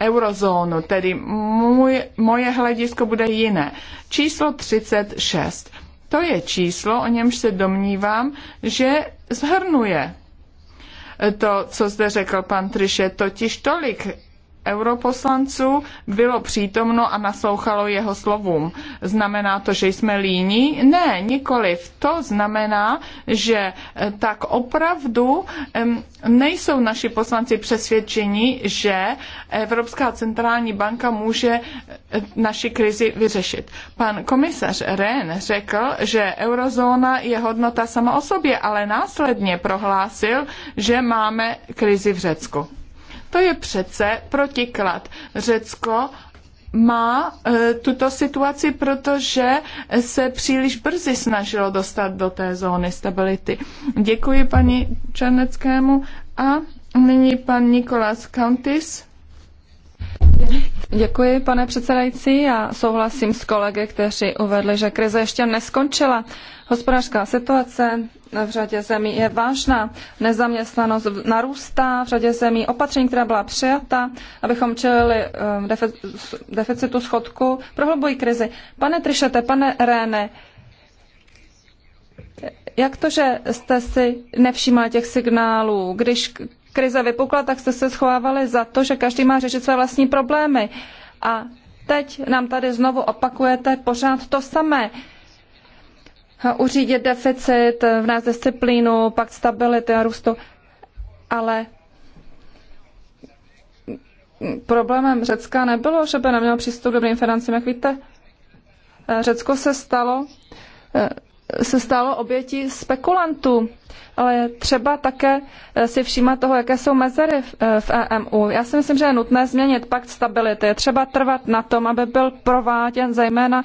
eurozónu, tedy můj, moje hledisko bude jiné. Číslo 36. To je číslo, o němž se domnívám, že zhrnuje to, co zde řekl pan Triše, totiž tolik europoslanců bylo přítomno a naslouchalo jeho slovům. Znamená to, že jsme líní? Ne, nikoliv. To znamená, že eh, tak opravdu nejsou naši poslanci přesvědčeni, že Evropská centrální banka může eh, naši krizi vyřešit. Pan komisař Rehn řekl, že eurozóna je hodnota sama o sobě, ale následně prohlásil, že máme krizi v Řecku. To je přece protiklad. Řecko má e, tuto situaci, protože se příliš brzy snažilo dostat do té zóny stability. Děkuji paní Černeckému a nyní pan Nikolas Kantis Děkuji, pane předsedající. Já souhlasím s kolegy, kteří uvedli, že krize ještě neskončila. Hospodářská situace v řadě zemí je vážná. Nezaměstnanost narůstá v řadě zemí. Opatření, která byla přijata, abychom čelili eh, deficitu schodku, prohlubují krizi. Pane Trišete, pane Réne, jak to, že jste si nevšímali těch signálů, když krize vypukla, tak jste se schovávali za to, že každý má řešit své vlastní problémy. A teď nám tady znovu opakujete pořád to samé. Uřídit deficit, v nás disciplínu, pak stability a růstu. Ale problémem Řecka nebylo, že by nemělo přístup k dobrým financím, jak víte. Řecko se stalo se stalo obětí spekulantů. Ale je třeba také eh, si všímat toho, jaké jsou mezery v EMU. Eh, e Já si myslím, že je nutné změnit pakt stability. Je třeba trvat na tom, aby byl prováděn zejména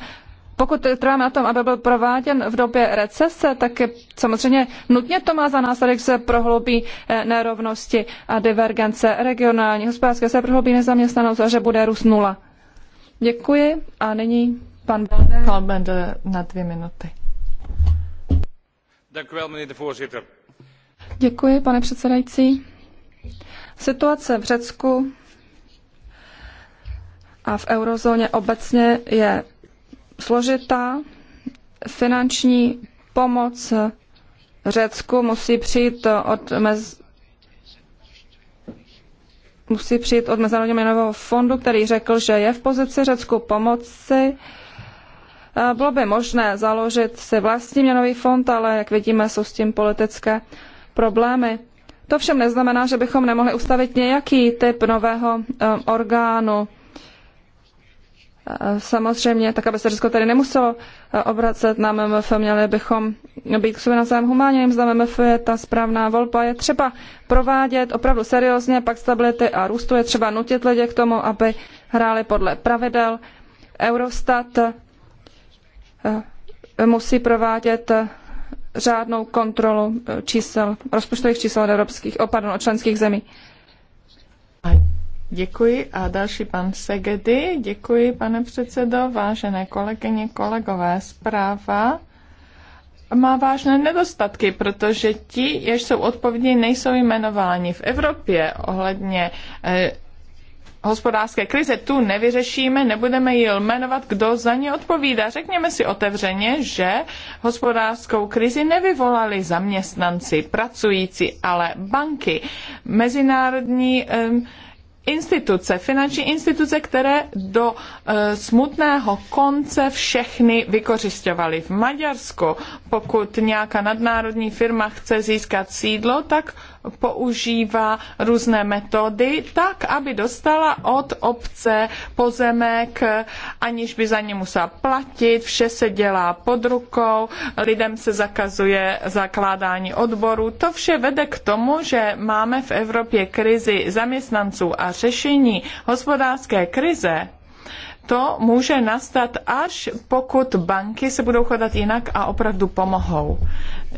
pokud trváme na tom, aby byl prováděn v době recese, tak je, samozřejmě nutně to má za následek, že se prohloubí eh, nerovnosti a divergence regionální, hospodářské se prohloubí nezaměstnanost a že bude růst nula. Děkuji a nyní pan Bender. Pan Bender na dvě minuty. Děkuji, pane předsedající. Situace v Řecku a v eurozóně obecně je složitá. Finanční pomoc Řecku musí přijít od mez... musí přijít od Mezinárodního měnového fondu, který řekl, že je v pozici Řecku pomoci Eh, bylo by možné založit si vlastní měnový fond, ale jak vidíme, jsou s tím politické problémy. To všem neznamená, že bychom nemohli ustavit nějaký typ nového eh, orgánu. Eh, samozřejmě, tak aby se Řecko tady nemuselo obracet na MMF, měli bychom být k sobě navzájem humánním, zda MMF je ta správná volba. Je třeba provádět opravdu seriózně, pak stability a růstu je třeba nutit lidi k tomu, aby hráli podle pravidel. Eurostat Eh, musí provádět eh, řádnou kontrolu eh, čísel, rozpočtových čísel evropských, oh, pardon, členských zemí. Děkuji a další pan Segedy. Děkuji, pane předsedo, vážené kolegyně, kolegové. Zpráva má vážné nedostatky, protože ti, jež jsou odpovědní, nejsou jmenováni v Evropě ohledně hospodářské krize tu nevyřešíme, nebudeme ji jmenovat, kdo za ní odpovídá. Řekněme si otevřeně, že hospodářskou krizi nevyvolali zaměstnanci, pracující, ale banky, mezinárodní um, instituce, finanční instituce, které do uh, smutného konce všechny vykořišťovaly. V Maďarsku, pokud nějaká nadnárodní firma chce získat sídlo, tak používá různé metody, tak, aby dostala od obce pozemek, aniž by za ně musela platit, vše se dělá pod rukou, lidem se zakazuje zakládání odboru. To vše vede k tomu, že máme v Evropě krizi zaměstnanců a řešení hospodářské krize to může nastat až pokud banky se budou chodat jinak a opravdu pomohou.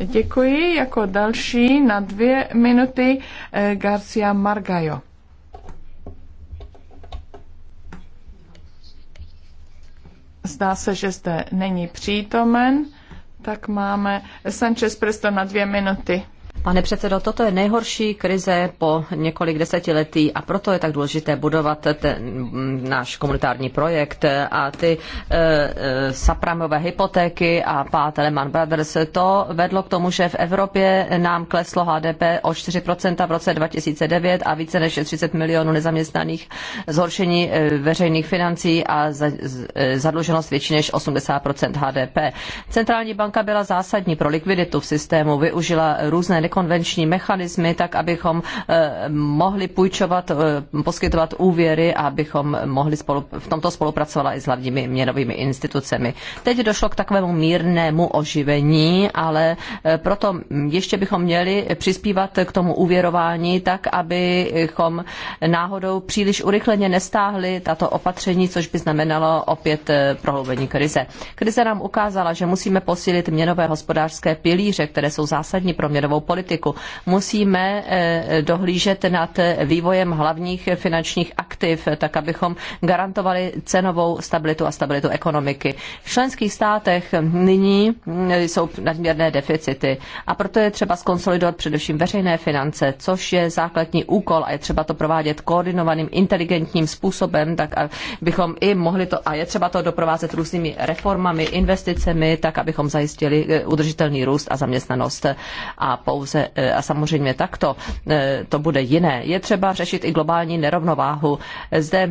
Děkuji. Jako další na dvě minuty eh, Garcia Margajo. Zdá se, že zde není přítomen, tak máme Sanchez Presto na dvě minuty. Pane předsedo, toto je nejhorší krize po několik desetiletí a proto je tak důležité budovat ten mm, náš komunitární projekt a ty e, e sapramové hypotéky a pát Lehman Brothers. To vedlo k tomu, že v Evropě nám kleslo HDP o 4% v roce 2009 a více než 30 milionů nezaměstnaných, zhoršení e, veřejných financí a e, zadluženost větší než 80% HDP. Centrální banka byla zásadní pro likviditu v systému, využila různé nekonvenční mechanismy, tak abychom eh, mohli půjčovat, eh, poskytovat úvěry a abychom mohli spolu, v tomto spolupracovat i s hlavními měnovými institucemi. Teď došlo k takovému mírnému oživení, ale eh, proto ještě bychom měli přispívat k tomu uvěrování tak, abychom náhodou příliš urychleně nestáhli tato opatření, což by znamenalo opět prohloubení krize. Krize nám ukázala, že musíme posílit měnové hospodářské pilíře, které jsou zásadní pro měnovou politiku politiku. Musíme eh, dohlížet nad vývojem hlavních finančních aktiv, tak abychom garantovali cenovou stabilitu a stabilitu ekonomiky. V členských státech nyní jsou nadměrné deficity a proto je třeba skonsolidovat především veřejné finance, což je základní úkol a je třeba to provádět koordinovaným, inteligentním způsobem, tak abychom i mohli to, a je třeba to doprovázet různými reformami, investicemi, tak abychom zajistili eh, udržitelný růst a zaměstnanost. A pouze se, e, a samozřejmě takto e, to bude jiné. Je třeba řešit i globální nerovnováhu. Zde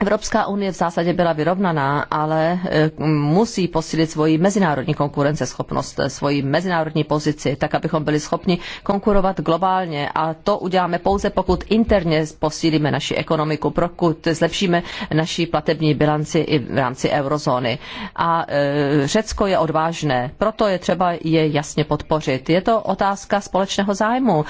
Evropská unie v zásadě byla vyrovnaná, ale e, musí posílit svoji mezinárodní konkurenceschopnost, e, svoji mezinárodní pozici, tak abychom byli schopni konkurovat globálně. A to uděláme pouze, pokud interně posílíme naši ekonomiku, pokud zlepšíme naši platební bilanci i v rámci eurozóny. A e, Řecko je odvážné, proto je třeba je jasně podpořit. Je to otázka společného zájmu,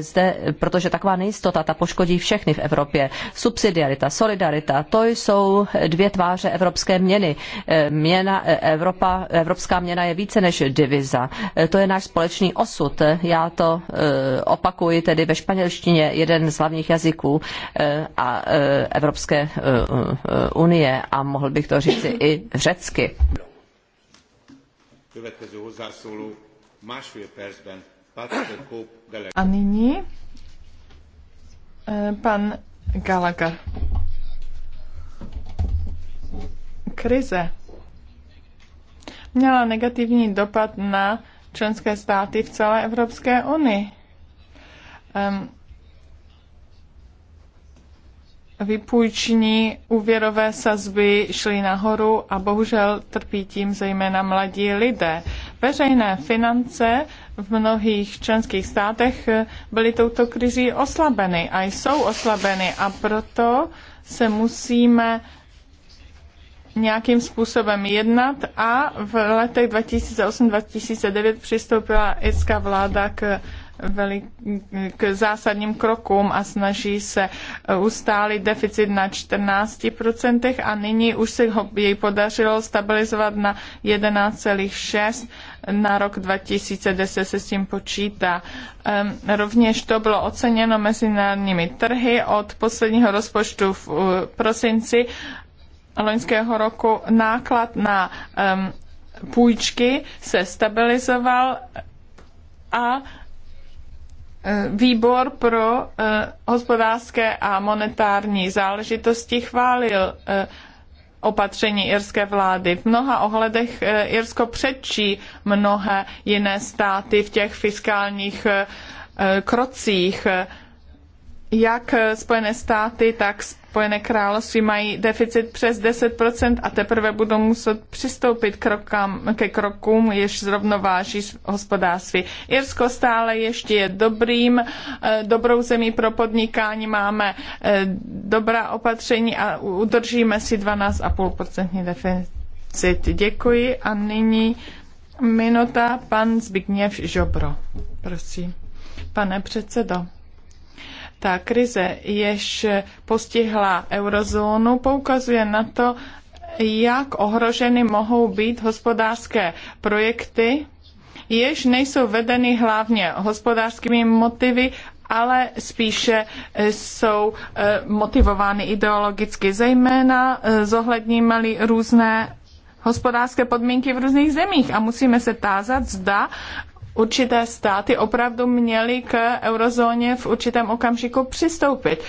zde, protože taková nejistota ta poškodí všechny v Evropě. Subsidiarita, solidarita, to jsou dvě tváře evropské měny. Eh, měna, eh, Evropa, evropská měna je více než diviza. Eh, to je náš společný osud. Já to opakuji tedy ve španělštině, jeden z hlavních jazyků a Evropské unie a mohl bych to říci i řecky. A nyní pan Gallagher krize měla negativní dopad na členské státy v celé Evropské unii. Um, vypůjční úvěrové sazby šly nahoru a bohužel trpí tím zejména mladí lidé. Veřejné finance v mnohých členských státech byly touto krizí oslabeny a jsou oslabeny a proto se musíme nějakým způsobem jednat a v letech 2008-2009 přistoupila irská vláda k velik, k zásadním krokům a snaží se uh, ustálit deficit na 14% a nyní už se ho, jej podařilo stabilizovat na 11,6% na rok 2010 se s tím počítá. Um, rovněž to bylo oceněno mezinárodními trhy od posledního rozpočtu v uh, prosinci loňského roku náklad na um, půjčky se stabilizoval a e, Výbor pro e, hospodářské a monetární záležitosti chválil e, opatření irské vlády. V mnoha ohledech Irsko předčí mnohé jiné státy v těch fiskálních krocích. Jak Spojené státy, tak Spojené království mají deficit přes 10% a teprve budou muset přistoupit krokám, ke krokům, jež zrovnováží hospodářství. Irsko stále ještě je dobrým, eh, dobrou zemí pro podnikání, máme eh, dobrá opatření a udržíme si 12,5% deficit. Děkuji a nyní minuta pan Zbigněv Žobro. Prosím. Pane předsedo ta krize, jež postihla eurozónu, poukazuje na to, jak ohroženy mohou být hospodářské projekty, jež nejsou vedeny hlavně hospodářskými motivy, ale spíše e, jsou e, motivovány ideologicky, zejména e, zohledníme-li různé hospodářské podmínky v různých zemích a musíme se tázat, zda určité státy opravdu měly k eurozóně v určitém okamžiku přistoupit.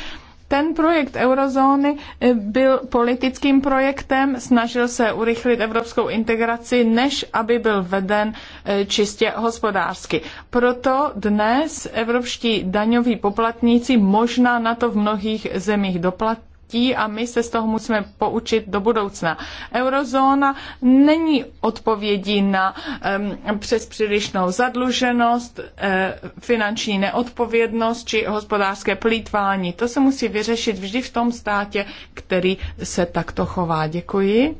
Ten projekt eurozóny eh, byl politickým projektem, snažil se urychlit evropskou integraci, než aby byl veden eh, čistě hospodářsky. Proto dnes evropští daňoví poplatníci možná na to v mnohých zemích doplatí dětí a my se z toho musíme poučit do budoucna. Eurozóna není odpovědí na um, přes přílišnou zadluženost, eh, finanční neodpovědnost či hospodářské plítvání. To se musí vyřešit vždy v tom státě, který se takto chová. Děkuji.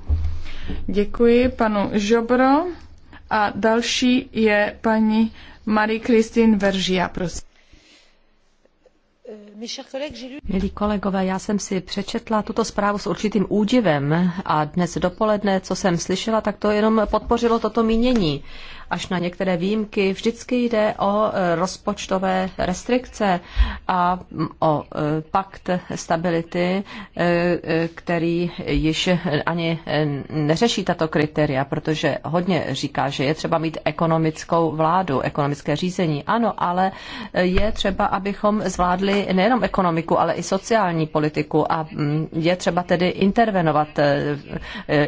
Děkuji panu Žobro. A další je paní Marie Christine Veržia, prosím. Euh, Milí kolegové, já jsem si přečetla tuto zprávu s určitým údivem a dnes dopoledne, co jsem slyšela, tak to jenom podpořilo toto mínění až na některé výjimky, vždycky jde o e, rozpočtové restrikce a o e, pakt stability, e, který již ani neřeší tato kritéria, protože hodně říká, že je třeba mít ekonomickou vládu, ekonomické řízení. Ano, ale je třeba, abychom zvládli nejenom ekonomiku, ale i sociální politiku a je třeba tedy intervenovat.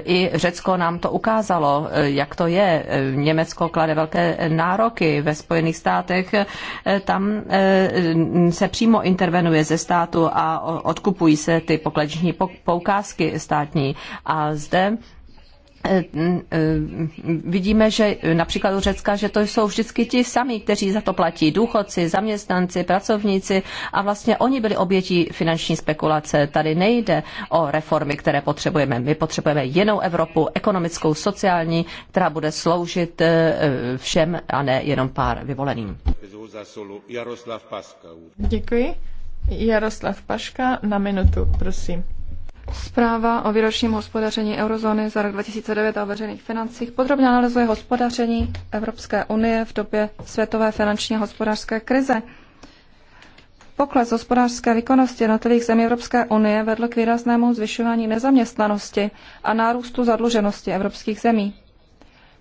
I Řecko nám to ukázalo, jak to je. Německo klade velké nároky ve Spojených státech, e, tam e, se přímo intervenuje ze státu a odkupují se ty pokladní poukázky státní. A zde Eh, eh, vidíme, že eh, například u Řecka, že to jsou vždycky ti sami, kteří za to platí. Důchodci, zaměstnanci, pracovníci a vlastně oni byli obětí finanční spekulace. Tady nejde o reformy, které potřebujeme. My potřebujeme jinou Evropu, ekonomickou, sociální, která bude sloužit všem a ne jenom pár vyvoleným. Děkuji. Jaroslav Paška na minutu, prosím. Zpráva o výročním hospodaření eurozóny za rok 2009 a o veřejných financích podrobně analyzuje hospodaření Evropské unie v době světové finanční a hospodářské krize. Pokles hospodářské výkonnosti jednotlivých zemí Evropské unie vedl k výraznému zvyšování nezaměstnanosti a nárůstu zadluženosti evropských zemí.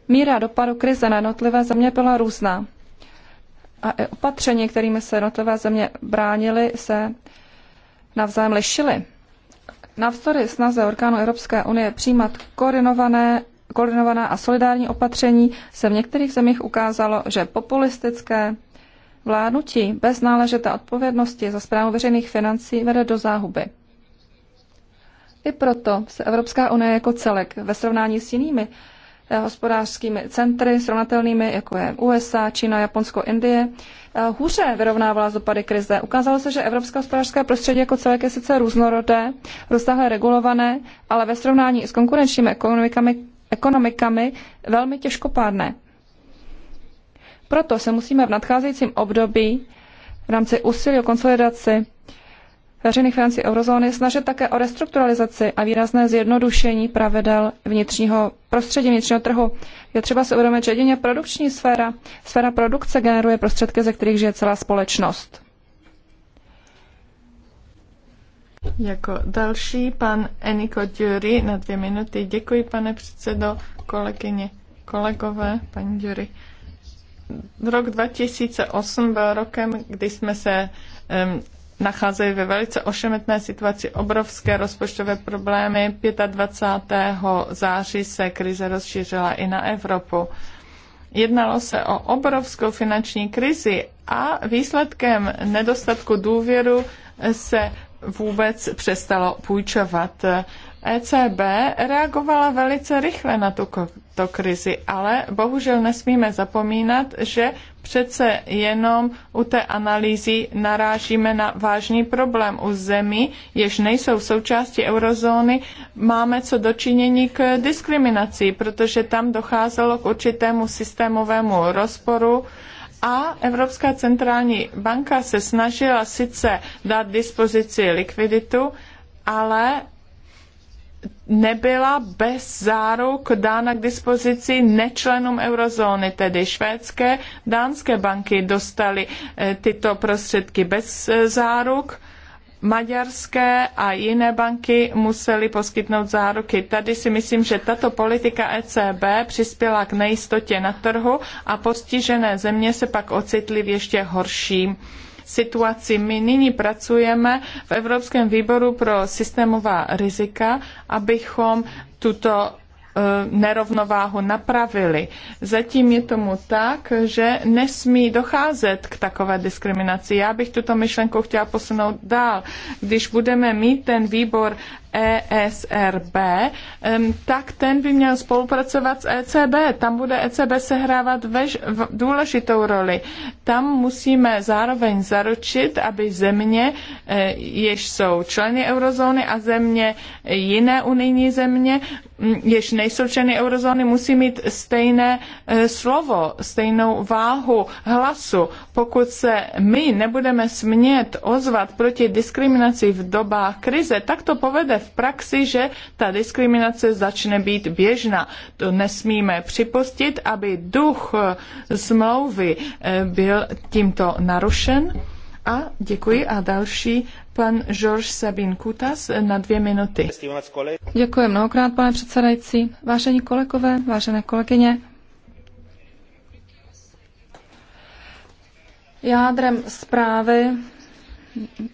Míra dopadu krize na jednotlivé země byla různá. A i opatření, kterými se jednotlivé země bránily, se navzájem lišily. Navzdory snaze orgánu Evropské unie přijímat koordinované koordinovaná a solidární opatření se v některých zemích ukázalo, že populistické vládnutí bez náležité odpovědnosti za zprávu veřejných financí vede do záhuby. I proto se Evropská unie jako celek ve srovnání s jinými Eh, hospodářskými centry srovnatelnými, jako je USA, Čína, Japonsko, Indie, eh, hůře vyrovnávala z dopady krize. Ukázalo se, že evropské hospodářské prostředí jako celé je sice různorodé, rozsáhle regulované, ale ve srovnání s konkurenčními ekonomikami, ekonomikami velmi těžkopádné. Proto se musíme v nadcházejícím období v rámci úsilí o konsolidaci veřejných financí eurozóny snažit také o restrukturalizaci a výrazné zjednodušení pravidel vnitřního prostředí, vnitřního trhu. Je třeba si uvědomit, že jedině produkční sféra, sféra produkce generuje prostředky, ze kterých žije celá společnost. Jako další pan Eniko Dury na dvě minuty. Děkuji, pane předsedo, kolegyně, kolegové, paní Dury. Rok 2008 byl rokem, kdy jsme se um, nacházejí ve velice ošemetné situaci, obrovské rozpočtové problémy. 25. září se krize rozšířila i na Evropu. Jednalo se o obrovskou finanční krizi a výsledkem nedostatku důvěru se vůbec přestalo půjčovat. ECB reagovala velice rychle na tu této krizi, ale bohužel nesmíme zapomínat, že přece jenom u té analýzy narážíme na vážný problém. U zemí, jež nejsou součástí eurozóny, máme co dočinění k diskriminaci, protože tam docházelo k určitému systémovému rozporu a Evropská centrální banka se snažila sice dát dispozici likviditu, ale nebyla bez záruk dána k dispozici nečlenům eurozóny, tedy švédské, dánské banky dostaly eh, tyto prostředky bez eh, záruk, maďarské a jiné banky musely poskytnout záruky. Tady si myslím, že tato politika ECB přispěla k nejistotě na trhu a postižené země se pak ocitly v ještě horším situaci. My nyní pracujeme v Evropském výboru pro systémová rizika, abychom tuto E, nerovnováhu napravili. Zatím je tomu tak, že nesmí docházet k takové diskriminaci. Já bych tuto myšlenku chtěla posunout dál. Když budeme mít ten výbor ESRB, tak ten by měl spolupracovat s ECB. Tam bude ECB sehrávat vež, v, důležitou roli. Tam musíme zároveň zaručit, aby země, e, jež jsou členy eurozóny a země jiné unijní země, jež ne nejsou členy eurozóny, musí mít stejné eh, slovo, stejnou váhu hlasu. Pokud se my nebudeme smět ozvat proti diskriminaci v dobách krize, tak to povede v praxi, že ta diskriminace začne být běžná. To nesmíme připustit, aby duch eh, smlouvy eh, byl tímto narušen. A děkuji. A další pan George Sabin Kutas na dvě minuty. Děkuji mnohokrát, pane předsedající. Vážení kolegové, vážené kolegyně. Jádrem zprávy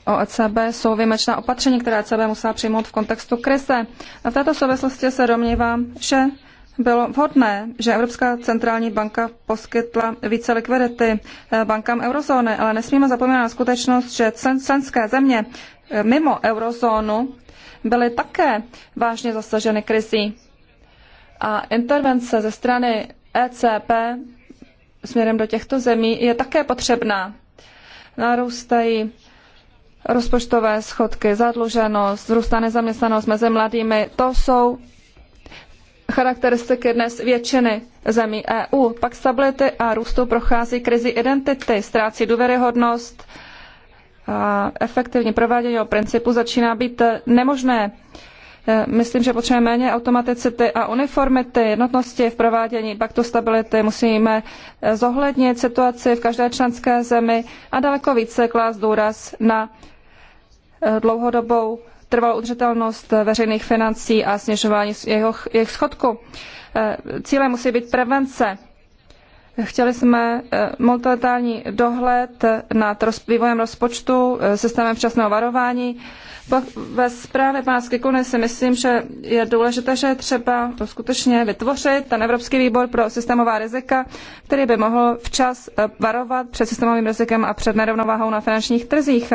o ECB jsou výjimečná opatření, která ECB musela přijmout v kontextu krize. A v této souvislosti se domnívám, že bylo vhodné, že Evropská centrální banka poskytla více likvidity eh, bankám eurozóny, ale nesmíme zapomínat na skutečnost, že členské země eh, mimo eurozónu byly také vážně zasaženy krizí. A intervence ze strany ECB směrem do těchto zemí je také potřebná. Narůstají rozpočtové schodky, zadluženost, vzrůstá nezaměstnanost mezi mladými. To jsou charakteristiky dnes většiny zemí EU. Pak stability a růstu prochází krizi identity, ztrácí důvěryhodnost, a efektivní provádění o principu začíná být nemožné. E, myslím, že potřebujeme méně automaticity a uniformity, jednotnosti v provádění paktu stability. Musíme zohlednit situaci v každé členské zemi a daleko více klást důraz na e, dlouhodobou trvalou udržitelnost veřejných financí a snižování jeho, jejich schodku. Eh, cílem musí být prevence. Chtěli jsme eh, multilaterální dohled nad vývojem rozpočtu, eh, systémem včasného varování. Ve zprávě pana Skikuny si myslím, že je důležité, že je třeba skutečně vytvořit ten Evropský výbor pro systémová rizika, který by mohl včas varovat před systémovým rizikem a před nerovnováhou na finančních trzích.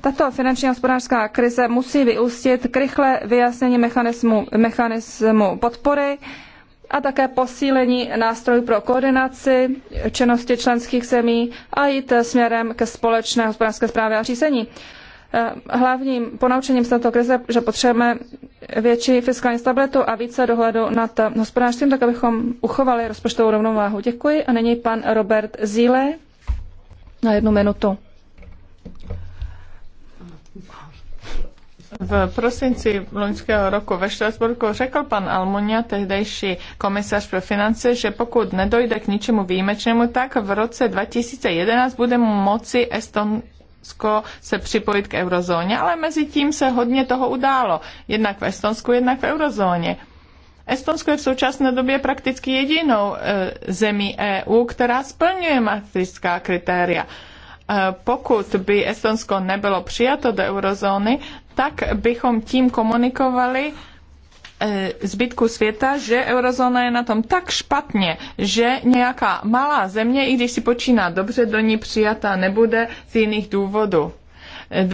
Tato finanční a hospodářská krize musí vyústit k rychle vyjasnění mechanismu, mechanismu podpory a také posílení nástrojů pro koordinaci činnosti členských zemí a jít směrem ke společné hospodářské správě a řízení. Eh, hlavním ponaučením z této krize, že potřebujeme větší fiskální stabilitu a více dohledu nad hospodářstvím, tak abychom uchovali rozpočtovou rovnováhu. Děkuji a nyní pan Robert Zíle na jednu minutu. V prosinci loňského roku ve Štrasburku řekl pan Almunia, tehdejší komisař pro finance, že pokud nedojde k ničemu výjimečnému, tak v roce 2011 bude moci Eston Estonsko se připojit k eurozóně, ale mezi tím se hodně toho událo. Jednak v Estonsku, jednak v eurozóně. Estonsko je v současné době prakticky jedinou e, zemí EU, která splňuje matrická kritéria. Eh, pokud by Estonsko nebylo přijato do eurozóny, tak bychom tím komunikovali eh, zbytku světa, že eurozóna je na tom tak špatně, že nějaká malá země, i když si počíná dobře, do ní přijata nebude z jiných důvodů.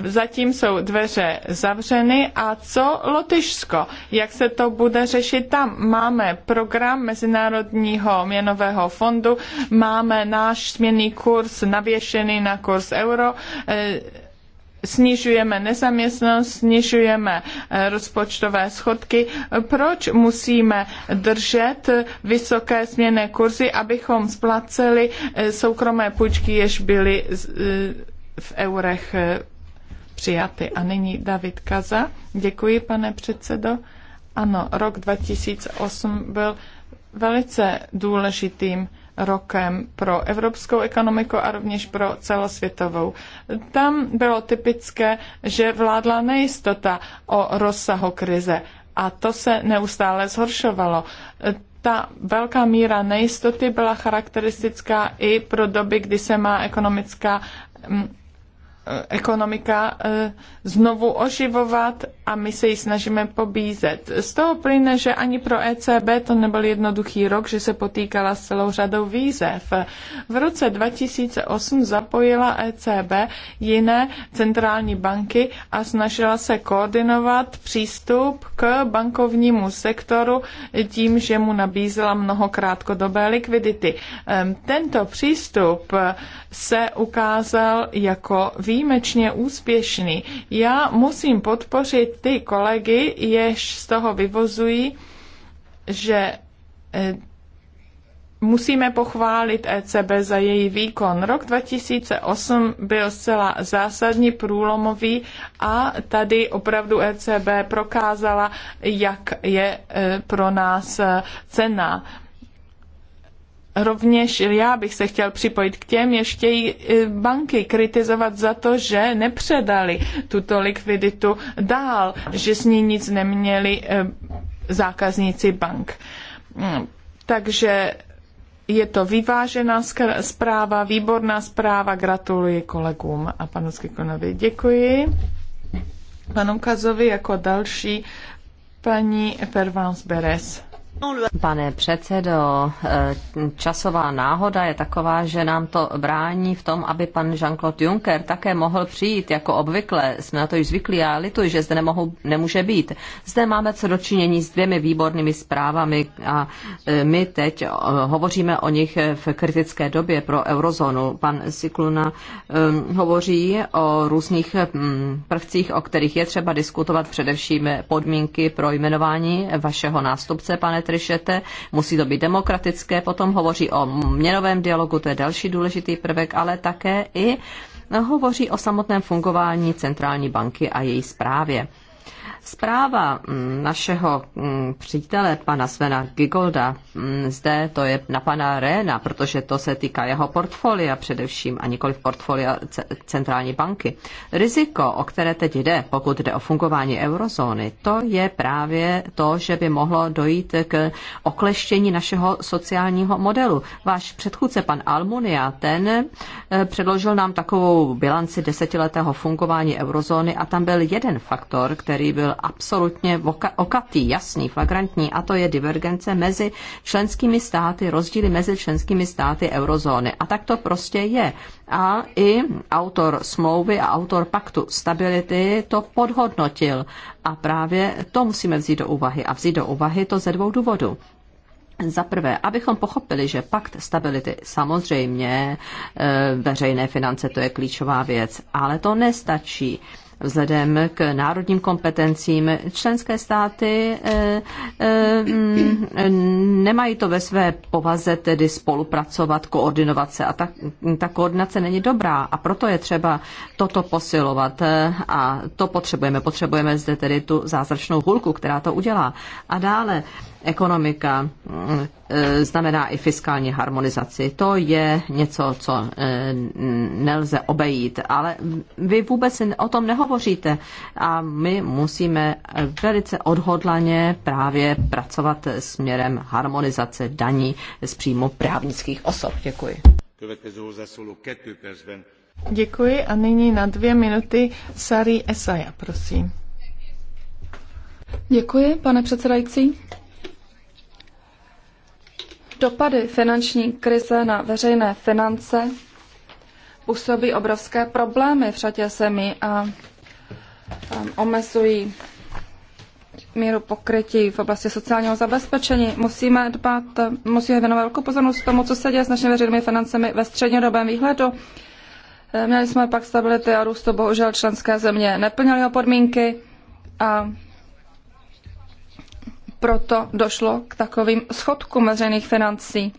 Zatím jsou dveře zavřeny a co Lotyšsko? Jak se to bude řešit tam? Máme program Mezinárodního měnového fondu, máme náš směný kurz navěšený na kurz euro eh, snižujeme nezaměstnanost, snižujeme eh, rozpočtové schodky. Proč musíme držet vysoké směné kurzy, abychom splaceli eh, soukromé půjčky, jež byly v eurech přijaty. A nyní David Kaza. Děkuji, pane předsedo. Ano, rok 2008 byl velice důležitým rokem pro evropskou ekonomiku a rovněž pro celosvětovou. Tam bylo typické, že vládla nejistota o rozsahu krize a to se neustále zhoršovalo. Ta velká míra nejistoty byla charakteristická i pro doby, kdy se má ekonomická mm, Eh, ekonomika eh, znovu oživovat a my se ji snažíme pobízet. Z toho plyne, že ani pro ECB to nebyl jednoduchý rok, že se potýkala s celou řadou výzev. V roce 2008 zapojila ECB jiné centrální banky a snažila se koordinovat přístup k bankovnímu sektoru tím, že mu nabízela mnoho krátkodobé likvidity. Ehm, tento přístup se ukázal jako výzev výjimečně úspěšný. Já musím podpořit ty kolegy, jež z toho vyvozují, že eh, musíme pochválit ECB za její výkon. Rok 2008 byl zcela zásadní, průlomový a tady opravdu ECB prokázala, jak je eh, pro nás eh, cena. Rovněž já bych se chtěl připojit k těm, jež chtějí banky kritizovat za to, že nepředali tuto likviditu dál, že s ní nic neměli e, zákazníci bank. Mm, takže je to vyvážená zpráva, výborná zpráva. Gratuluji kolegům a panu Skikonovi. Děkuji. Panu Kazovi jako další paní Pervans Beres. Pane předsedo, eh, časová náhoda je taková, že nám to brání v tom, aby pan Jean-Claude Juncker také mohl přijít, jako obvykle. Jsme na to již zvyklí a lituji, že zde nemohu, nemůže být. Zde máme co dočinění s dvěmi výbornými zprávami a eh, my teď eh, hovoříme o nich v kritické době pro eurozónu. Pan Sikluna hovoří o různých mm, prvcích, o kterých je třeba diskutovat, především podmínky pro jmenování vašeho nástupce, pane Trišete, musí to být demokratické, potom hovoří o měnovém dialogu, to je další důležitý prvek, ale také i hovoří o samotném fungování centrální banky a její zprávě. Zpráva mm, našeho mm, přítele, pana Svena Gigolda, mm, zde to je na pana Réna, protože to se týká jeho portfolia především a nikoli portfolia centrální banky. Riziko, o které teď jde, pokud jde o fungování eurozóny, to je právě to, že by mohlo dojít k okleštění našeho sociálního modelu. Váš předchůdce, pan Almunia, ten e, předložil nám takovou bilanci desetiletého fungování eurozóny a tam byl jeden faktor, který byl absolutně okatý, jasný, flagrantní, a to je divergence mezi členskými státy, rozdíly mezi členskými státy eurozóny. A tak to prostě je. A i autor smlouvy a autor paktu stability to podhodnotil. A právě to musíme vzít do úvahy. A vzít do úvahy to ze dvou důvodů. Za prvé, abychom pochopili, že pakt stability samozřejmě eh, veřejné finance to je klíčová věc, ale to nestačí vzhledem k národním kompetencím. Členské státy eh, eh, mm, nemají to ve své povaze tedy spolupracovat, koordinovat se a ta, ta koordinace není dobrá a proto je třeba toto posilovat eh, a to potřebujeme. Potřebujeme zde tedy tu zázračnou hulku, která to udělá. A dále ekonomika eh, znamená i fiskální harmonizaci. To je něco, co eh, nelze obejít, ale vy vůbec o tom nehovoříte a my musíme velice odhodlaně právě pracovat směrem harmonizace daní z příjmu právnických osob. Děkuji. Děkuji a nyní na dvě minuty Sari Esaja, prosím. Děkuji, pane předsedající. Dopady finanční krize na veřejné finance působí obrovské problémy v řadě zemí a omezují míru pokrytí v oblasti sociálního zabezpečení. Musíme dbát, musíme věnovat velkou pozornost tomu, co se děje s našimi veřejnými financemi ve střednědobém výhledu. E, měli jsme pak stability a růstu, bohužel členské země neplnily jeho podmínky a proto došlo k takovým schodkům veřejných financí.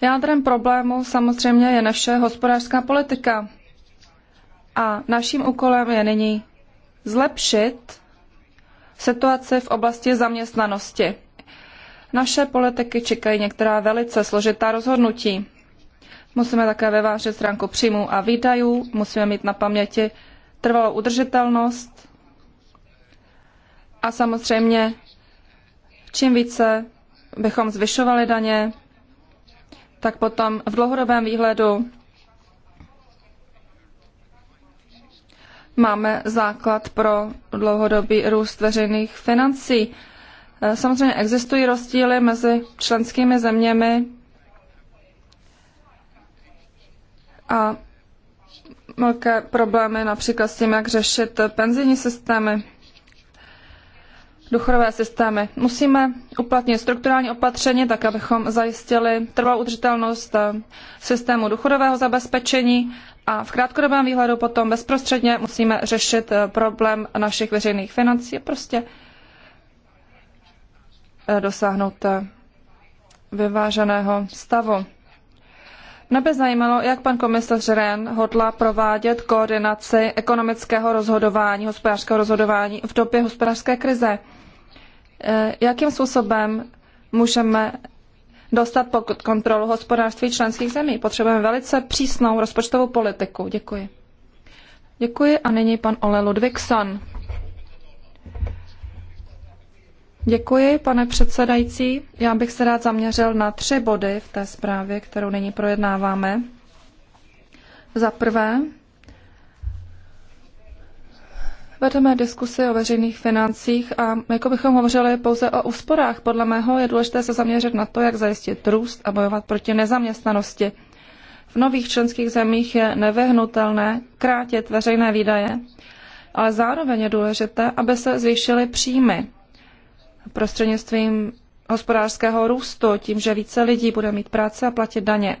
Jádrem problému samozřejmě je naše hospodářská politika. A naším úkolem je nyní zlepšit situaci v oblasti zaměstnanosti. Naše politiky čekají některá velice složitá rozhodnutí. Musíme také vyvážit stránku příjmů a výdajů, musíme mít na paměti trvalou udržitelnost a samozřejmě, čím více bychom zvyšovali daně, tak potom v dlouhodobém výhledu máme základ pro dlouhodobý růst veřejných financí. Eh, samozřejmě existují rozdíly mezi členskými zeměmi a velké problémy například s tím, jak řešit penzijní systémy důchodové systémy. Musíme uplatnit strukturální opatření, tak abychom zajistili trvalou udržitelnost eh, systému důchodového zabezpečení a v krátkodobém výhledu potom bezprostředně musíme řešit eh, problém našich veřejných financí a prostě eh, dosáhnout vyváženého stavu. Mne by zajímalo, jak pan komisař Ren hodlá provádět koordinaci ekonomického rozhodování, hospodářského rozhodování v době hospodářské krize. Eh, jakým způsobem můžeme dostat pod kontrolu hospodářství členských zemí. Potřebujeme velice přísnou rozpočtovou politiku. Děkuji. Děkuji a nyní pan Ole Ludvíkson. Děkuji, pane předsedající. Já bych se rád zaměřil na tři body v té zprávě, kterou nyní projednáváme. Za prvé, vedeme diskusi o veřejných financích a jako bychom hovořili pouze o úsporách. Podle mého je důležité se zaměřit na to, jak zajistit růst a bojovat proti nezaměstnanosti. V nových členských zemích je nevyhnutelné krátit veřejné výdaje, ale zároveň je důležité, aby se zvýšily příjmy prostřednictvím hospodářského růstu, tím, že více lidí bude mít práce a platit daně.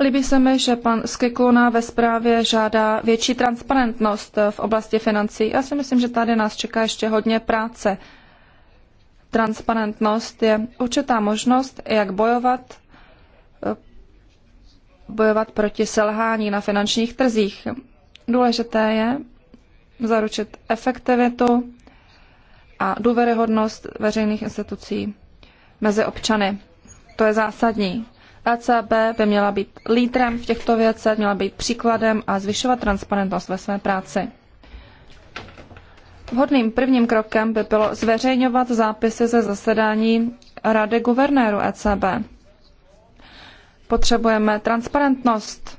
Líbí se mi, že pan Skikluna ve zprávě žádá větší transparentnost v oblasti financí. Já si myslím, že tady nás čeká ještě hodně práce. Transparentnost je určitá možnost, jak bojovat bojovat proti selhání na finančních trzích. Důležité je zaručit efektivitu a důvěryhodnost veřejných institucí mezi občany. To je zásadní. ECB by měla být lídrem v těchto věcech, měla být příkladem a zvyšovat transparentnost ve své práci. Vhodným prvním krokem by bylo zveřejňovat zápisy ze zasedání Rady guvernéru ECB. Potřebujeme transparentnost.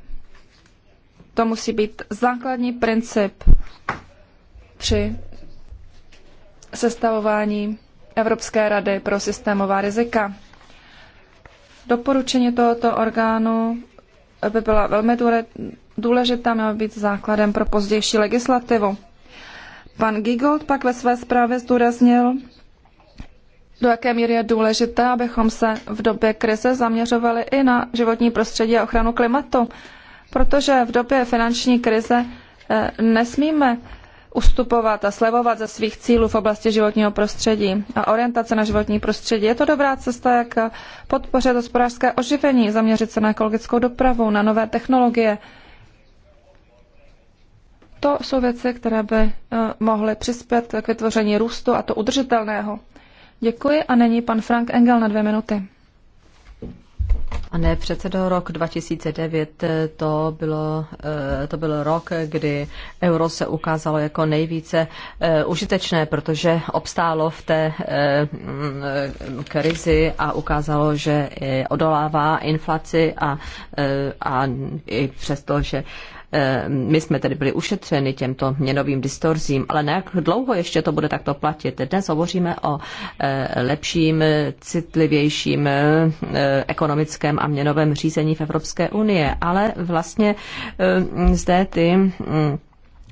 To musí být základní princip při sestavování Evropské rady pro systémová rizika. Doporučení tohoto orgánu by byla velmi důležitá, měla být základem pro pozdější legislativu. Pan Gigold pak ve své zprávě zdůraznil, do jaké míry je důležité, abychom se v době krize zaměřovali i na životní prostředí a ochranu klimatu, protože v době finanční krize eh, nesmíme ustupovat a slevovat ze svých cílů v oblasti životního prostředí a orientace na životní prostředí. Je to dobrá cesta, jak podpořit hospodářské oživení, zaměřit se na ekologickou dopravu, na nové technologie. To jsou věci, které by eh, mohly přispět k vytvoření růstu a to udržitelného. Děkuji a není pan Frank Engel na dvě minuty přece do rok 2009 eh, to, bylo, eh, to byl rok, kdy euro se ukázalo jako nejvíce eh, užitečné, protože obstálo v té mm, krizi a ukázalo, že odolává inflaci a, a i přesto, že Eh, my jsme tedy byli ušetřeni těmto měnovým distorzím, ale na jak dlouho ještě to bude takto platit? Dnes hovoříme o eh, lepším, citlivějším eh, ekonomickém a měnovém řízení v Evropské unie, ale vlastně zde ty hm,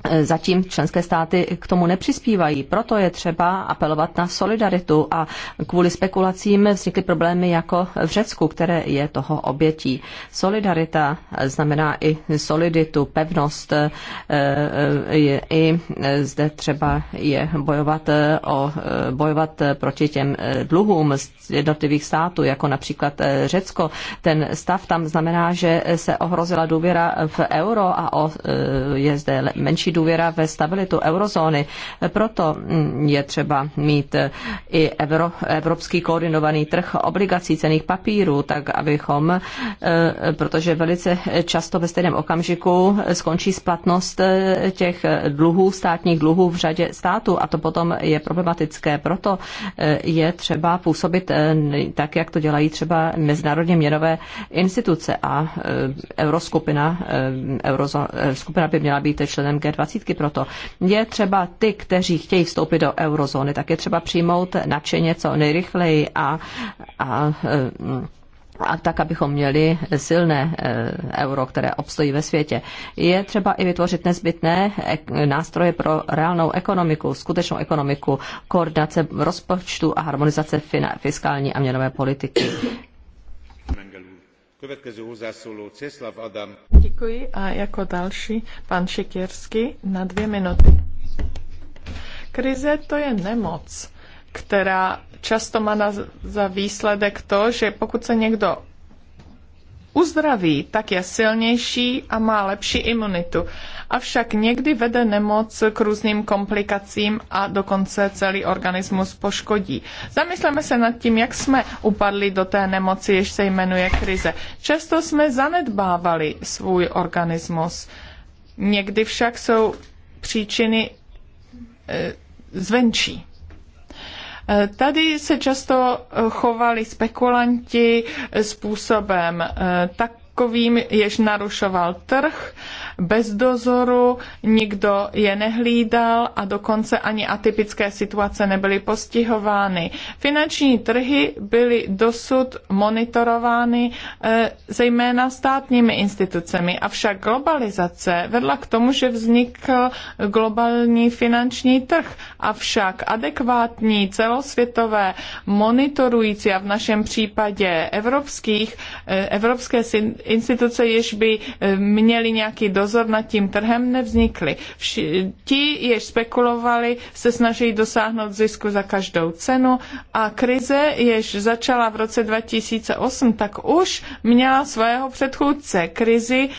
Eh, zatím členské státy k tomu nepřispívají, proto je třeba apelovat na solidaritu a kvůli spekulacím vznikly problémy jako v Řecku, které je toho obětí. Solidarita znamená i soliditu, pevnost, eh, eh, je, i zde třeba je bojovat, o, bojovat proti těm dluhům z jednotlivých států, jako například Řecko. Ten stav tam znamená, že se ohrozila důvěra v euro a o, je zde menší důvěra ve stabilitu eurozóny. Proto mm, je třeba mít e, i evro, evropský koordinovaný trh obligací cených papírů, tak abychom, e, protože velice často ve stejném okamžiku skončí splatnost e, těch dluhů, státních dluhů v řadě států a to potom je problematické. Proto je třeba působit tak, jak to dělají třeba mezinárodně měnové instituce a euroskupina, euro, skupina by měla být členem G20 dvacítky proto. Je třeba ty, kteří chtějí vstoupit do eurozóny, tak je třeba přijmout nadšeně co nejrychleji a, a a tak, abychom měli silné eh, euro, které obstojí ve světě. Je třeba i vytvořit nezbytné eh, nástroje pro reálnou ekonomiku, skutečnou ekonomiku, koordinace rozpočtu a harmonizace fiskální a měnové politiky. Děkuji a jako další pan Šikěrsky na dvě minuty. Krize to je nemoc, která často má na, za výsledek to, že pokud se někdo uzdraví, tak je silnější a má lepší imunitu. Avšak někdy vede nemoc k různým komplikacím a dokonce celý organismus poškodí. Zamysleme se nad tím, jak jsme upadli do té nemoci, jež se jmenuje krize. Často jsme zanedbávali svůj organismus. Někdy však jsou příčiny e, zvenčí. Tady se často chovali spekulanti způsobem eh, tak takovým, jež narušoval trh, bez dozoru, nikdo je nehlídal a dokonce ani atypické situace nebyly postihovány. Finanční trhy byly dosud monitorovány eh, zejména státními institucemi, avšak globalizace vedla k tomu, že vznikl globální finanční trh, avšak adekvátní celosvětové monitorující a v našem případě evropských, eh, evropské instituce, jež by eh, měly nějaký dozor nad tím trhem, nevznikly. Vši, ti, jež spekulovali, se snaží dosáhnout zisku za každou cenu a krize, jež začala v roce 2008, tak už měla svého předchůdce. Krizi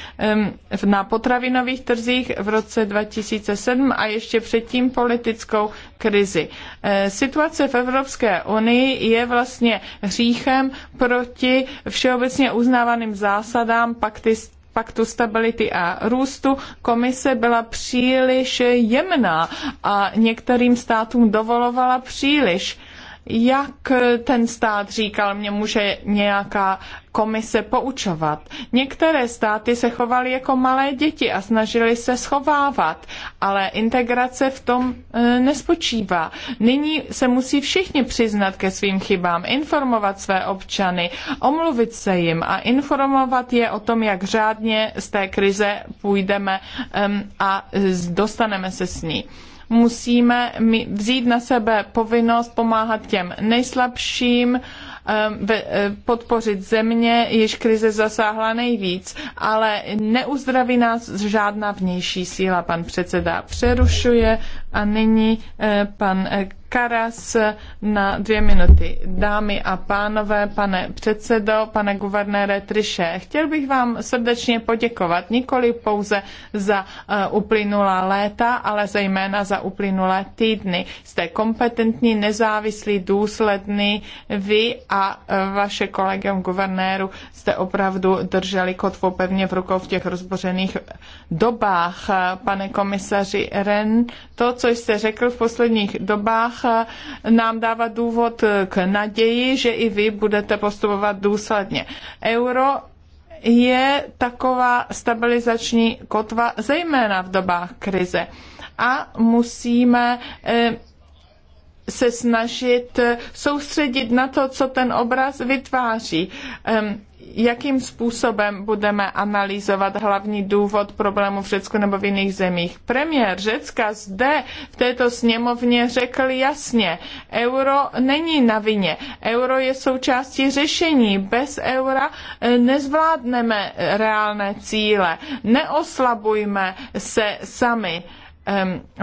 na potravinových trzích v roce 2007 a ještě předtím politickou krizi. Eh, situace v Evropské unii je vlastně hříchem proti všeobecně uznávaným zásadům zásadám pakty, paktu stability a růstu komise byla příliš jemná a některým státům dovolovala příliš jak ten stát říkal, mě může nějaká komise poučovat. Některé státy se chovaly jako malé děti a snažili se schovávat, ale integrace v tom e, nespočívá. Nyní se musí všichni přiznat ke svým chybám, informovat své občany, omluvit se jim a informovat je o tom, jak řádně z té krize půjdeme a dostaneme se s ní musíme vzít na sebe povinnost pomáhat těm nejslabším, eh, eh, podpořit země, jež krize zasáhla nejvíc, ale neuzdraví nás žádná vnější síla. Pan předseda přerušuje a nyní eh, pan Karas na dvě minuty. Dámy a pánové, pane předsedo, pane guvernére Triše, chtěl bych vám srdečně poděkovat nikoli pouze za uh, uplynulá léta, ale zejména za uplynulé týdny. Jste kompetentní, nezávislí, důslední. Vy a uh, vaše kolegium guvernéru jste opravdu drželi kotvu pevně v rukou v těch rozbořených eh, dobách. Pane komisaři Ren, to, co jste řekl v posledních dobách, nám dává důvod k naději, že i vy budete postupovat důsledně. Euro je taková stabilizační kotva, zejména v dobách krize. A musíme eh, se snažit eh, soustředit na to, co ten obraz vytváří. Ehm, jakým způsobem budeme analyzovat hlavní důvod problému v Řecku nebo v jiných zemích. Premiér Řecka zde v této sněmovně řekl jasně, euro není na vině, euro je součástí řešení, bez eura eh, nezvládneme eh, reálné cíle, neoslabujme se sami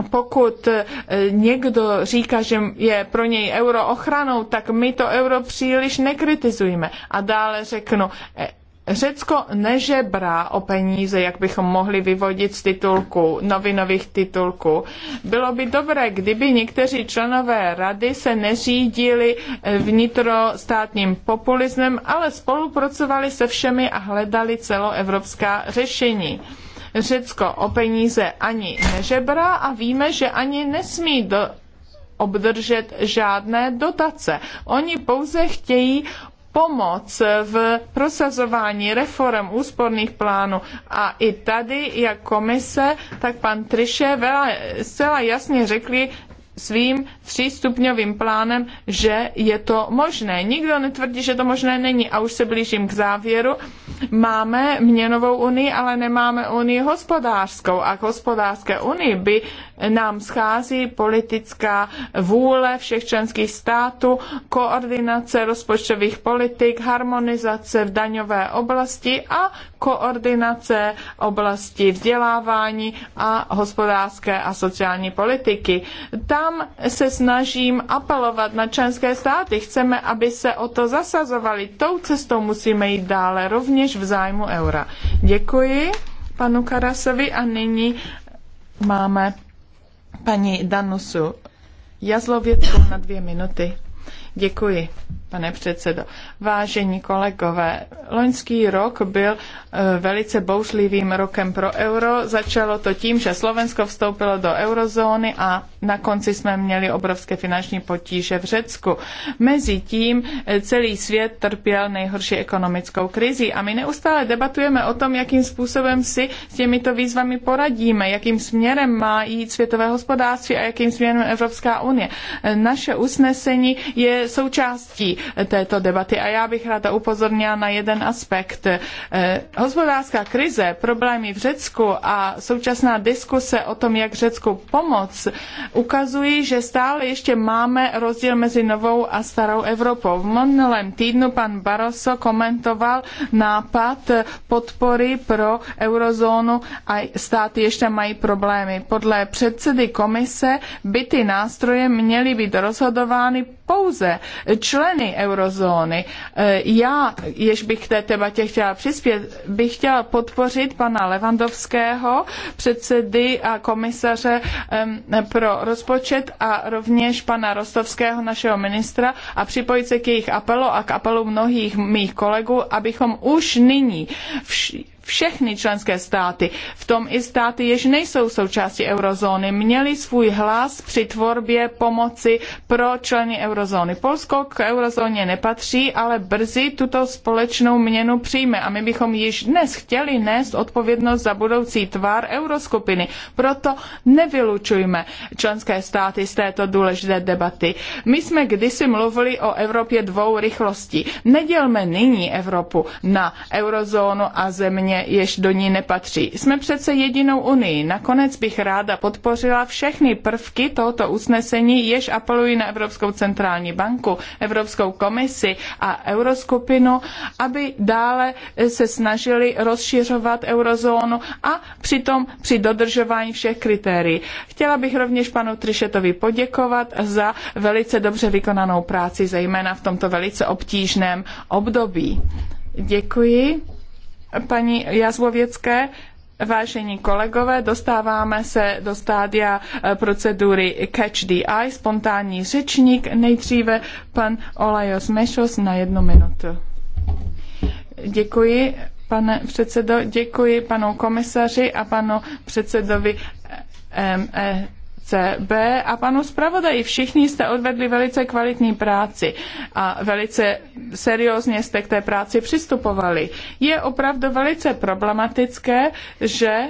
pokud e, někdo říká, že je pro něj euro ochranou, tak my to euro příliš nekritizujeme. A dále řeknu, e, Řecko nežebrá o peníze, jak bychom mohli vyvodit z titulku, novinových titulků. Bylo by dobré, kdyby někteří členové rady se neřídili e, vnitrostátním populismem, ale spolupracovali se všemi a hledali celoevropská řešení Řecko o peníze ani nežebrá a víme, že ani nesmí do, obdržet žádné dotace. Oni pouze chtějí pomoc v prosazování reform úsporných plánů. A i tady, jak komise, tak pan Triše zcela jasně řekli, svým třístupňovým plánem, že je to možné. Nikdo netvrdí, že to možné není a už se blížím k závěru. Máme měnovou unii, ale nemáme unii hospodářskou a k hospodářské unii by nám schází politická vůle všech členských států, koordinace rozpočtových politik, harmonizace v daňové oblasti a koordinace oblasti vzdělávání a hospodářské a sociální politiky. Tam se snažím apelovat na členské státy. Chceme, aby se o to zasazovali. Tou cestou musíme jít dále, rovněž v zájmu eura. Děkuji panu Karasovi a nyní máme paní Danusu Jazlověckou na dvě minuty. Děkuji pane předsedo. Vážení kolegové, loňský rok byl eh, velice bouřlivým rokem pro euro. Začalo to tím, že Slovensko vstoupilo do eurozóny a na konci jsme měli obrovské finanční potíže v Řecku. Mezitím eh, celý svět trpěl nejhorší ekonomickou krizi a my neustále debatujeme o tom, jakým způsobem si s těmito výzvami poradíme, jakým směrem má jít světové hospodářství a jakým směrem Evropská unie. Eh, naše usnesení je součástí této debaty. A já bych ráda upozornila na jeden aspekt. Eh, hospodářská krize, problémy v Řecku a současná diskuse o tom, jak Řecku pomoc, ukazují, že stále ještě máme rozdíl mezi novou a starou Evropou. V minulém týdnu pan Barroso komentoval nápad podpory pro eurozónu a státy ještě mají problémy. Podle předsedy komise by ty nástroje měly být rozhodovány pouze členy eurozóny. E, já, jež bych k té debatě chtěla přispět, bych chtěla podpořit pana Levandovského, předsedy a komisaře pro rozpočet a rovněž pana Rostovského, našeho ministra a připojit se k jejich apelu a k apelu mnohých mých kolegů, abychom už nyní všechny členské státy, v tom i státy, jež nejsou součástí eurozóny, měly svůj hlas při tvorbě pomoci pro členy eurozóny. Polsko k eurozóně nepatří, ale brzy tuto společnou měnu přijme a my bychom již dnes chtěli nést odpovědnost za budoucí tvar euroskupiny. Proto nevylučujme členské státy z této důležité debaty. My jsme kdysi mluvili o Evropě dvou rychlostí. Nedělme nyní Evropu na eurozónu a země země, jež do ní nepatří. Jsme přece jedinou unii. Nakonec bych ráda podpořila všechny prvky tohoto usnesení, jež apelují na Evropskou centrální banku, Evropskou komisi a euroskupinu, aby dále se snažili rozšiřovat eurozónu a přitom při dodržování všech kritérií. Chtěla bych rovněž panu Trišetovi poděkovat za velice dobře vykonanou práci, zejména v tomto velice obtížném období. Děkuji paní Jazlověcké. Vážení kolegové, dostáváme se do stádia eh, procedury Catch the Eye, spontánní řečník. Nejdříve pan Olajos Mešos na jednu minutu. Děkuji, pane předsedo, děkuji panu komisaři a panu předsedovi eh, otázce B a panu zpravodaji. Všichni jste odvedli velice kvalitní práci a velice seriózně jste k té práci přistupovali. Je opravdu velice problematické, že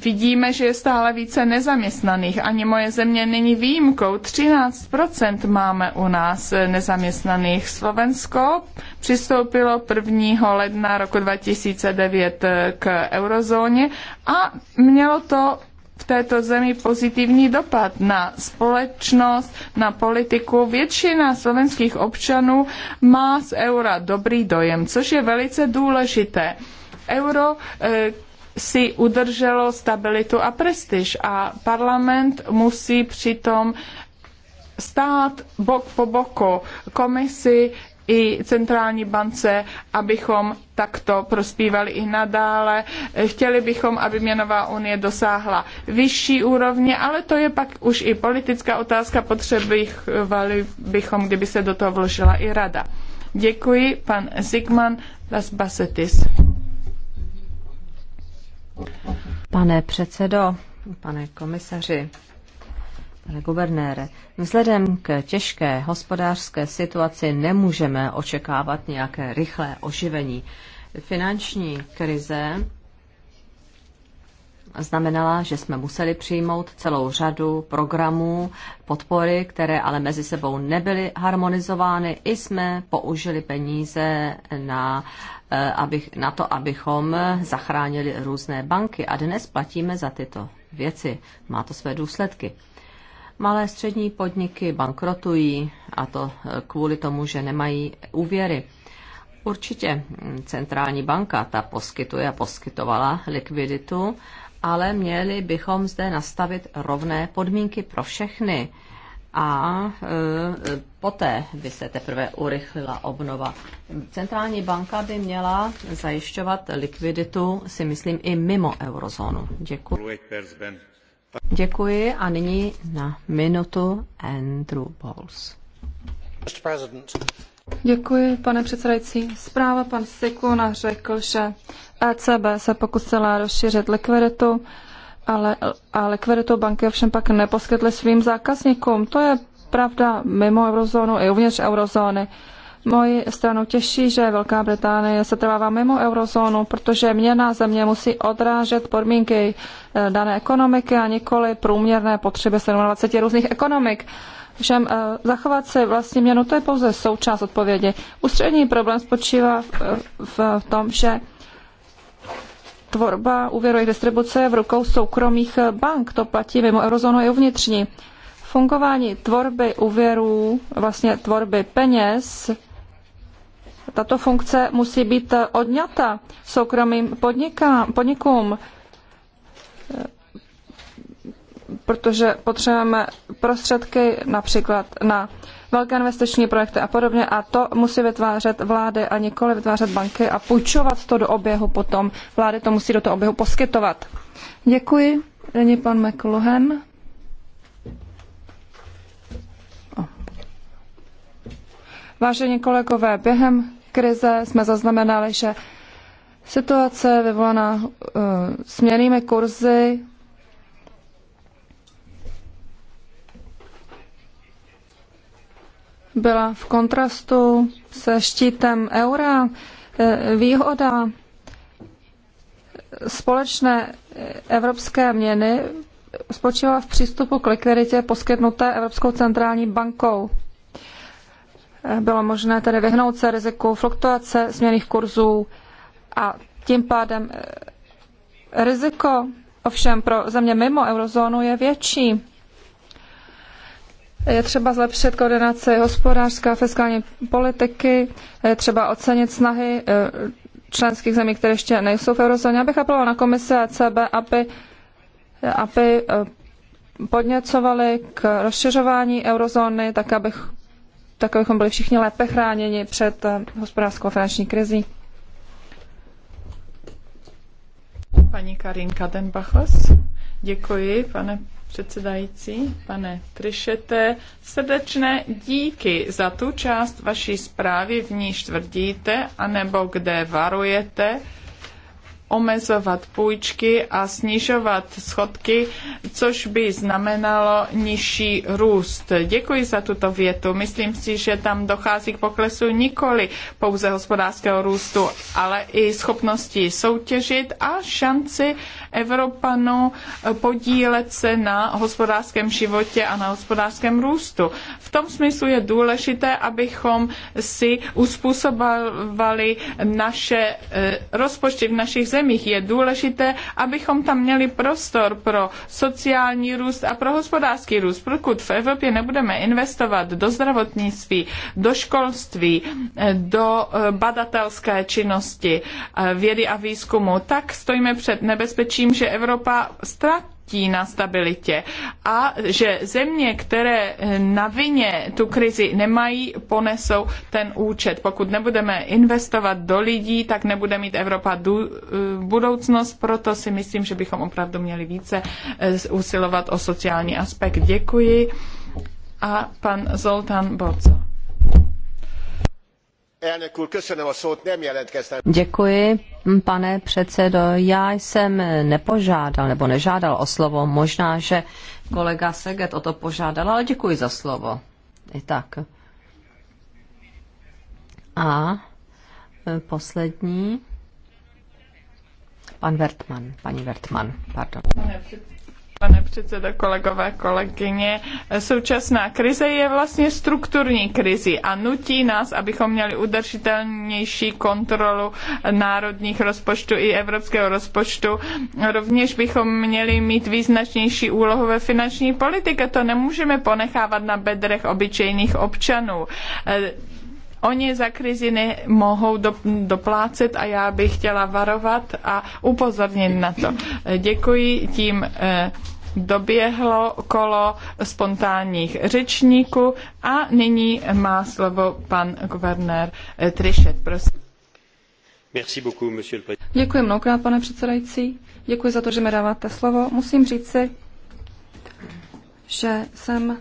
Vidíme, že je stále více nezaměstnaných. Ani moje země není výjimkou. 13% máme u nás nezaměstnaných. Slovensko přistoupilo 1. ledna roku 2009 k eurozóně a mělo to v této zemi pozitivní dopad na společnost, na politiku. Většina slovenských občanů má z eura dobrý dojem, což je velice důležité. Euro eh, si udrželo stabilitu a prestiž. A parlament musí přitom stát bok po boku komisi i centrální bance, abychom takto prospívali i nadále. Chtěli bychom, aby měnová unie dosáhla vyšší úrovně, ale to je pak už i politická otázka, potřebovali bychom, kdyby se do toho vložila i rada. Děkuji, pan Sigman Las Basetis. Pane předsedo, pane komisaři, pane guvernére, vzhledem k těžké hospodářské situaci nemůžeme očekávat nějaké rychlé oživení. Finanční krize znamenala, že jsme museli přijmout celou řadu programů podpory, které ale mezi sebou nebyly harmonizovány. I jsme použili peníze na uh, Eh, abych, na to, abychom zachránili různé banky. A dnes platíme za tyto věci. Má to své důsledky. Malé střední podniky bankrotují a to eh, kvůli tomu, že nemají úvěry. Určitě hm, centrální banka ta poskytuje a poskytovala likviditu, ale měli bychom zde nastavit rovné podmínky pro všechny a e, poté by se teprve urychlila obnova. Centrální banka by měla zajišťovat likviditu, si myslím, i mimo eurozónu. Děkuji. Děkuji a nyní na minutu Andrew Bowles. Děkuji, pane předsedající. Zpráva pan Sikuna řekl, že ECB se pokusila rozšířit likviditu ale, ale likviditu banky ovšem pak neposkytly svým zákazníkům. To je pravda mimo eurozónu i uvnitř eurozóny. Moji stranu těší, že Velká Británie se trvává mimo eurozónu, protože měna země musí odrážet podmínky eh, dané ekonomiky a nikoli průměrné potřeby 27 různých ekonomik. Všem eh, zachovat si vlastní měnu, to je pouze součást odpovědi. Ústřední problém spočívá v, v, v tom, že tvorba úvěrových distribuce v rukou soukromých bank. To platí mimo eurozónu i uvnitřní. Fungování tvorby úvěrů, vlastně tvorby peněz, tato funkce musí být odňata soukromým podnikám, podnikům protože potřebujeme prostředky například na velké investiční projekty a podobně a to musí vytvářet vlády a nikoli vytvářet banky a půjčovat to do oběhu potom. Vlády to musí do toho oběhu poskytovat. Děkuji. Není pan McLuhan. Vážení kolegové, během krize jsme zaznamenali, že situace vyvolaná uh, směnými kurzy byla v kontrastu se štítem eura e, výhoda společné evropské měny spočívala v přístupu k likviditě poskytnuté Evropskou centrální bankou. E, bylo možné tedy vyhnout se riziku fluktuace směných kurzů a tím pádem e, riziko ovšem pro země mimo eurozónu je větší je třeba zlepšit koordinaci hospodářské a fiskální politiky, je třeba ocenit snahy eh, členských zemí, které ještě nejsou v eurozóně. Já bych apeloval na komisi a ECB, aby, aby eh, podněcovali k rozšiřování eurozóny, tak, abych, tak abychom byli všichni lépe chráněni před eh, hospodářskou a finanční krizí. Paní Karinka Denbachos, děkuji, pane předsedající, pane Trišete, srdečné díky za tu část vaší zprávy, v níž tvrdíte, anebo kde varujete omezovat půjčky a snižovat schodky, což by znamenalo nižší růst. Děkuji za tuto větu. Myslím si, že tam dochází k poklesu nikoli pouze hospodářského růstu, ale i schopnosti soutěžit a šanci Evropanů podílet se na hospodářském životě a na hospodářském růstu. V tom smyslu je důležité, abychom si uspůsobovali naše eh, rozpočty v našich zemích zemích. Je důležité, abychom tam měli prostor pro sociální růst a pro hospodářský růst. Pokud v Evropě nebudeme investovat do zdravotnictví, do školství, do eh, badatelské činnosti, eh, vědy a výzkumu, tak stojíme před nebezpečím, že Evropa ztratí napětí, na stabilitě a že země, které na vině tu krizi nemají, ponesou ten účet. Pokud nebudeme investovat do lidí, tak nebude mít Evropa budoucnost, proto si myslím, že bychom opravdu měli více eh, usilovat o sociální aspekt. Děkuji. A pan Zoltán Boco. Děkuji, pane předsedo. Já jsem nepožádal nebo nežádal o slovo. Možná, že kolega Seget o to požádal, ale děkuji za slovo. I tak. A e, poslední. Pan Vertman, paní Vertman, pardon. Pane předsedo pane předsedo, kolegové, kolegyně. Současná krize je vlastně strukturní krizi a nutí nás, abychom měli udržitelnější kontrolu národních rozpočtů i evropského rozpočtu. Rovněž bychom měli mít význačnější úlohu ve finanční politice. To nemůžeme ponechávat na bedrech obyčejných občanů Oni za krizi nemohou do, doplácet a já bych chtěla varovat a upozornit na to. Děkuji tím. Eh, doběhlo kolo spontánních řečníků a nyní má slovo pan guvernér eh, Trišet. Prosím. Děkuji mnohokrát, pane předsedající. Děkuji za to, že mi dáváte slovo. Musím říci, že jsem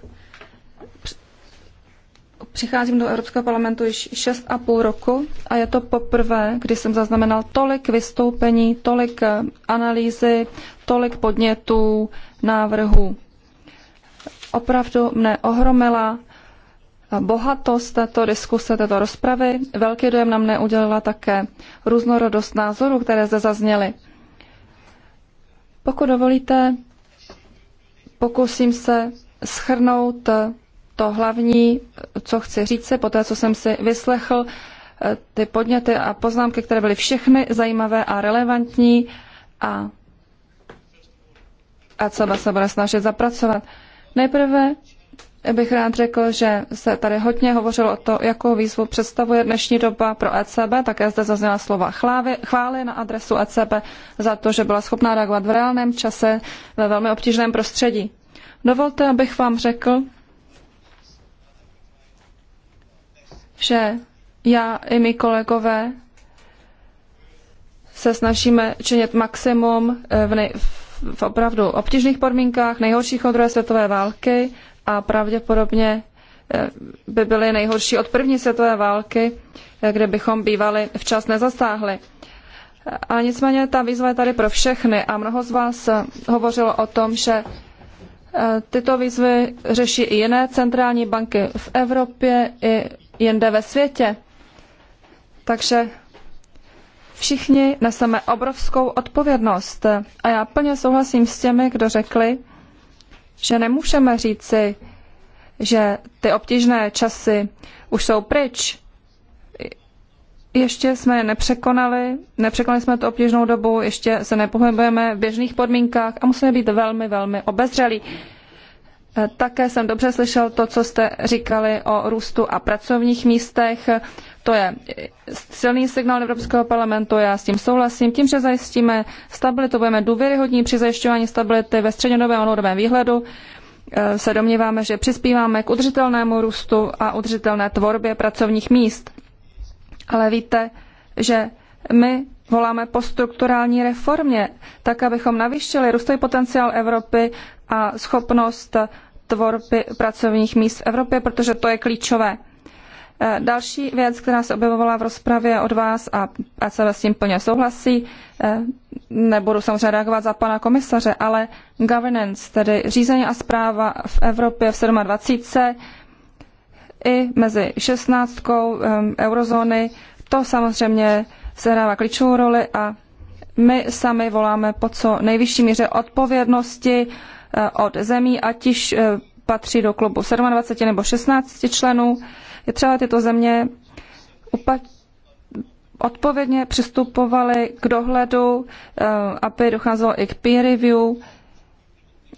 Přicházím do Evropského parlamentu již 6,5 roku a je to poprvé, kdy jsem zaznamenal tolik vystoupení, tolik eh, analýzy, tolik podnětů, návrhů. Opravdu mne ohromila eh, bohatost této diskuse, této rozpravy. Velký dojem na mne udělala také různorodost názorů, které zde zazněly. Pokud dovolíte, pokusím se schrnout eh, to hlavní, co chci říct se po té, co jsem si vyslechl eh, ty podněty a poznámky, které byly všechny zajímavé a relevantní a a třeba se bude snažit zapracovat. Nejprve bych rád řekl, že se tady hodně hovořilo o to, jakou výzvu představuje dnešní doba pro ECB. Také zde zazněla slova chlávy, chvály na adresu ECB za to, že byla schopná reagovat v reálném čase ve velmi obtížném prostředí. Dovolte, abych vám řekl, že já i my kolegové se snažíme činit maximum eh, v, nej, v opravdu obtížných podmínkách, nejhorších od druhé světové války a pravděpodobně eh, by byly nejhorší od první světové války, eh, kde bychom bývali včas nezasáhli. A nicméně ta výzva je tady pro všechny a mnoho z vás hovořilo o tom, že tyto výzvy řeší i jiné centrální banky v Evropě i jinde ve světě. Takže všichni neseme obrovskou odpovědnost. A já plně souhlasím s těmi, kdo řekli, že nemůžeme říci, že ty obtížné časy už jsou pryč. Ještě jsme je nepřekonali, nepřekonali jsme tu obtížnou dobu, ještě se nepohybujeme v běžných podmínkách a musíme být velmi, velmi obezřelí. Eh, také jsem dobře slyšel to, co jste říkali o růstu a pracovních místech. To je silný signál Evropského parlamentu, já s tím souhlasím. Tím, že zajistíme stabilitu, budeme důvěryhodní při zajišťování stability ve střednědobém a dlouhodobém výhledu, eh, se domníváme, že přispíváme k udržitelnému růstu a udržitelné tvorbě pracovních míst. Ale víte, že my voláme po strukturální reformě, tak abychom navýšili růstový potenciál Evropy a schopnost tvorby pracovních míst v Evropě, protože to je klíčové. Eh, další věc, která se objevovala v rozpravě od vás a ECB s tím plně souhlasí, eh, nebudu samozřejmě reagovat za pana komisaře, ale governance, tedy řízení a zpráva v Evropě v 27. i mezi 16. Eh, eurozóny, to samozřejmě sehrává klíčovou roli a my sami voláme po co nejvyšší míře odpovědnosti, Eh, od zemí, ať již eh, patří do klubu 27 nebo 16 členů. Je třeba tyto země odpovědně přistupovaly k dohledu, eh, aby docházelo i k peer review.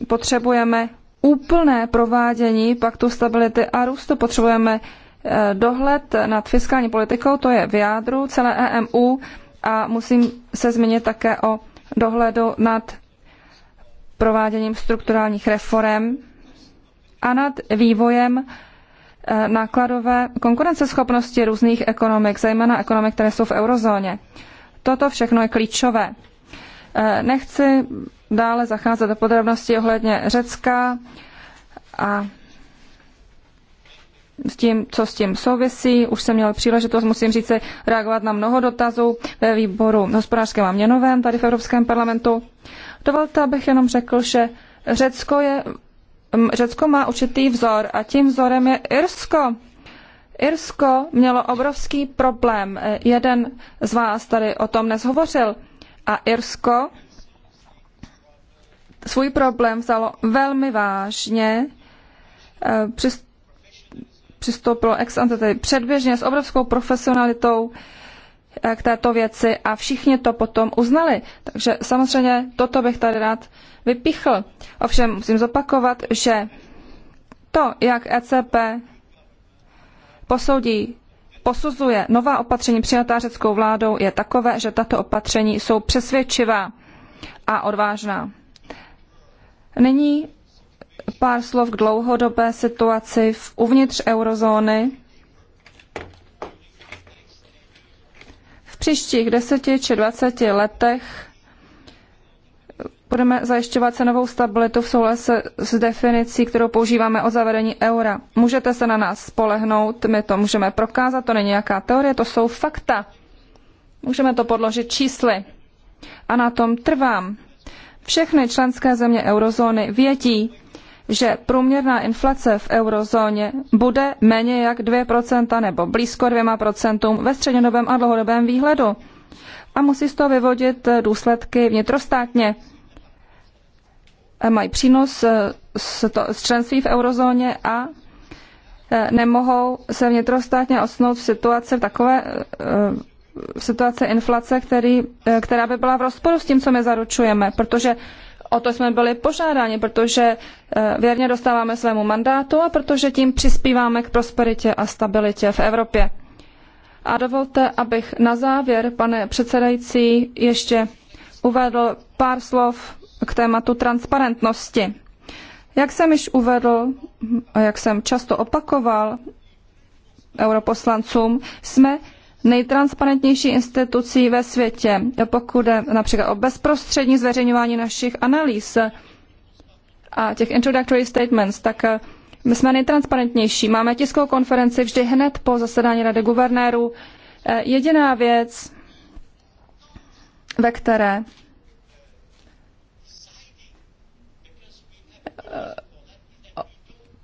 Potřebujeme úplné provádění paktu stability a růstu. Potřebujeme dohled nad fiskální politikou, to je v jádru celé EMU a musím se zmínit také o dohledu nad prováděním strukturálních reform a nad vývojem eh, nákladové konkurenceschopnosti různých ekonomik, zejména ekonomik, které jsou v eurozóně. Toto všechno je klíčové. Eh, nechci dále zacházet do podrobností ohledně Řecka a s tím, co s tím souvisí. Už jsem měl příležitost, musím říct, reagovat na mnoho dotazů ve výboru hospodářském a měnovém tady v Evropském parlamentu. Dovolte, abych jenom řekl, že Řecko, je, Řecko má určitý vzor a tím vzorem je Irsko. Irsko mělo obrovský problém. Jeden z vás tady o tom nezhovořil. A Irsko svůj problém vzalo velmi vážně. E, přistoupilo ex ante, tedy předběžně s obrovskou profesionalitou Eh, k této věci a všichni to potom uznali. Takže samozřejmě toto bych tady rád vypichl. Ovšem musím zopakovat, že to, jak ECP posoudí, posuzuje nová opatření přijatá řeckou vládou, je takové, že tato opatření jsou přesvědčivá a odvážná. Nyní pár slov k dlouhodobé situaci v uvnitř eurozóny příštích deseti či dvaceti letech budeme zajišťovat cenovou stabilitu v souhlasu s definicí, kterou používáme o zavedení eura. Můžete se na nás spolehnout, my to můžeme prokázat, to není nějaká teorie, to jsou fakta. Můžeme to podložit čísly. A na tom trvám. Všechny členské země eurozóny vědí, že průměrná inflace v eurozóně bude méně jak 2% nebo blízko 2% ve střednědobém a dlouhodobém výhledu. A musí z toho vyvodit eh, důsledky vnitrostátně. Eh, mají přínos eh, z, členství v eurozóně a nemohou se vnitrostátně osnout v situaci v takové v situace inflace, který, která by byla v rozporu s tím, co my zaručujeme, protože O to jsme byli požádáni, protože eh, věrně dostáváme svému mandátu a protože tím přispíváme k prosperitě a stabilitě v Evropě. A dovolte, abych na závěr, pane předsedající, ještě uvedl pár slov k tématu transparentnosti. Jak jsem již uvedl a jak jsem často opakoval europoslancům, jsme nejtransparentnější institucí ve světě, pokud jde například o bezprostřední zveřejňování našich analýz a těch introductory statements, tak eh, my jsme nejtransparentnější. Máme tiskovou konferenci vždy hned po zasedání Rady guvernérů. Eh, jediná věc, ve které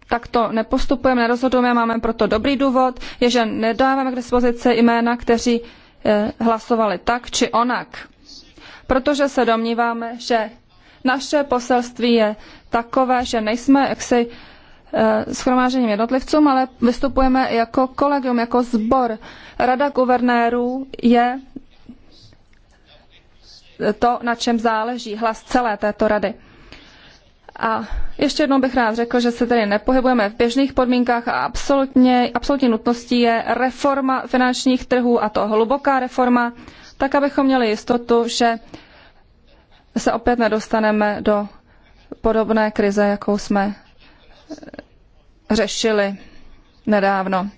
takto nepostupujeme, nerozhodujeme, máme proto dobrý důvod, je, že nedáváme k dispozici jména, kteří eh, hlasovali tak či onak. Protože se domníváme, že naše poselství je takové, že nejsme jaksi eh, schromážením jednotlivcům, ale vystupujeme jako kolegium, jako sbor. Rada guvernérů je to, na čem záleží hlas celé této rady. A ještě jednou bych rád řekl, že se tedy nepohybujeme v běžných podmínkách a absolutně, absolutní nutností je reforma finančních trhů, a to hluboká reforma, tak abychom měli jistotu, že se opět nedostaneme do podobné krize, jakou jsme řešili nedávno.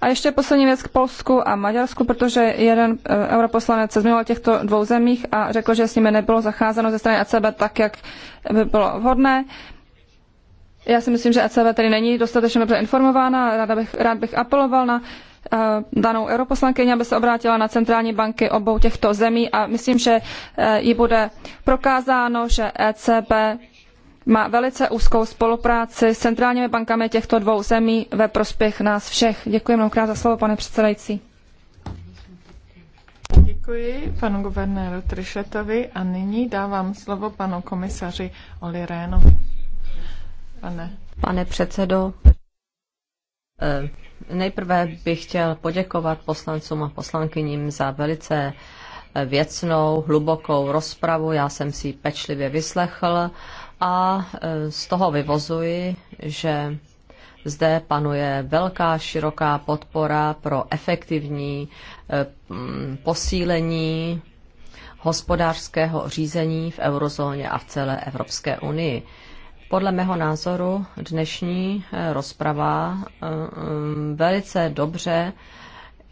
A ještě poslední věc k Polsku a Maďarsku, protože jeden eh, europoslanec se zmiňoval těchto dvou zemích a řekl, že s nimi nebylo zacházeno ze strany ECB tak, jak by bylo vhodné. Já si myslím, že ECB tedy není dostatečně dobře informována. Rád bych, rád bych apeloval na eh, danou europoslankyni, aby se obrátila na centrální banky obou těchto zemí a myslím, že eh, ji bude prokázáno, že ECB má velice úzkou spolupráci s centrálními bankami těchto dvou zemí ve prospěch nás všech. Děkuji mnohokrát za slovo, pane předsedající. Děkuji panu guvernéru Trišetovi a nyní dávám slovo panu komisaři Oli Rénovi. Pane. Pane předsedo, eh, nejprve bych chtěl poděkovat poslancům a poslankyním za velice eh, věcnou, hlubokou rozpravu. Já jsem si ji pečlivě vyslechl a e, z toho vyvozuji, že zde panuje velká, široká podpora pro efektivní e, posílení hospodářského řízení v eurozóně a v celé Evropské unii. Podle mého názoru dnešní e, rozprava velice dobře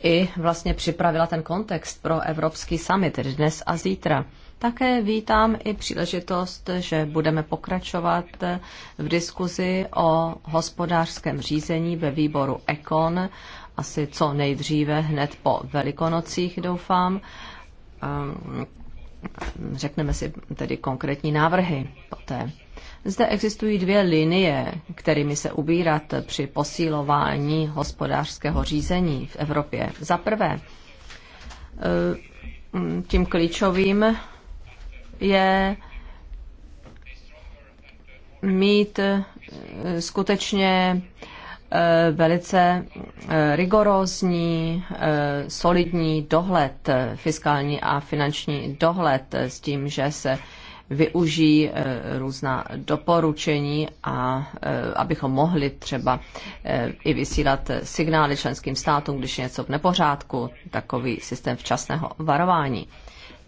i vlastně připravila ten kontext pro Evropský summit dnes a zítra. Také vítám i příležitost, že budeme pokračovat v diskuzi o hospodářském řízení ve výboru Ekon, asi co nejdříve, hned po Velikonocích, doufám. Ehm, řekneme si tedy konkrétní návrhy poté. Zde existují dvě linie, kterými se ubírat při posílování hospodářského řízení v Evropě. Za prvé, ehm, tím klíčovým je mít eh, skutečně eh, velice eh, rigorózní, solidní dohled, fiskální a finanční dohled s tím, že se využijí různá doporučení a abychom mohli třeba i vysílat signály členským státům, když je něco v nepořádku, takový systém včasného varování.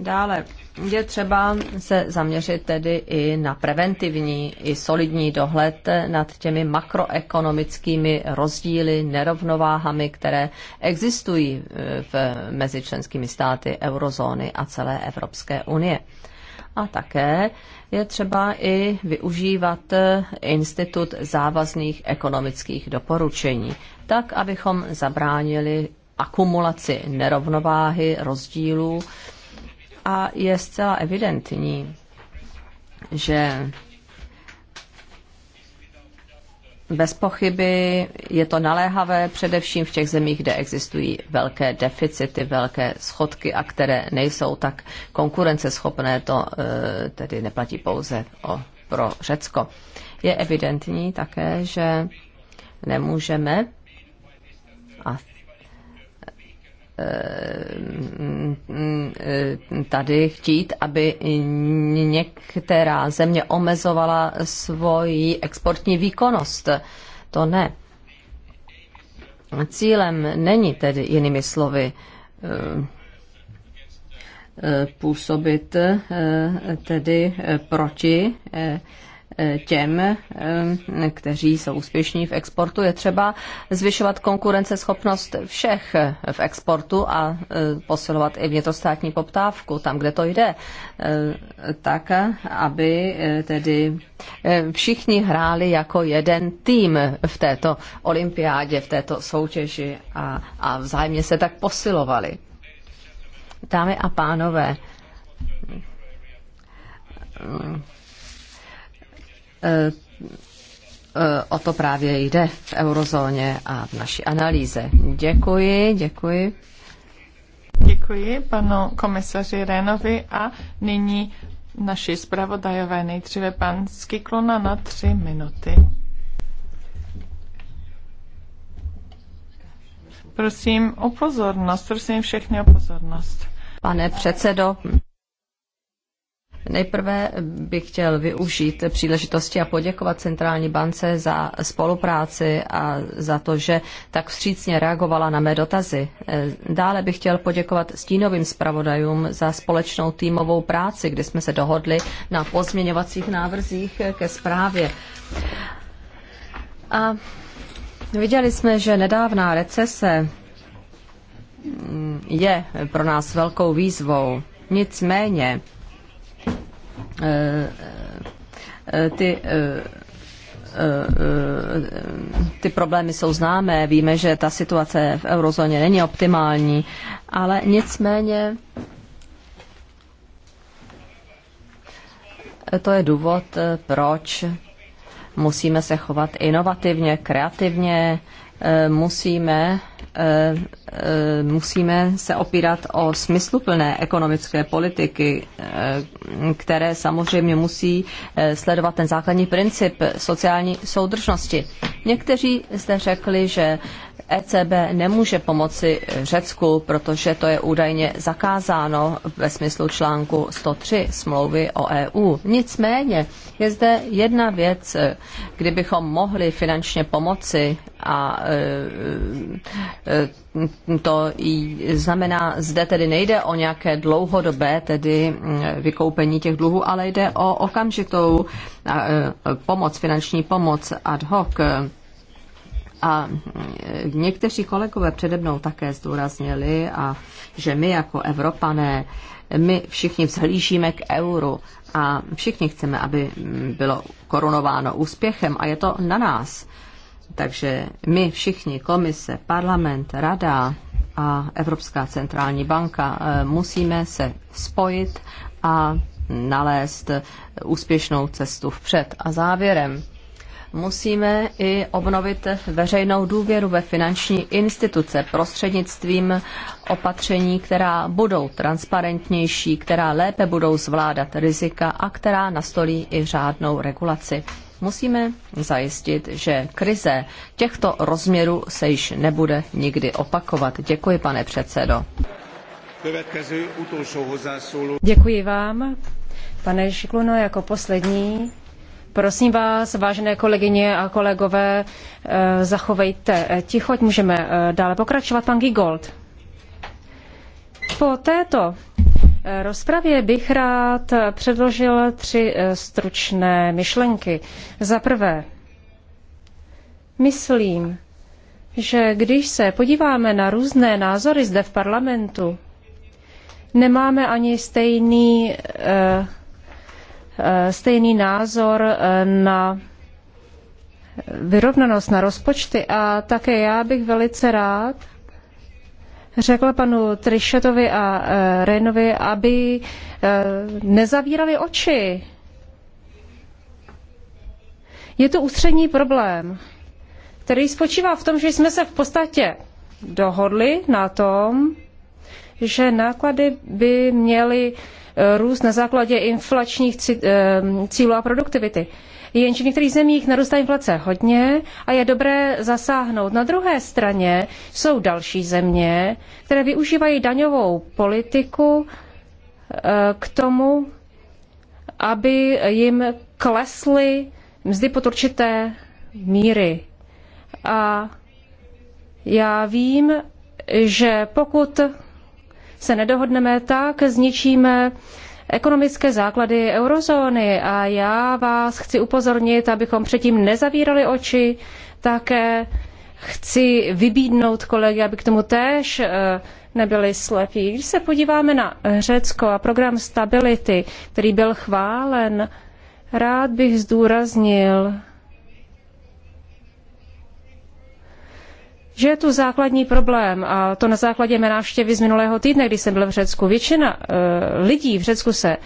Dále je třeba se zaměřit tedy i na preventivní, i solidní dohled nad těmi makroekonomickými rozdíly, nerovnováhami, které existují e, v, mezi členskými státy eurozóny a celé Evropské unie. A také je třeba i využívat e, institut závazných ekonomických doporučení, tak abychom zabránili akumulaci nerovnováhy, rozdílů, a je zcela evidentní, že bez pochyby je to naléhavé především v těch zemích, kde existují velké deficity, velké schodky a které nejsou tak konkurenceschopné. To eh, tedy neplatí pouze o, pro Řecko. Je evidentní také, že nemůžeme a Eh, tady chtít, aby některá země omezovala svoji exportní výkonnost. To ne. Cílem není tedy jinými slovy eh, eh, působit tedy proti těm, eh, kteří jsou úspěšní v exportu, je třeba zvyšovat konkurenceschopnost všech v exportu a eh, posilovat i vnitrostátní poptávku tam, kde to jde, eh, tak, aby tedy všichni hráli jako jeden tým v této olympiádě, v této soutěži a, a vzájemně se tak posilovali. Dámy a pánové, E, e, o to právě jde v eurozóně a v naší analýze. Děkuji, děkuji. Děkuji panu komisaři Renovi a nyní naši zpravodajové, nejdříve pan Skiklona na tři minuty. Prosím o pozornost, prosím všechny o pozornost. Pane předsedo, Nejprve bych chtěl využít příležitosti a poděkovat Centrální bance za spolupráci a za to, že tak vstřícně reagovala na mé dotazy. Dále bych chtěl poděkovat stínovým zpravodajům za společnou týmovou práci, kdy jsme se dohodli na pozměňovacích návrzích ke zprávě. A viděli jsme, že nedávná recese je pro nás velkou výzvou. Nicméně, Eh, eh, ty eh, ty problémy jsou známé, víme, že ta situace v eurozóně není optimální, ale nicméně to je důvod, proč musíme se chovat inovativně, kreativně, Eh, musíme eh, eh, musíme se opírat o smysluplné ekonomické politiky, které samozřejmě musí sledovat ten základní princip sociální soudržnosti. Někteří zde řekli, že ECB nemůže pomoci Řecku, protože to je údajně zakázáno ve smyslu článku 103 smlouvy o EU. Nicméně je zde jedna věc, kdybychom mohli finančně pomoci a e, e, to znamená, zde tedy nejde o nějaké dlouhodobé tedy mm, vykoupení těch dluhů, ale jde o okamžitou e, pomoc, finanční pomoc ad hoc a někteří kolegové přede mnou také zdůraznili, a že my jako Evropané, my všichni vzhlížíme k euru a všichni chceme, aby bylo korunováno úspěchem a je to na nás. Takže my všichni, komise, parlament, rada a Evropská centrální banka, eh, musíme se spojit a nalézt úspěšnou cestu vpřed. A závěrem musíme i obnovit veřejnou důvěru ve finanční instituce prostřednictvím opatření, která budou transparentnější, která lépe budou zvládat rizika a která nastolí i řádnou regulaci. Musíme zajistit, že krize těchto rozměrů se již nebude nikdy opakovat. Děkuji, pane předsedo. Děkuji vám. Pane Šikluno, jako poslední Prosím vás, vážené kolegyně a kolegové, eh, zachovejte eh, ticho, můžeme eh, dále pokračovat. Pan Gigold. Po této rozpravě bych rád předložil tři stručné myšlenky. Za prvé, myslím, že když se podíváme na různé názory zde v parlamentu, nemáme ani stejný eh, Eh, stejný názor eh, na vyrovnanost na rozpočty a také já bych velice rád řekla panu Trišetovi a eh, Renovi, aby nezavírali oči. Je to ústřední problém, který spočívá v tom, že jsme se v podstatě dohodli na tom, že náklady by měly eh, růst na základě inflačních eh, cílů a produktivity. Jenže v některých zemích narůstá inflace hodně a je dobré zasáhnout. Na druhé straně jsou další země, které využívají daňovou politiku eh, k tomu, aby jim klesly mzdy pod určité míry. A já vím, že pokud se nedohodneme, tak zničíme ekonomické základy eurozóny. A já vás chci upozornit, abychom předtím nezavírali oči, také chci vybídnout kolegy, aby k tomu též eh, nebyli slepí. Když se podíváme na Řecko a program stability, který byl chválen, rád bych zdůraznil, že je tu základní problém, a to na základě mé návštěvy z minulého týdne, kdy jsem byl v Řecku. Většina e, lidí v Řecku se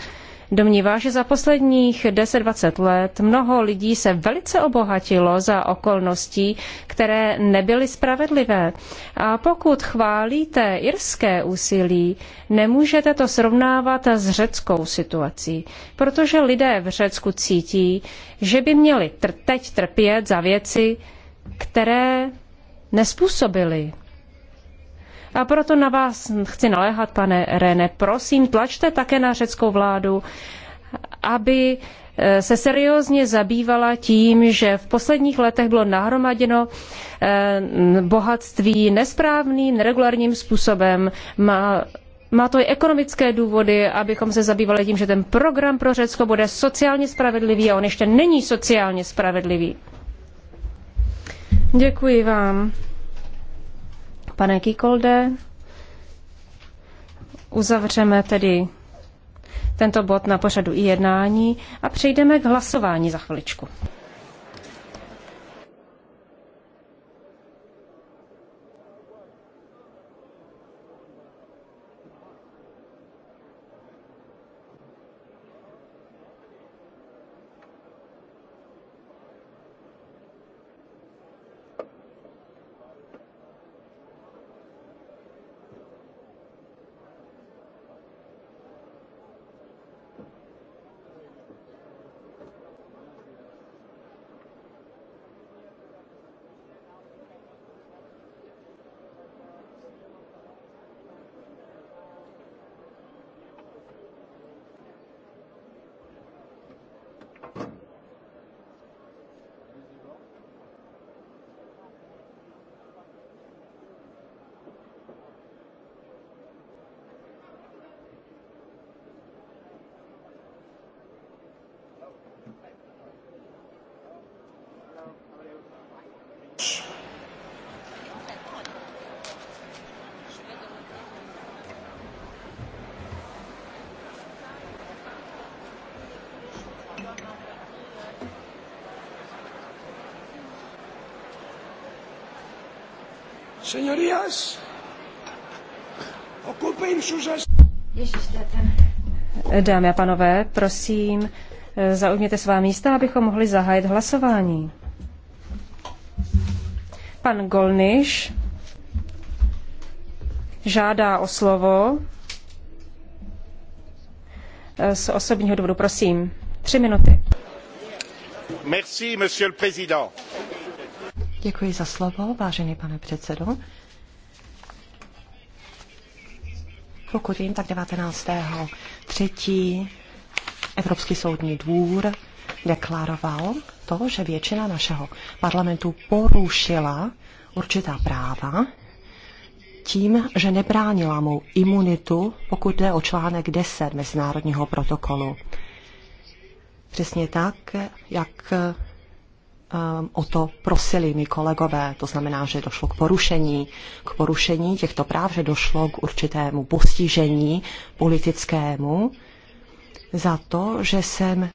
domnívá, že za posledních 10-20 let mnoho lidí se velice obohatilo za okolností, které nebyly spravedlivé. A pokud chválíte irské úsilí, nemůžete to srovnávat s řeckou situací, protože lidé v Řecku cítí, že by měli tr- teď trpět za věci, které nespůsobili. A proto na vás chci naléhat, pane René, prosím, tlačte také na řeckou vládu, aby eh, se seriózně zabývala tím, že v posledních letech bylo nahromaděno eh, bohatství nesprávným, neregulárním způsobem. Má, má to i ekonomické důvody, abychom se zabývali tím, že ten program pro Řecko bude sociálně spravedlivý a on ještě není sociálně spravedlivý. Děkuji vám. Pane Kikolde, uzavřeme tedy tento bod na pořadu i jednání a přejdeme k hlasování za chviličku. Señorías, ocupen sus Dámy a panové, prosím, eh, zaujměte svá místa, abychom mohli zahájit hlasování. Pan Golniš žádá o slovo eh, z osobního důvodu. Prosím, tři minuty. Merci, monsieur le président Děkuji za slovo, vážený pane předsedo. Pokud vím, tak 19. třetí Evropský soudní dvůr deklaroval to, že většina našeho parlamentu porušila určitá práva tím, že nebránila mu imunitu, pokud jde o článek 10 mezinárodního protokolu. Přesně tak, jak um, o to prosili mi kolegové. To znamená, že došlo k porušení, k porušení těchto práv, že došlo k určitému postižení politickému za to, že jsem